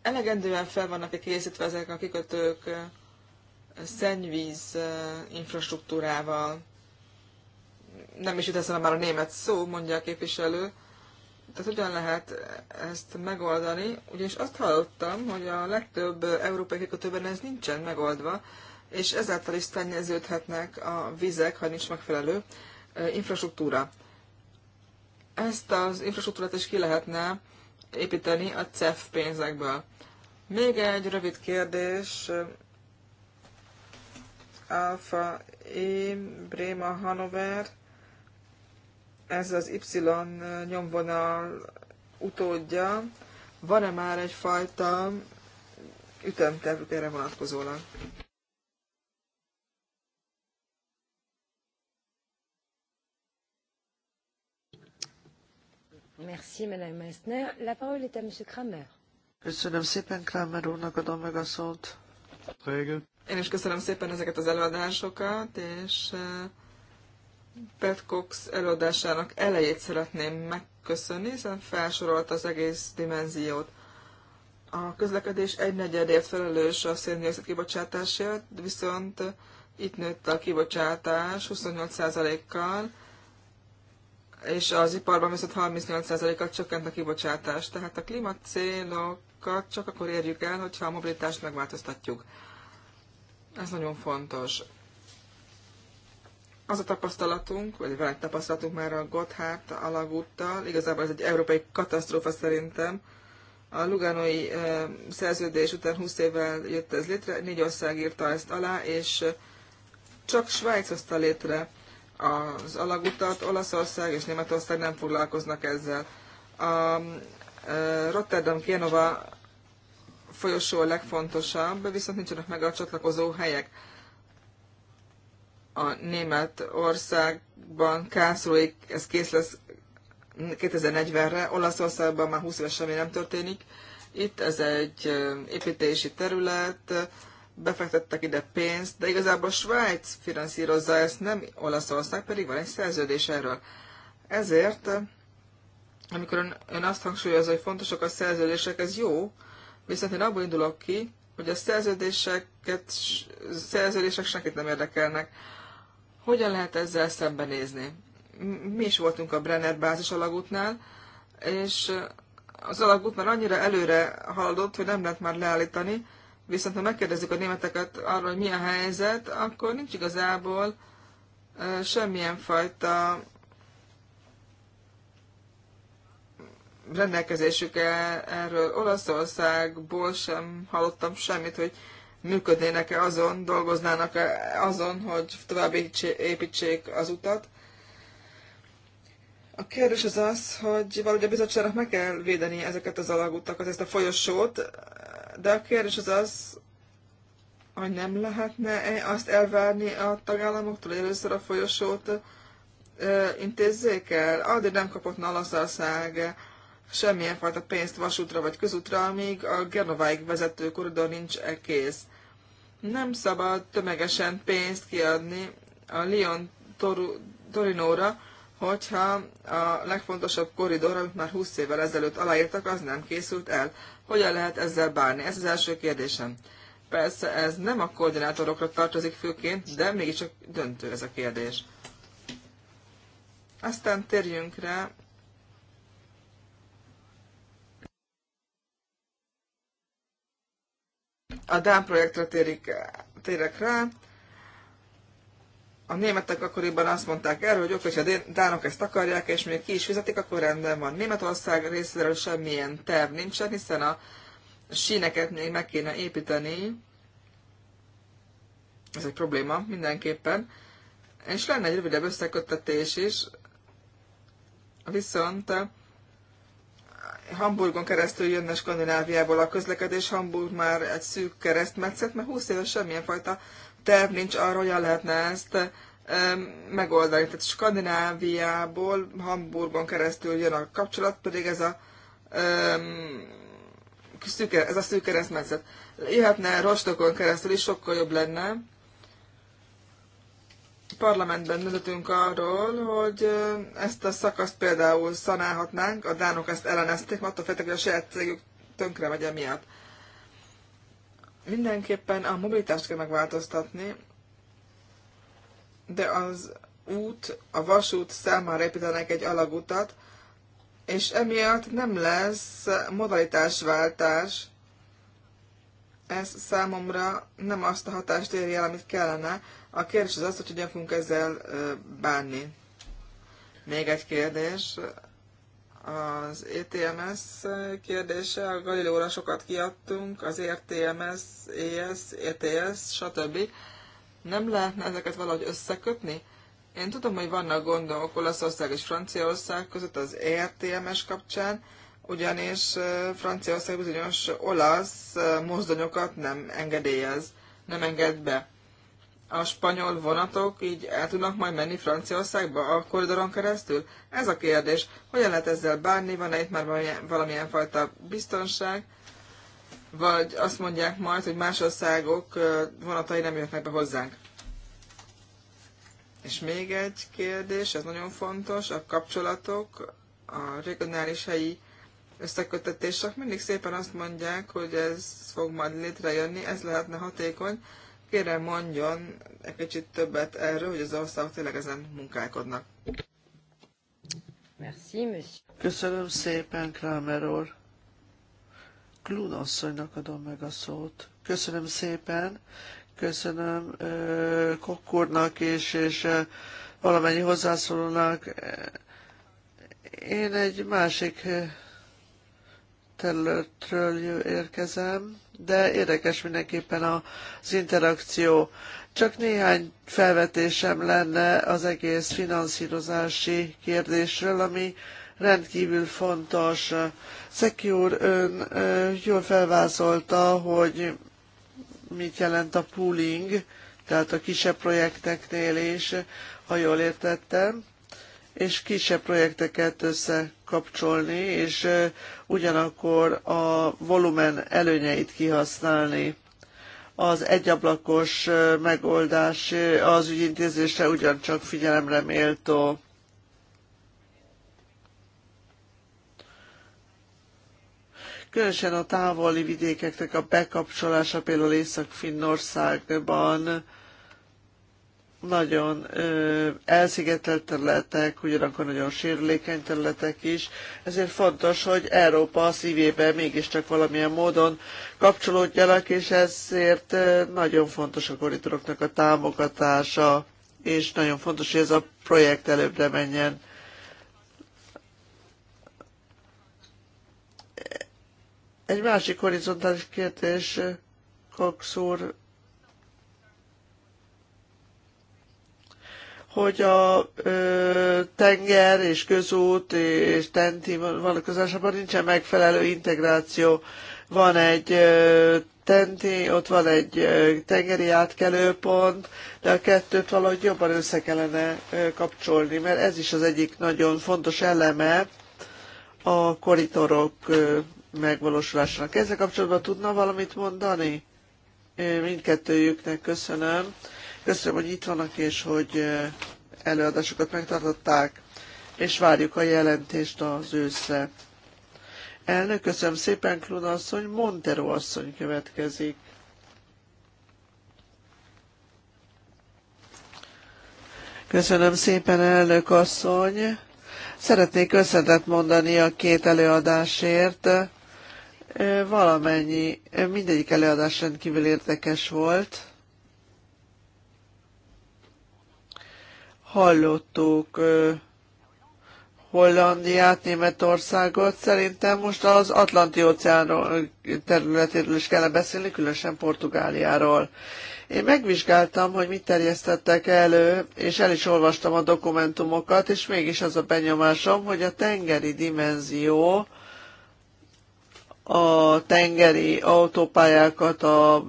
Elegendően fel vannak-e készítve ezek a kikötők szennyvíz infrastruktúrával? Nem is jut eszembe már a német szó, mondja a képviselő. Tehát hogyan lehet ezt megoldani? Ugyanis azt hallottam, hogy a legtöbb európai kikötőben ez nincsen megoldva, és ezáltal is szennyeződhetnek a vizek, ha nincs megfelelő infrastruktúra ezt az infrastruktúrát is ki lehetne építeni a CEF pénzekből. Még egy rövid kérdés. Alfa E, Bréma, Hanover. Ez az Y nyomvonal utódja. Van-e már egyfajta ütemtervük erre vonatkozólag? Merci, Madame Meissner. La parole est à Monsieur Kramer. Köszönöm szépen, Kramer úrnak adom meg a szót. Én is köszönöm szépen ezeket az előadásokat, és eh, Pat Cox előadásának elejét szeretném megköszönni, hiszen felsorolt az egész dimenziót. A közlekedés egy negyedért felelős a széndiokszid kibocsátásért, viszont itt nőtt a kibocsátás 28%-kal, és az iparban viszont 38%-kal csökkent a kibocsátás. Tehát a klímacélokat csak akkor érjük el, hogyha a mobilitást megváltoztatjuk. Ez nagyon fontos. Az a tapasztalatunk, vagy van egy tapasztalatunk már a Gotthard alagúttal, igazából ez egy európai katasztrófa szerintem. A Luganói szerződés után 20 évvel jött ez létre, négy ország írta ezt alá, és csak Svájc hozta létre az alagutat. Olaszország és Németország nem foglalkoznak ezzel. A Rotterdam-Kienova folyosó a legfontosabb, viszont nincsenek meg a csatlakozó helyek. A Németországban Kászróig ez kész lesz 2040-re, Olaszországban már 20 éves semmi nem történik. Itt ez egy építési terület, befektettek ide pénzt, de igazából Svájc finanszírozza ezt, nem Olaszország, pedig van egy szerződés erről. Ezért, amikor ön, ön azt hangsúlyozza, hogy fontosak a szerződések, ez jó, viszont én abból indulok ki, hogy a szerződéseket, szerződések senkit nem érdekelnek. Hogyan lehet ezzel szembenézni? Mi is voltunk a Brenner bázis alagútnál, és az alagút már annyira előre haladott, hogy nem lehet már leállítani, Viszont ha megkérdezzük a németeket arról, hogy mi a helyzet, akkor nincs igazából semmilyen fajta rendelkezésük e, erről. Olaszországból sem hallottam semmit, hogy működnének-e azon, dolgoznának-e azon, hogy tovább építsék az utat. A kérdés az az, hogy valahogy a bizottságnak meg kell védeni ezeket az alagutakat, ezt a folyosót, de a kérdés az az, hogy nem lehetne azt elvárni a tagállamoktól, hogy először a folyosót intézzék el? Addig nem kapott Nalaszország semmilyen fajta pénzt vasútra vagy közútra, amíg a Genováig vezető koridor nincs -e kész. Nem szabad tömegesen pénzt kiadni a Lyon Torinóra, hogyha a legfontosabb korridor, amit már 20 évvel ezelőtt aláírtak, az nem készült el. Hogyan lehet ezzel bánni? Ez az első kérdésem. Persze ez nem a koordinátorokra tartozik főként, de mégiscsak döntő ez a kérdés. Aztán térjünk rá a Dán projektre térik, térek rá a németek akkoriban azt mondták erről, hogy oké, hogy a dánok ezt akarják, és még ki is fizetik, akkor rendben van. Németország részéről semmilyen terv nincsen, hiszen a síneket még meg kéne építeni. Ez egy probléma mindenképpen. És lenne egy rövidebb összeköttetés is, viszont eh, Hamburgon keresztül jönne Skandináviából a közlekedés, Hamburg már egy szűk keresztmetszet, mert 20 éve semmilyen fajta terv nincs arra, hogyan lehetne ezt megoldani. Tehát Skandináviából, Hamburgon keresztül jön a kapcsolat, pedig ez a szűk, ez a szűk keresztmetszet. Jöhetne Rostokon keresztül is, sokkal jobb lenne. Parlamentben döntöttünk arról, hogy ezt a szakaszt például szanálhatnánk, a dánok ezt ellenezték, mert attól féltek, hogy a saját cégük tönkre megy emiatt. Mindenképpen a mobilitást kell megváltoztatni, de az út, a vasút számára építenek egy alagutat, és emiatt nem lesz modalitásváltás. Ez számomra nem azt a hatást éri el, amit kellene. A kérdés az az, hogy hogyan fogunk ezzel bánni. Még egy kérdés az ETMS kérdése, a galileóra sokat kiadtunk, az RTMS, e ES, ETS, stb. Nem lehetne ezeket valahogy összekötni? Én tudom, hogy vannak gondok Olaszország és Franciaország között az ERTMS kapcsán, ugyanis Franciaország bizonyos olasz mozdonyokat nem engedélyez, nem enged be a spanyol vonatok így el tudnak majd menni Franciaországba a koridoron keresztül? Ez a kérdés. Hogyan lehet ezzel bánni? Van-e itt már valamilyen, valamilyen fajta biztonság? Vagy azt mondják majd, hogy más országok vonatai nem jöhetnek be hozzánk? És még egy kérdés, ez nagyon fontos, a kapcsolatok, a regionális helyi összekötetések mindig szépen azt mondják, hogy ez fog majd létrejönni, ez lehetne hatékony, kérem mondjon egy kicsit többet erről, hogy az országok tényleg ezen munkálkodnak. Merci, monsieur. Köszönöm szépen, Kramer úr. Klun asszonynak adom meg a szót. Köszönöm szépen, köszönöm Kokkurnak is, és valamennyi hozzászólónak. Én egy másik területről érkezem de érdekes mindenképpen az interakció. Csak néhány felvetésem lenne az egész finanszírozási kérdésről, ami rendkívül fontos. Szeki úr, ön jól felvázolta, hogy mit jelent a pooling, tehát a kisebb projekteknél is, ha jól értettem és kisebb projekteket összekapcsolni, és ugyanakkor a volumen előnyeit kihasználni. Az egyablakos megoldás az ügyintézésre ugyancsak figyelemre méltó. Különösen a távoli vidékeknek a bekapcsolása például Észak-Finnországban nagyon ö, elszigetelt területek, ugyanakkor nagyon sérülékeny területek is, ezért fontos, hogy Európa a szívébe mégiscsak valamilyen módon kapcsolódjanak, és ezért ö, nagyon fontos a koridoroknak a támogatása, és nagyon fontos, hogy ez a projekt előbbre menjen. Egy másik horizontális kérdés, Cox úr hogy a ö, tenger és közút és tenti vonatkozásában nincsen megfelelő integráció. Van egy ö, tenti, ott van egy ö, tengeri átkelőpont, de a kettőt valahogy jobban össze kellene ö, kapcsolni, mert ez is az egyik nagyon fontos eleme a koritorok ö, megvalósulásának. Ezzel kapcsolatban tudna valamit mondani? Mindkettőjüknek köszönöm. Köszönöm, hogy itt vannak, és hogy eh, előadásokat megtartották, és várjuk a jelentést az őszre. Elnök, köszönöm szépen, Klun asszony, Montero asszony következik. Köszönöm szépen, elnök asszony. Szeretnék köszönetet mondani a két előadásért. Eh, valamennyi, eh, mindegyik előadás rendkívül érdekes volt. hallottuk Hollandiát, Németországot. Szerintem most az Atlanti-óceán területéről is kellene beszélni, különösen Portugáliáról. Én megvizsgáltam, hogy mit terjesztettek elő, és el is olvastam a dokumentumokat, és mégis az a benyomásom, hogy a tengeri dimenzió, a tengeri autópályákat, a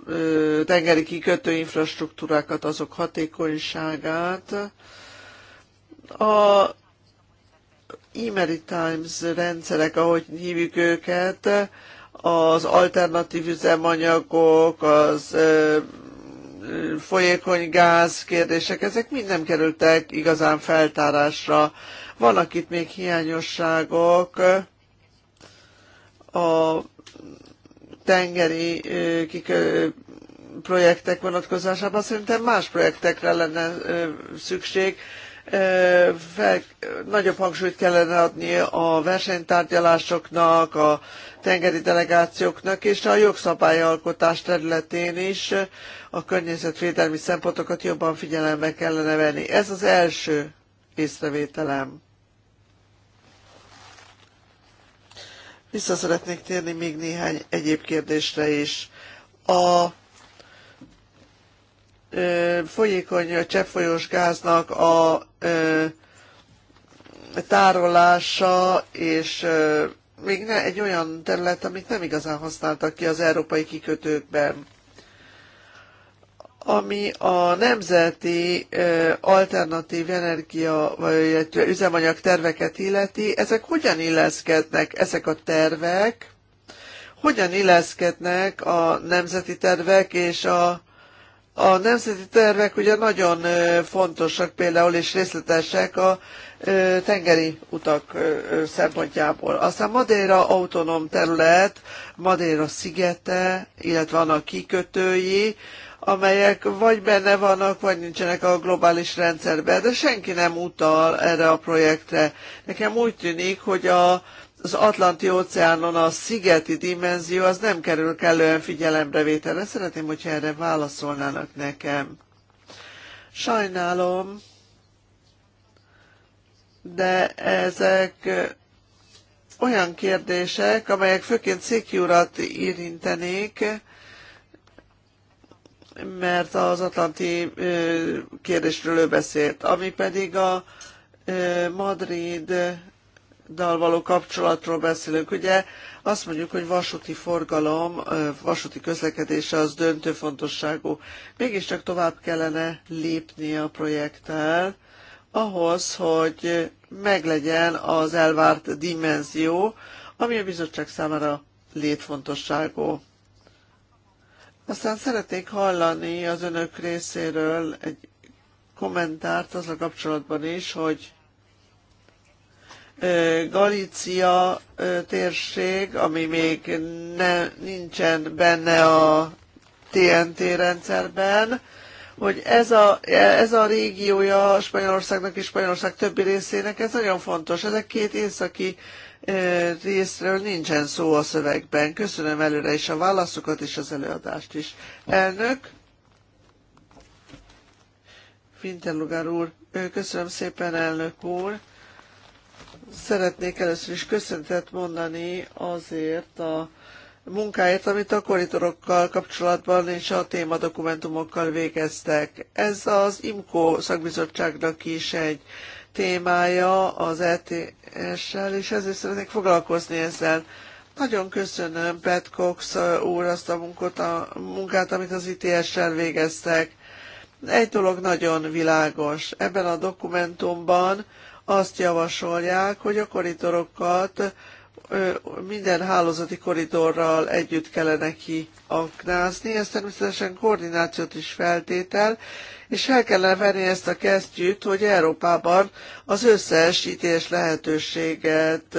tengeri kikötő infrastruktúrákat, azok hatékonyságát, a e Times rendszerek, ahogy hívjuk őket, az alternatív üzemanyagok, az folyékony gáz kérdések, ezek mind nem kerültek igazán feltárásra. Vannak itt még hiányosságok a tengeri kik, projektek vonatkozásában. Szerintem más projektekre lenne szükség, fel, nagyobb hangsúlyt kellene adni a versenytárgyalásoknak, a tengeri delegációknak és a jogszabályalkotás területén is a környezetvédelmi szempontokat jobban figyelembe kellene venni. Ez az első észrevételem. Vissza szeretnék térni még néhány egyéb kérdésre is. A folyékony cseppfolyós gáznak a tárolása, és még ne, egy olyan terület, amit nem igazán használtak ki az európai kikötőkben ami a nemzeti alternatív energia, vagy üzemanyag terveket illeti, ezek hogyan illeszkednek, ezek a tervek, hogyan illeszkednek a nemzeti tervek és a a nemzeti tervek ugye nagyon fontosak például és részletesek a tengeri utak szempontjából. Aztán Madeira autonóm terület, Madeira szigete, illetve annak kikötői, amelyek vagy benne vannak, vagy nincsenek a globális rendszerben, de senki nem utal erre a projektre. Nekem úgy tűnik, hogy a az Atlanti óceánon a szigeti dimenzió az nem kerül kellően figyelembevételre. Szeretném, hogyha erre válaszolnának nekem. Sajnálom, de ezek olyan kérdések, amelyek főként Széki urat érintenék, mert az atlanti kérdésről ő beszélt, ami pedig a Madrid dal való kapcsolatról beszélünk. Ugye azt mondjuk, hogy vasúti forgalom, vasúti közlekedése az döntő fontosságú. Mégiscsak tovább kellene lépni a projekttel ahhoz, hogy meglegyen az elvárt dimenzió, ami a bizottság számára létfontosságú. Aztán szeretnék hallani az önök részéről egy kommentárt az a kapcsolatban is, hogy Galícia térség, ami még ne, nincsen benne a TNT rendszerben, hogy ez a, ez a régiója Spanyolországnak és Spanyolország többi részének, ez nagyon fontos. Ezek két északi részről nincsen szó a szövegben. Köszönöm előre is a válaszokat és az előadást is. Elnök, Fintelugár úr, köszönöm szépen, elnök úr. Szeretnék először is köszöntet mondani azért a munkáért, amit a koridorokkal kapcsolatban és a témadokumentumokkal végeztek. Ez az IMCO szakbizottságnak is egy témája az ETS-sel, és ezért szeretnék foglalkozni ezzel. Nagyon köszönöm Pat Cox úr azt a, munkot, a munkát, amit az ITS-sel végeztek. Egy dolog nagyon világos. Ebben a dokumentumban azt javasolják, hogy a koridorokat minden hálózati koridorral együtt kellene kiaknázni. Ez természetesen koordinációt is feltétel, és fel kellene venni ezt a kesztyűt, hogy Európában az összes ítés lehetőséget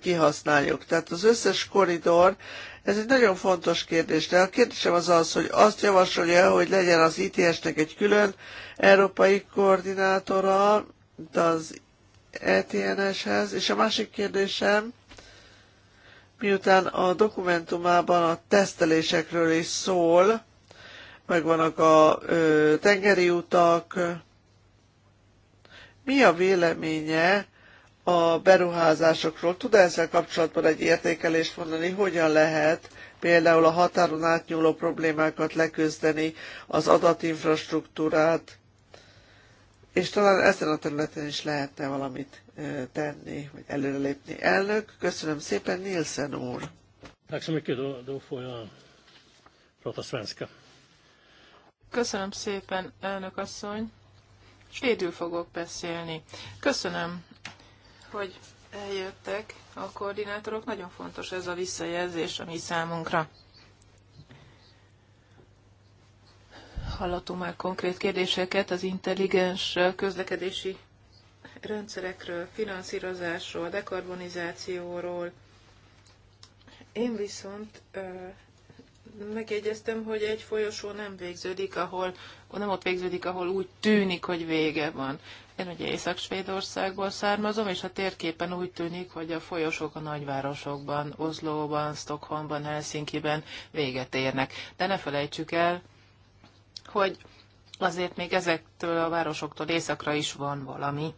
kihasználjuk. Tehát az összes koridor, ez egy nagyon fontos kérdés, de a kérdésem az az, hogy azt javasolja, hogy legyen az ITS-nek egy külön európai koordinátora, az ETNS-hez, és a másik kérdésem, miután a dokumentumában a tesztelésekről is szól, megvannak a ö, tengeri utak, mi a véleménye a beruházásokról? Tud -e ezzel kapcsolatban egy értékelést mondani, hogyan lehet például a határon átnyúló problémákat leküzdeni, az adatinfrastruktúrát, és talán ezen a területen is lehetne valamit tenni, vagy előrelépni. Elnök, köszönöm szépen, Nielsen úr. Köszönöm szépen, elnök asszony. Svédül fogok beszélni. Köszönöm, hogy eljöttek a koordinátorok. Nagyon fontos ez a visszajelzés a mi számunkra. Hallottunk már konkrét kérdéseket az intelligens közlekedési rendszerekről, finanszírozásról, dekarbonizációról. Én viszont megjegyeztem, hogy egy folyosó nem végződik, ahol nem ott végződik, ahol úgy tűnik, hogy vége van. Én ugye Észak-Svédországból származom, és a térképen úgy tűnik, hogy a folyosók a nagyvárosokban, Oszlóban, Stockholmban, Helsinkiben véget érnek. De ne felejtsük el, hogy azért még ezektől a városoktól északra is van valami.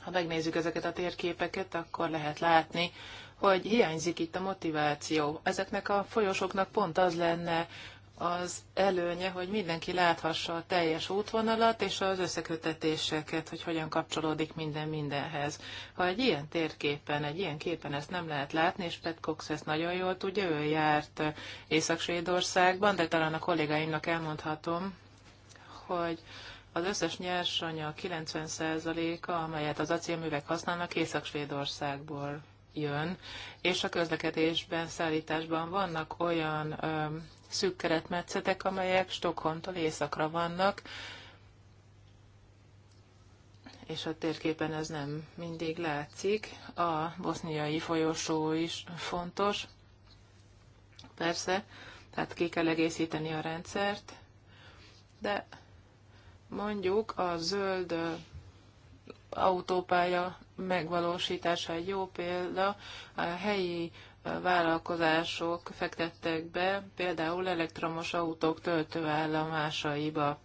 Ha megnézzük ezeket a térképeket, akkor lehet látni, hogy hiányzik itt a motiváció. Ezeknek a folyosoknak pont az lenne az előnye, hogy mindenki láthassa a teljes útvonalat és az összekötetéseket, hogy hogyan kapcsolódik minden mindenhez. Ha egy ilyen térképen, egy ilyen képen ezt nem lehet látni, és Pet Cox ezt nagyon jól tudja, ő járt Észak-Svédországban, de talán a kollégáimnak elmondhatom, hogy az összes nyersanyag 90%-a, amelyet az acélművek használnak, Észak-Svédországból jön, és a közlekedésben, szállításban vannak olyan öm, szűk keretmetszetek, amelyek Stockholmtól északra vannak, és a térképen ez nem mindig látszik. A boszniai folyosó is fontos, persze, tehát ki kell egészíteni a rendszert, de mondjuk a zöld autópálya megvalósítása egy jó példa, a helyi vállalkozások fektettek be, például elektromos autók töltőállomásaiba.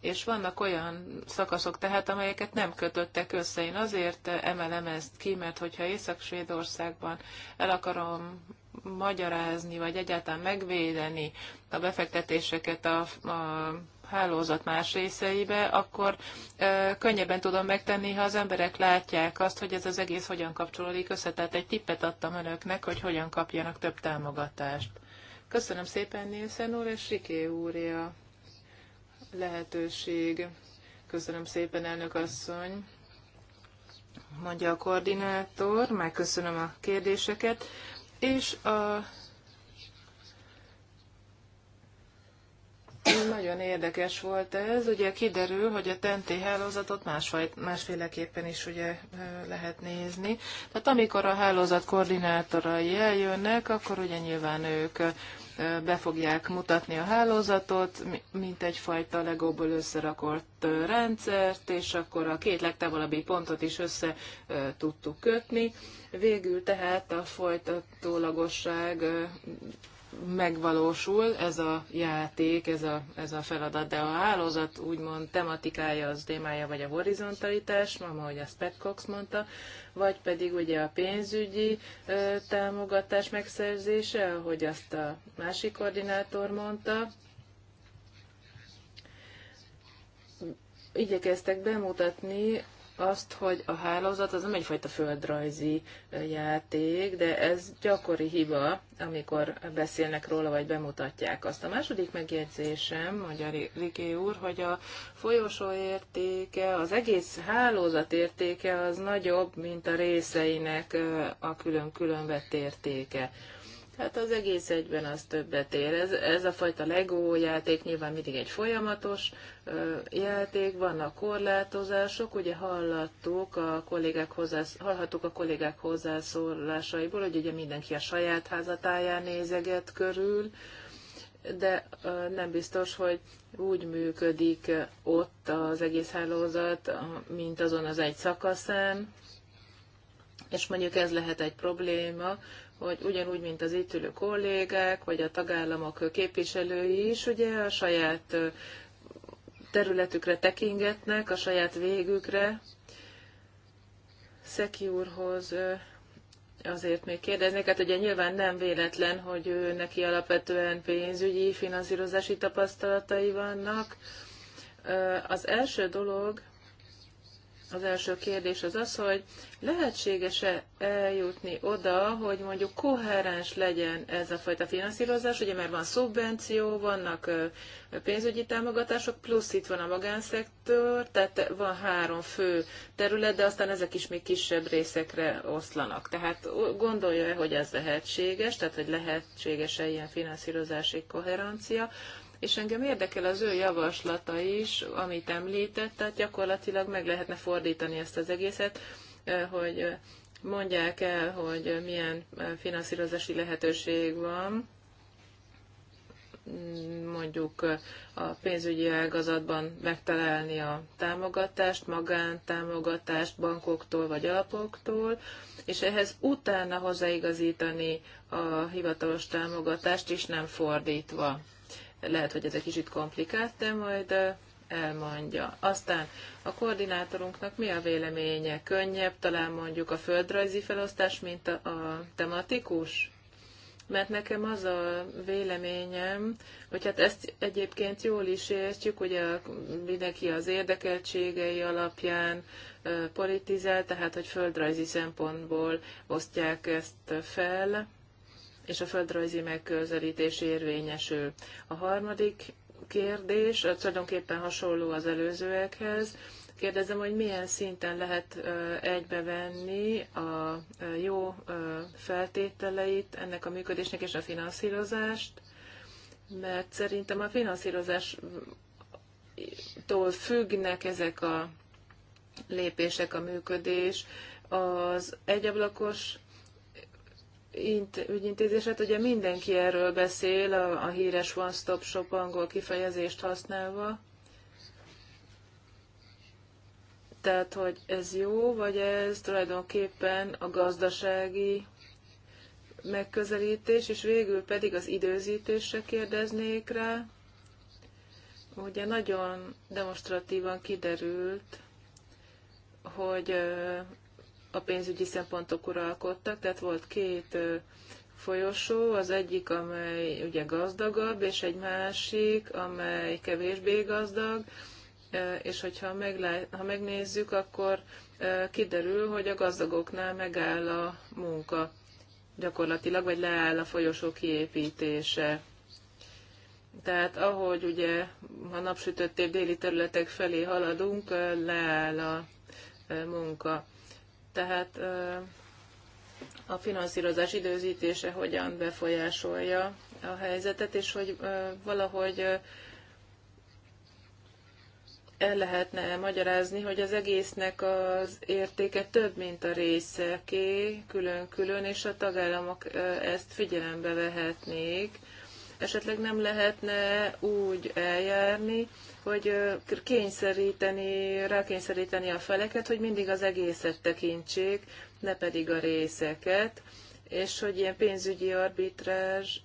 És vannak olyan szakaszok tehát, amelyeket nem kötöttek össze. Én azért emelem ezt ki, mert hogyha Észak-Svédországban el akarom magyarázni, vagy egyáltalán megvédeni a befektetéseket a, a hálózat más részeibe, akkor könnyebben tudom megtenni, ha az emberek látják azt, hogy ez az egész hogyan kapcsolódik össze. Tehát egy tippet adtam önöknek, hogy hogyan kapjanak több támogatást. Köszönöm szépen Nielsen úr és Siké úré a lehetőség. Köszönöm szépen, elnök asszony, mondja a koordinátor, megköszönöm a kérdéseket, és a nagyon érdekes volt ez. Ugye kiderül, hogy a TNT hálózatot másfajt, másféleképpen is ugye lehet nézni. Tehát amikor a hálózat koordinátorai eljönnek, akkor ugye nyilván ők be fogják mutatni a hálózatot, mint egyfajta legóból összerakott rendszert, és akkor a két legtávolabbi pontot is össze tudtuk kötni. Végül tehát a folytatólagosság megvalósul ez a játék, ez a, ez a feladat, de a hálózat úgymond tematikája, az témája, vagy a horizontalitás, ahogy ezt Pat Cox mondta, vagy pedig ugye a pénzügyi ö, támogatás megszerzése, ahogy azt a másik koordinátor mondta, igyekeztek bemutatni azt, hogy a hálózat az nem egyfajta földrajzi játék, de ez gyakori hiba, amikor beszélnek róla, vagy bemutatják azt. A második megjegyzésem, mondja Riké úr, hogy a folyosó értéke, az egész hálózat értéke az nagyobb, mint a részeinek a külön-külön vett értéke. Hát az egész egyben az többet ér. Ez, ez a fajta LEGO játék nyilván mindig egy folyamatos ö, játék, vannak korlátozások, ugye hallottuk a kollégák hozzász, hallhattuk a kollégák hozzászólásaiból, hogy ugye mindenki a saját házatáján nézeget körül, de ö, nem biztos, hogy úgy működik ott az egész hálózat, mint azon az egy szakaszán, és mondjuk ez lehet egy probléma, hogy ugyanúgy, mint az itt ülő kollégák, vagy a tagállamok képviselői is, ugye a saját területükre tekingetnek, a saját végükre. Szeki úrhoz azért még kérdeznék, hát ugye nyilván nem véletlen, hogy ő neki alapvetően pénzügyi, finanszírozási tapasztalatai vannak. Az első dolog, az első kérdés az az, hogy lehetséges-e eljutni oda, hogy mondjuk koherens legyen ez a fajta finanszírozás, ugye mert van szubvenció, vannak pénzügyi támogatások, plusz itt van a magánszektor, tehát van három fő terület, de aztán ezek is még kisebb részekre oszlanak. Tehát gondolja-e, hogy ez lehetséges, tehát hogy lehetséges-e ilyen finanszírozási koherencia, és engem érdekel az ő javaslata is, amit említett, tehát gyakorlatilag meg lehetne fordítani ezt az egészet, hogy mondják el, hogy milyen finanszírozási lehetőség van, mm, mondjuk a pénzügyi ágazatban megtalálni a támogatást, magántámogatást bankoktól vagy alapoktól, és ehhez utána hozzáigazítani a hivatalos támogatást, is nem fordítva. Lehet, hogy ez egy kicsit komplikált, de majd elmondja. Aztán a koordinátorunknak mi a véleménye? Könnyebb talán mondjuk a földrajzi felosztás, mint a, a tematikus? Mert nekem az a véleményem, hogy hát ezt egyébként jól is értjük, ugye mindenki az érdekeltségei alapján politizál, tehát hogy földrajzi szempontból osztják ezt fel és a földrajzi megközelítés érvényesül. A harmadik kérdés tulajdonképpen hasonló az előzőekhez. Kérdezem, hogy milyen szinten lehet egybevenni a jó feltételeit ennek a működésnek és a finanszírozást, mert szerintem a finanszírozástól függnek ezek a lépések, a működés. Az egyablakos int, ügyintézéset, ugye mindenki erről beszél, a, a híres One Stop Shop angol kifejezést használva. Tehát, hogy ez jó, vagy ez tulajdonképpen a gazdasági megközelítés, és végül pedig az időzítésre kérdeznék rá. Ugye nagyon demonstratívan kiderült, hogy a pénzügyi szempontok uralkodtak, tehát volt két folyosó, az egyik, amely ugye gazdagabb, és egy másik, amely kevésbé gazdag, és hogyha meglá- ha megnézzük, akkor kiderül, hogy a gazdagoknál megáll a munka gyakorlatilag, vagy leáll a folyosó kiépítése. Tehát ahogy ugye a napsütöttébb déli területek felé haladunk, leáll a munka tehát a finanszírozás időzítése hogyan befolyásolja a helyzetet, és hogy valahogy el lehetne magyarázni, hogy az egésznek az értéke több, mint a részeké külön-külön, és a tagállamok ezt figyelembe vehetnék esetleg nem lehetne úgy eljárni, hogy kényszeríteni, rákényszeríteni a feleket, hogy mindig az egészet tekintsék, ne pedig a részeket, és hogy ilyen pénzügyi arbitrázs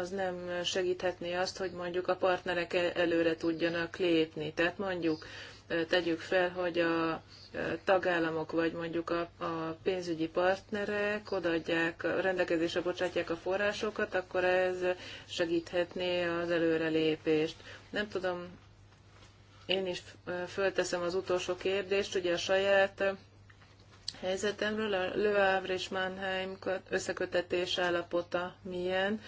az nem segíthetné azt, hogy mondjuk a partnerek e- előre tudjanak lépni. Tehát mondjuk tegyük fel, hogy a tagállamok vagy mondjuk a, a pénzügyi partnerek odaadják, rendelkezésre bocsátják a forrásokat, akkor ez segíthetné az előrelépést. Nem tudom, én is fölteszem az utolsó kérdést, ugye a saját helyzetemről, a Le Havre és Mannheim összekötetés állapota milyen,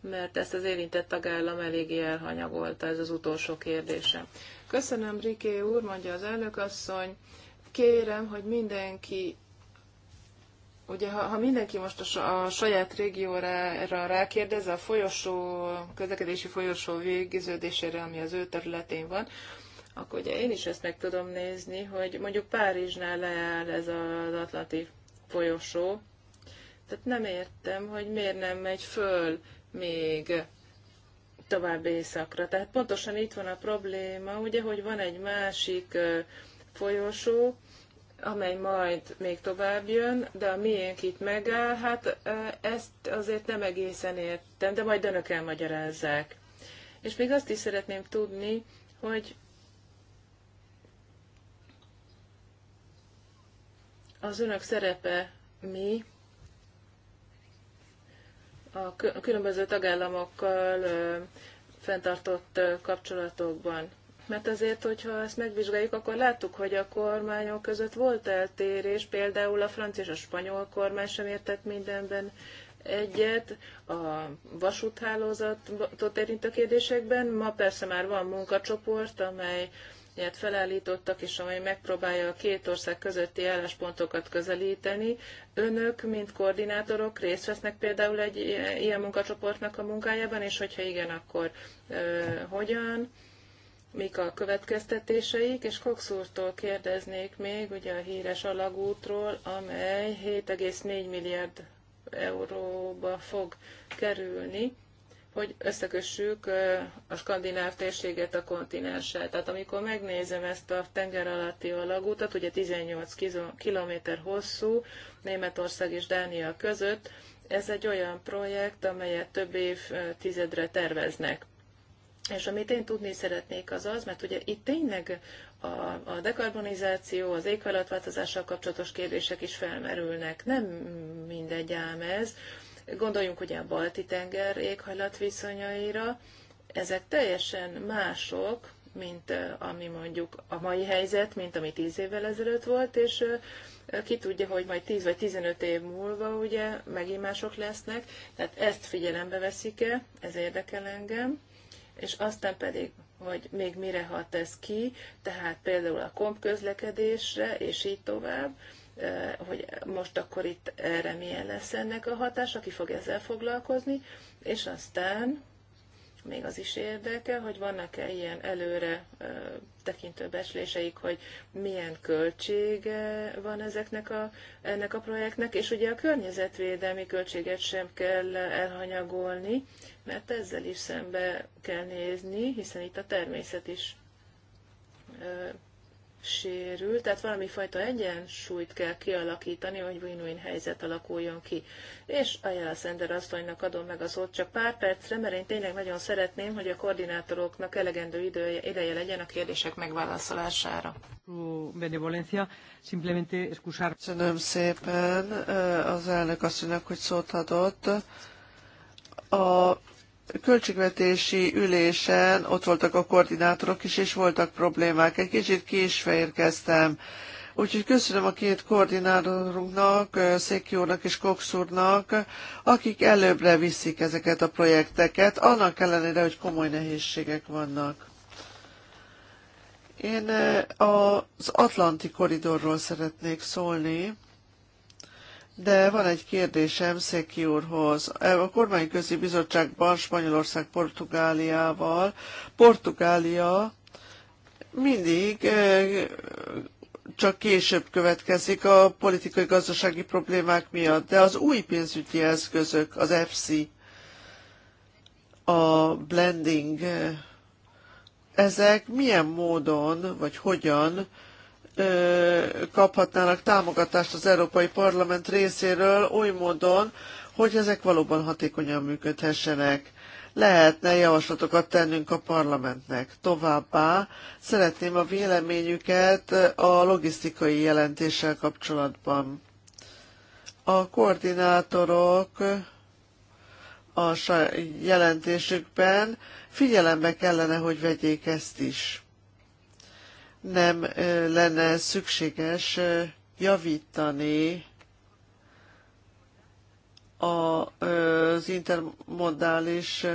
mert ezt az érintett tagállam eléggé elhanyagolta, ez az utolsó kérdése. Köszönöm, Riké úr, mondja az elnökasszony. Kérem, hogy mindenki Ugye, ha, ha mindenki most a, a saját régióra rákérdez, a folyosó, közlekedési folyosó végződésére, ami az ő területén van, akkor ugye én is ezt meg tudom nézni, hogy mondjuk Párizsnál leáll ez az Atlanti folyosó, tehát nem értem, hogy miért nem megy föl még tovább északra. Tehát pontosan itt van a probléma, ugye, hogy van egy másik folyosó, amely majd még tovább jön, de a miénk itt megáll, hát ezt azért nem egészen értem, de majd önök elmagyarázzák. És még azt is szeretném tudni, hogy az önök szerepe mi, a különböző tagállamokkal fenntartott kapcsolatokban. Mert azért, hogyha ezt megvizsgáljuk, akkor láttuk, hogy a kormányok között volt eltérés, például a francia és a spanyol kormány sem értett mindenben egyet a vasúthálózatot érintő kérdésekben. Ma persze már van munkacsoport, amely amelyet felállítottak, és amely megpróbálja a két ország közötti álláspontokat közelíteni. Önök, mint koordinátorok részt vesznek például egy ilyen munkacsoportnak a munkájában, és hogyha igen, akkor ö, hogyan? mik a következtetéseik, és Cox úrtól kérdeznék még ugye a híres alagútról, amely 7,4 milliárd euróba fog kerülni hogy összekössük a skandináv térséget a kontinenssel. Tehát amikor megnézem ezt a tenger alatti alagútat, ugye 18 km hosszú Németország és Dánia között, ez egy olyan projekt, amelyet több tizedre terveznek. És amit én tudni szeretnék az az, mert ugye itt tényleg a, a dekarbonizáció, az éghajlatváltozással kapcsolatos kérdések is felmerülnek. Nem mindegy ám ez, Gondoljunk ugye a Balti-tenger viszonyaira ezek teljesen mások, mint ami mondjuk a mai helyzet, mint ami tíz évvel ezelőtt volt, és ki tudja, hogy majd 10 vagy 15 év múlva ugye megint mások lesznek, tehát ezt figyelembe veszik-e, ez érdekel engem, és aztán pedig, hogy még mire hat ez ki, tehát például a komp közlekedésre és így tovább, hogy most akkor itt erre milyen lesz ennek a hatás, aki fog ezzel foglalkozni, és aztán még az is érdekel, hogy vannak-e ilyen előre tekintő becsléseik, hogy milyen költsége van ezeknek a, ennek a projektnek, és ugye a környezetvédelmi költséget sem kell elhanyagolni, mert ezzel is szembe kell nézni, hiszen itt a természet is sérül, tehát valami fajta egyensúlyt kell kialakítani, hogy win-win helyzet alakuljon ki. És a Jelszender asztalynak adom meg az ott csak pár percre, mert én tényleg nagyon szeretném, hogy a koordinátoroknak elegendő idője, ideje legyen a kérdések megválaszolására. Köszönöm szépen az elnök asszonynak, hogy szót adott. A költségvetési ülésen ott voltak a koordinátorok is, és voltak problémák. Egy kicsit késve érkeztem. Úgyhogy köszönöm a két koordinátorunknak, Széki úrnak és Cox úrnak, akik előbbre viszik ezeket a projekteket, annak ellenére, hogy komoly nehézségek vannak. Én eh, az Atlanti koridorról szeretnék szólni. De van egy kérdésem Szeki úrhoz. E, a kormányközi bizottságban Spanyolország Portugáliával. Portugália mindig e, csak később következik a politikai-gazdasági problémák miatt, de az új pénzügyi eszközök, az EFSI, a blending, e, ezek milyen módon vagy hogyan kaphatnának támogatást az Európai Parlament részéről oly módon, hogy ezek valóban hatékonyan működhessenek. Lehetne javaslatokat tennünk a parlamentnek. Továbbá szeretném a véleményüket a logisztikai jelentéssel kapcsolatban. A koordinátorok a jelentésükben figyelembe kellene, hogy vegyék ezt is nem lenne szükséges javítani az intermodális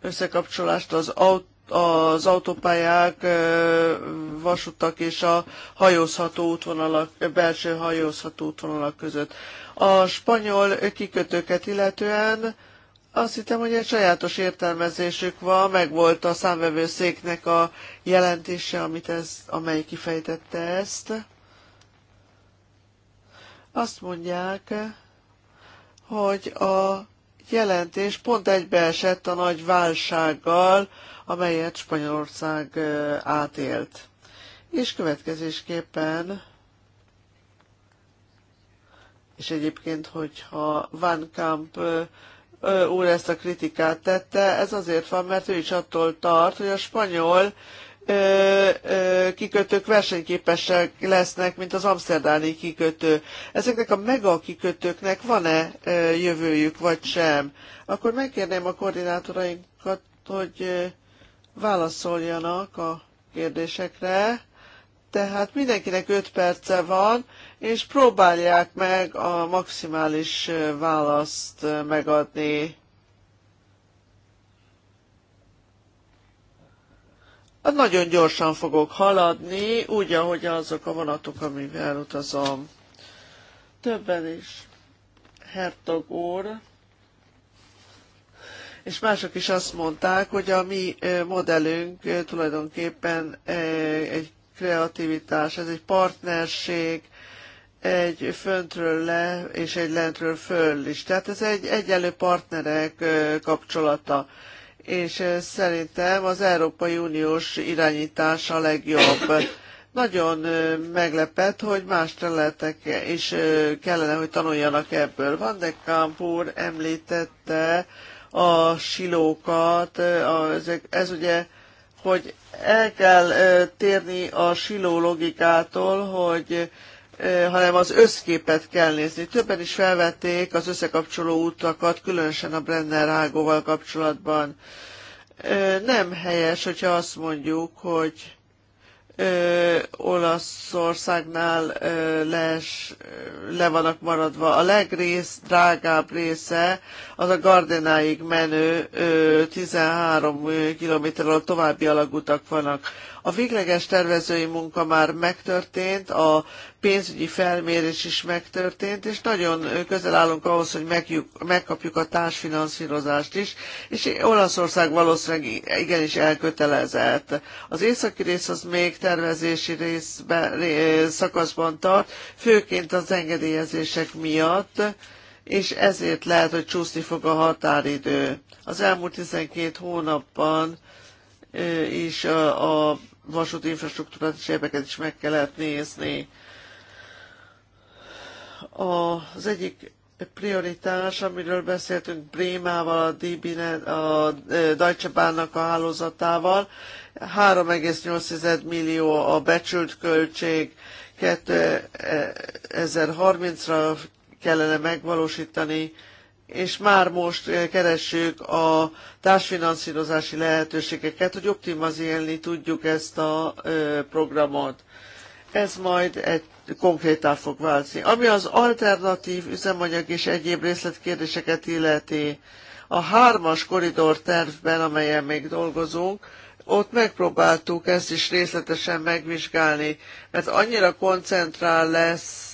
összekapcsolást az autó az autópályák, vasutak és a hajózható útvonalak, belső hajózható útvonalak között. A spanyol kikötőket illetően azt hittem, hogy egy sajátos értelmezésük van, meg volt a számvevőszéknek a jelentése, amit ez, amely kifejtette ezt. Azt mondják, hogy a jelentés pont egybeesett a nagy válsággal, amelyet Spanyolország átélt. És következésképpen és egyébként, hogyha Van Kamp úr ezt a kritikát tette. Ez azért van, mert ő is attól tart, hogy a spanyol ö, ö, kikötők versenyképesek lesznek, mint az amszterdáni kikötő. Ezeknek a mega kikötőknek van-e jövőjük, vagy sem? Akkor megkérném a koordinátorainkat, hogy válaszoljanak a kérdésekre. Tehát mindenkinek 5 perce van, és próbálják meg a maximális választ megadni. Nagyon gyorsan fogok haladni, úgy, ahogy azok a vonatok, amivel utazom. Többen is. Hertog úr és mások is azt mondták, hogy a mi modellünk tulajdonképpen egy kreativitás, ez egy partnerség, egy föntről le és egy lentről föl is. Tehát ez egy egyenlő partnerek kapcsolata és szerintem az Európai Uniós irányítás a legjobb. Nagyon meglepett, hogy más területek is kellene, hogy tanuljanak ebből. Van de Kampur említette a silókat, ez ugye, hogy el kell térni a siló logikától, hogy hanem az összképet kell nézni. Többen is felvették az összekapcsoló utakat, különösen a Brenner ágóval kapcsolatban. Nem helyes, hogyha azt mondjuk, hogy Olaszországnál les, le vannak maradva. A legrész, drágább része az a Gardenáig menő 13 kilométerről további alagutak vannak. A végleges tervezői munka már megtörtént, a pénzügyi felmérés is megtörtént, és nagyon közel állunk ahhoz, hogy megjuk, megkapjuk a társfinanszírozást is, és Olaszország valószínűleg igenis elkötelezett. Az északi rész az még tervezési rész szakaszban tart, főként az engedélyezések miatt, és ezért lehet, hogy csúszni fog a határidő. Az elmúlt 12 hónapban is a vasúti infrastruktúrát és érdeket is meg kellett nézni. Az egyik prioritás, amiről beszéltünk Brémával, a, a e, Deutsche Bahnnak a hálózatával, 3,8 millió a becsült költség, 2030-ra e, kellene megvalósítani, és már most eh, keressük a társfinanszírozási lehetőségeket, hogy optimalizálni tudjuk ezt a eh, programot. Ez majd egy konkrétá fog válni. Ami az alternatív üzemanyag és egyéb részletkérdéseket illeti, a hármas koridor tervben, amelyen még dolgozunk, ott megpróbáltuk ezt is részletesen megvizsgálni, mert annyira koncentrál lesz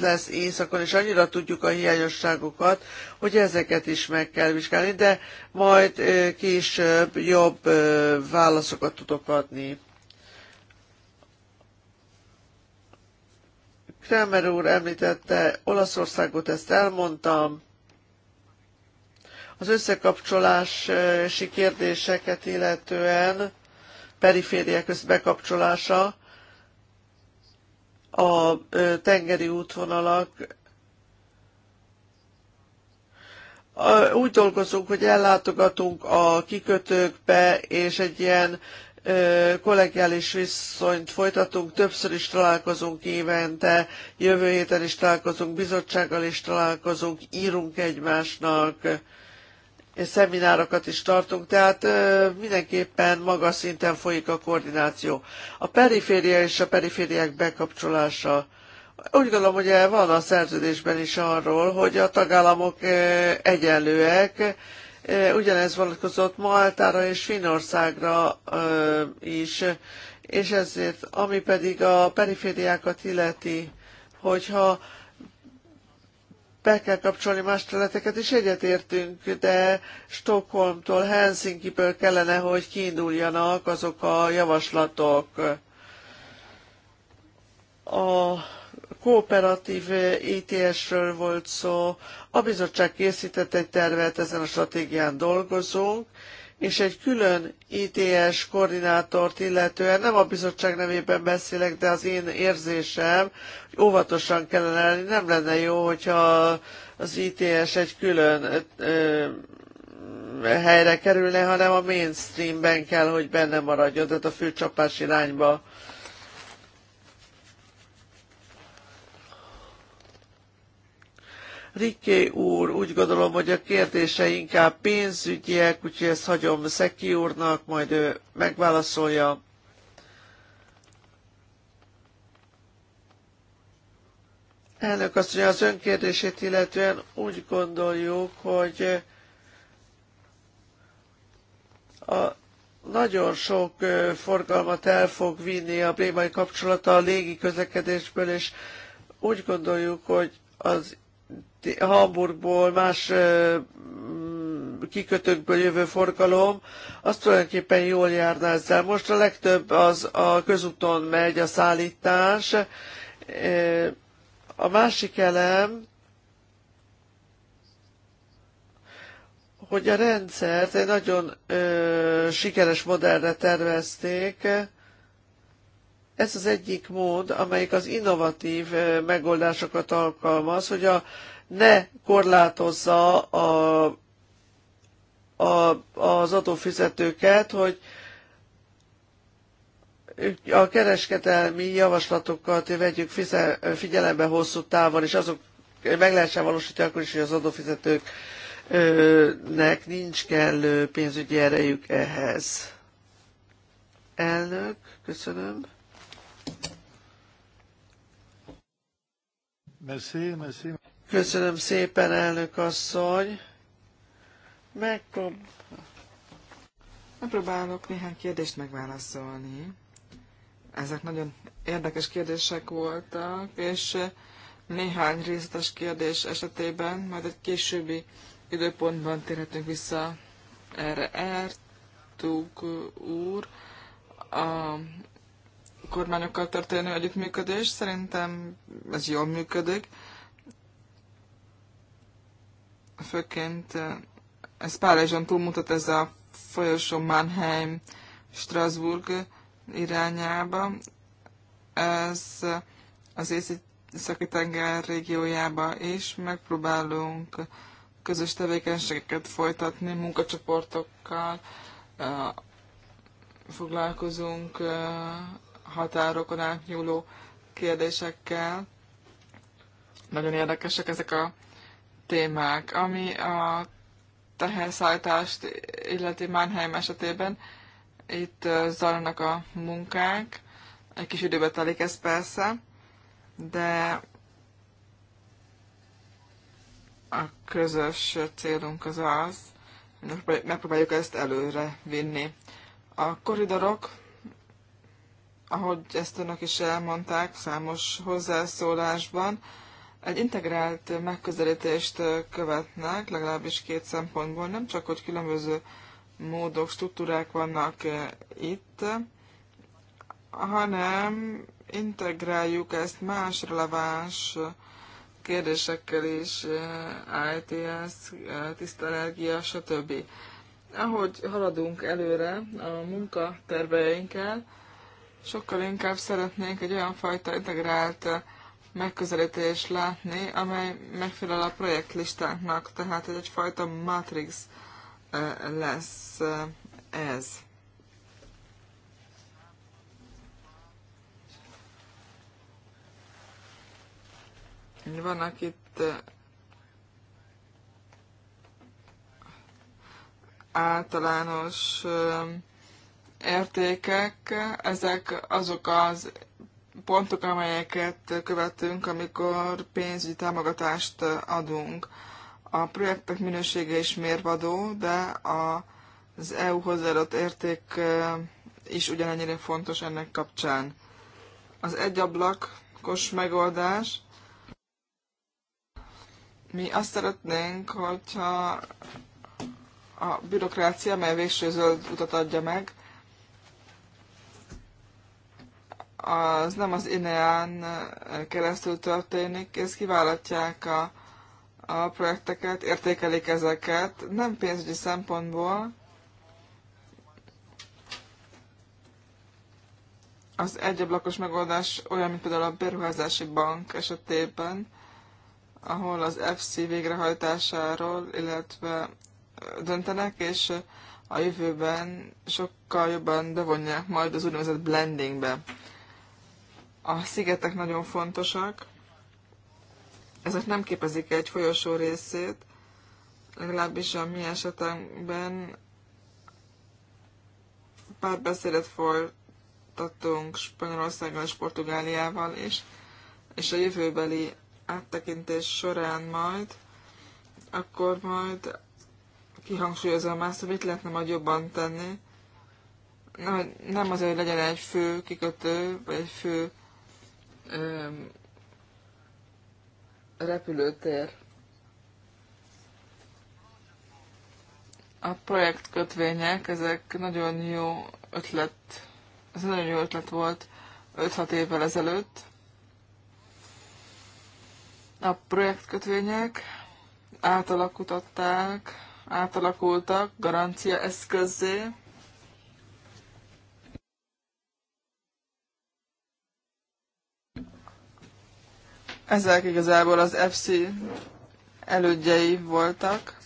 lesz északon, és annyira tudjuk a hiányosságokat, hogy ezeket is meg kell vizsgálni, de majd később jobb válaszokat tudok adni. Kramer úr említette Olaszországot, ezt elmondtam. Az összekapcsolási kérdéseket illetően perifériák összbekapcsolása, a tengeri útvonalak úgy dolgozunk, hogy ellátogatunk a kikötőkbe, és egy ilyen kollegiális viszonyt folytatunk, többször is találkozunk évente, jövő héten is találkozunk, bizottsággal is találkozunk, írunk egymásnak, szeminárokat is tartunk, tehát mindenképpen magas szinten folyik a koordináció. A periféria és a perifériák bekapcsolása. Úgy gondolom, hogy van a szerződésben is arról, hogy a tagállamok egyenlőek, ugyanez vonatkozott Maltára és Finországra is, és ezért, ami pedig a perifériákat illeti, hogyha be kell kapcsolni más területeket is, egyetértünk, de Stockholmtól, Helsinkiből kellene, hogy kiinduljanak azok a javaslatok. A kooperatív ETS ről volt szó. A bizottság készített egy tervet, ezen a stratégián dolgozunk, és egy külön ITS koordinátort illetően, nem a bizottság nevében beszélek, de az én érzésem, hogy óvatosan kellene lenni, nem lenne jó, hogyha az ITS egy külön ö, helyre kerülne, hanem a mainstreamben kell, hogy benne maradjon, tehát a főcsapás irányba. Riké úr, úgy gondolom, hogy a kérdése inkább pénzügyiek, úgyhogy ezt hagyom Szeki úrnak, majd ő megválaszolja. Elnök azt mondja, az önkérdését illetően úgy gondoljuk, hogy a nagyon sok forgalmat el fog vinni a brémai kapcsolata a légi közlekedésből, és úgy gondoljuk, hogy az Hamburgból, más mm, kikötőkből jövő forgalom, az tulajdonképpen jól járna ezzel. Most a legtöbb az a közúton megy a szállítás. A másik elem, hogy a rendszert egy nagyon ö, sikeres modellre tervezték. Ez az egyik mód, amelyik az innovatív megoldásokat alkalmaz, hogy a ne korlátozza a, a, az adófizetőket, hogy a kereskedelmi javaslatokat vegyük figyelembe hosszú távon, és azok meg lehessen valósítani akkor is, hogy az adófizetőknek nincs kellő pénzügyi erejük ehhez. Elnök, köszönöm. Merci, merci. Köszönöm szépen, elnök asszony. Megpróbál... Megpróbálok néhány kérdést megválaszolni. Ezek nagyon érdekes kérdések voltak, és néhány részletes kérdés esetében majd egy későbbi időpontban térhetünk vissza erre. Ertug úr, a kormányokkal történő együttműködés szerintem ez jól működik főként ez Párizson túlmutat ez a folyosó Mannheim Strasbourg irányába. Ez az északi tenger régiójába is megpróbálunk közös tevékenységeket folytatni, munkacsoportokkal foglalkozunk határokon átnyúló kérdésekkel. Nagyon érdekesek ezek a témák, ami a teherszállítást illeti Mannheim esetében. Itt zajlanak a munkák, egy kis időbe telik ez persze, de a közös célunk az az, hogy megpróbáljuk ezt előre vinni. A koridorok, ahogy ezt önök is elmondták számos hozzászólásban, egy integrált megközelítést követnek, legalábbis két szempontból, nem csak, hogy különböző módok, struktúrák vannak itt, hanem integráljuk ezt más releváns kérdésekkel is, ITS, tiszta energia, stb. Ahogy haladunk előre a munkaterveinkkel, sokkal inkább szeretnénk egy olyan fajta integrált megközelítés látni, amely megfelel a projektlistáknak, tehát hogy egyfajta matrix lesz ez. Vannak itt általános értékek, ezek azok az pontok, amelyeket követünk, amikor pénzügyi támogatást adunk. A projektek minősége is mérvadó, de az EU hozzáadott érték is ugyanennyire fontos ennek kapcsán. Az egyablakos megoldás. Mi azt szeretnénk, hogyha a bürokrácia, mely végső zöld utat adja meg, az nem az INEAN eh, keresztül történik, és kiválatják a, a projekteket, értékelik ezeket, nem pénzügyi szempontból, az egyablakos megoldás olyan, mint például a beruházási bank esetében, ahol az FC végrehajtásáról, illetve eh, döntenek, és eh, a jövőben sokkal jobban bevonják majd az úgynevezett blendingbe a szigetek nagyon fontosak. Ezek nem képezik egy folyosó részét, legalábbis a mi esetünkben pár beszédet folytattunk Spanyolországgal és Portugáliával is, és a jövőbeli áttekintés során majd, akkor majd kihangsúlyozom ezt, hogy mit lehetne majd jobban tenni. Nem azért, hogy legyen egy fő kikötő, vagy egy fő repülőtér. A projektkötvények, ezek nagyon jó ötlet, ez nagyon jó ötlet volt 5-6 évvel ezelőtt. A projektkötvények átalakultak, átalakultak garancia eszközzé, Ezek igazából az FC elődjei voltak.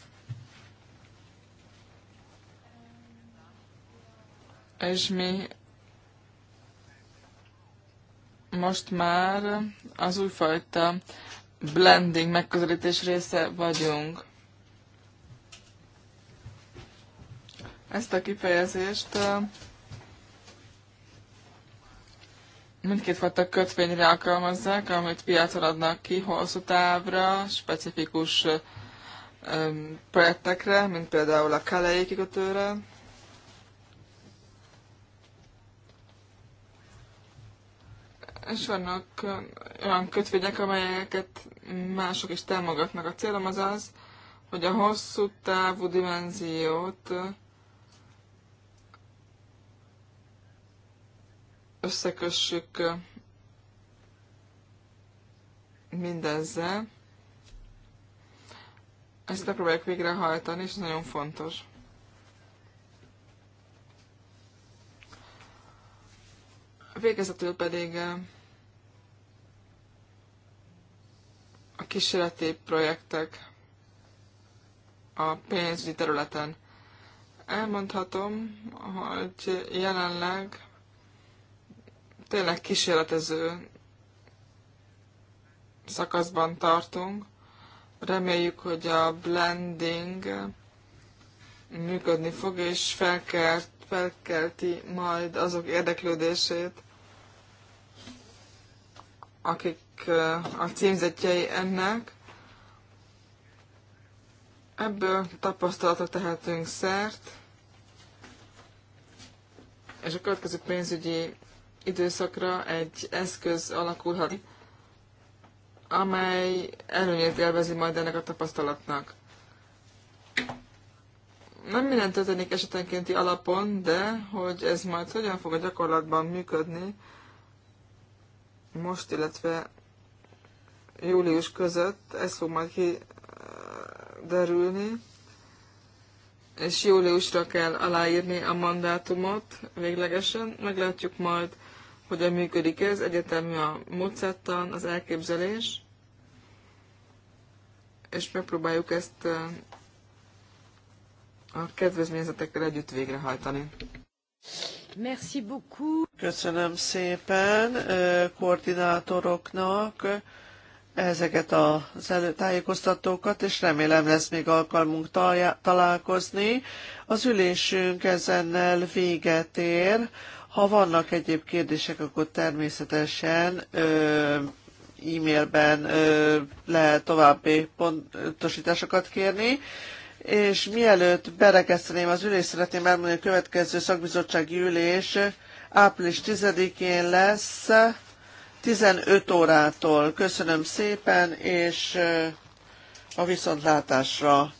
És mi most már az újfajta blending megközelítés része vagyunk. Ezt a kifejezést mindkét fajta kötvényre alkalmazzák, amit piacon adnak ki hosszú távra, specifikus öm, projektekre, mint például a Calais kikötőre. És vannak olyan kötvények, amelyeket mások is támogatnak. A célom az az, hogy a hosszú távú dimenziót összekössük mindezzel. Ezt megpróbáljuk végrehajtani, és ez nagyon fontos. Végezetül pedig a kísérleti projektek a pénzügyi területen. Elmondhatom, hogy jelenleg tényleg kísérletező szakaszban tartunk. Reméljük, hogy a blending működni fog, és felkelt, felkelti majd azok érdeklődését, akik eh, a címzetjei ennek. Ebből tapasztalatot tehetünk szert, és a következő pénzügyi időszakra egy eszköz alakulhat, amely előnyét élvezi majd ennek a tapasztalatnak. Nem minden történik esetenkénti alapon, de hogy ez majd hogyan fog a gyakorlatban működni most, illetve július között, ez fog majd kiderülni és júliusra kell aláírni a mandátumot véglegesen. Meglátjuk majd, hogyan működik ez? Egyetemű a módszertan, az elképzelés, és megpróbáljuk ezt a kedvezményezetekkel együtt végrehajtani. Merci beaucoup. Köszönöm szépen koordinátoroknak ezeket az előtájékoztatókat, és remélem lesz még alkalmunk találkozni. Az ülésünk ezennel véget ér. Ha vannak egyéb kérdések, akkor természetesen e-mailben lehet további pontosításokat kérni és mielőtt berekezteném az ülést, szeretném elmondani, hogy a következő szakbizottsági ülés április 10-én lesz 15 órától. Köszönöm szépen, és a viszontlátásra!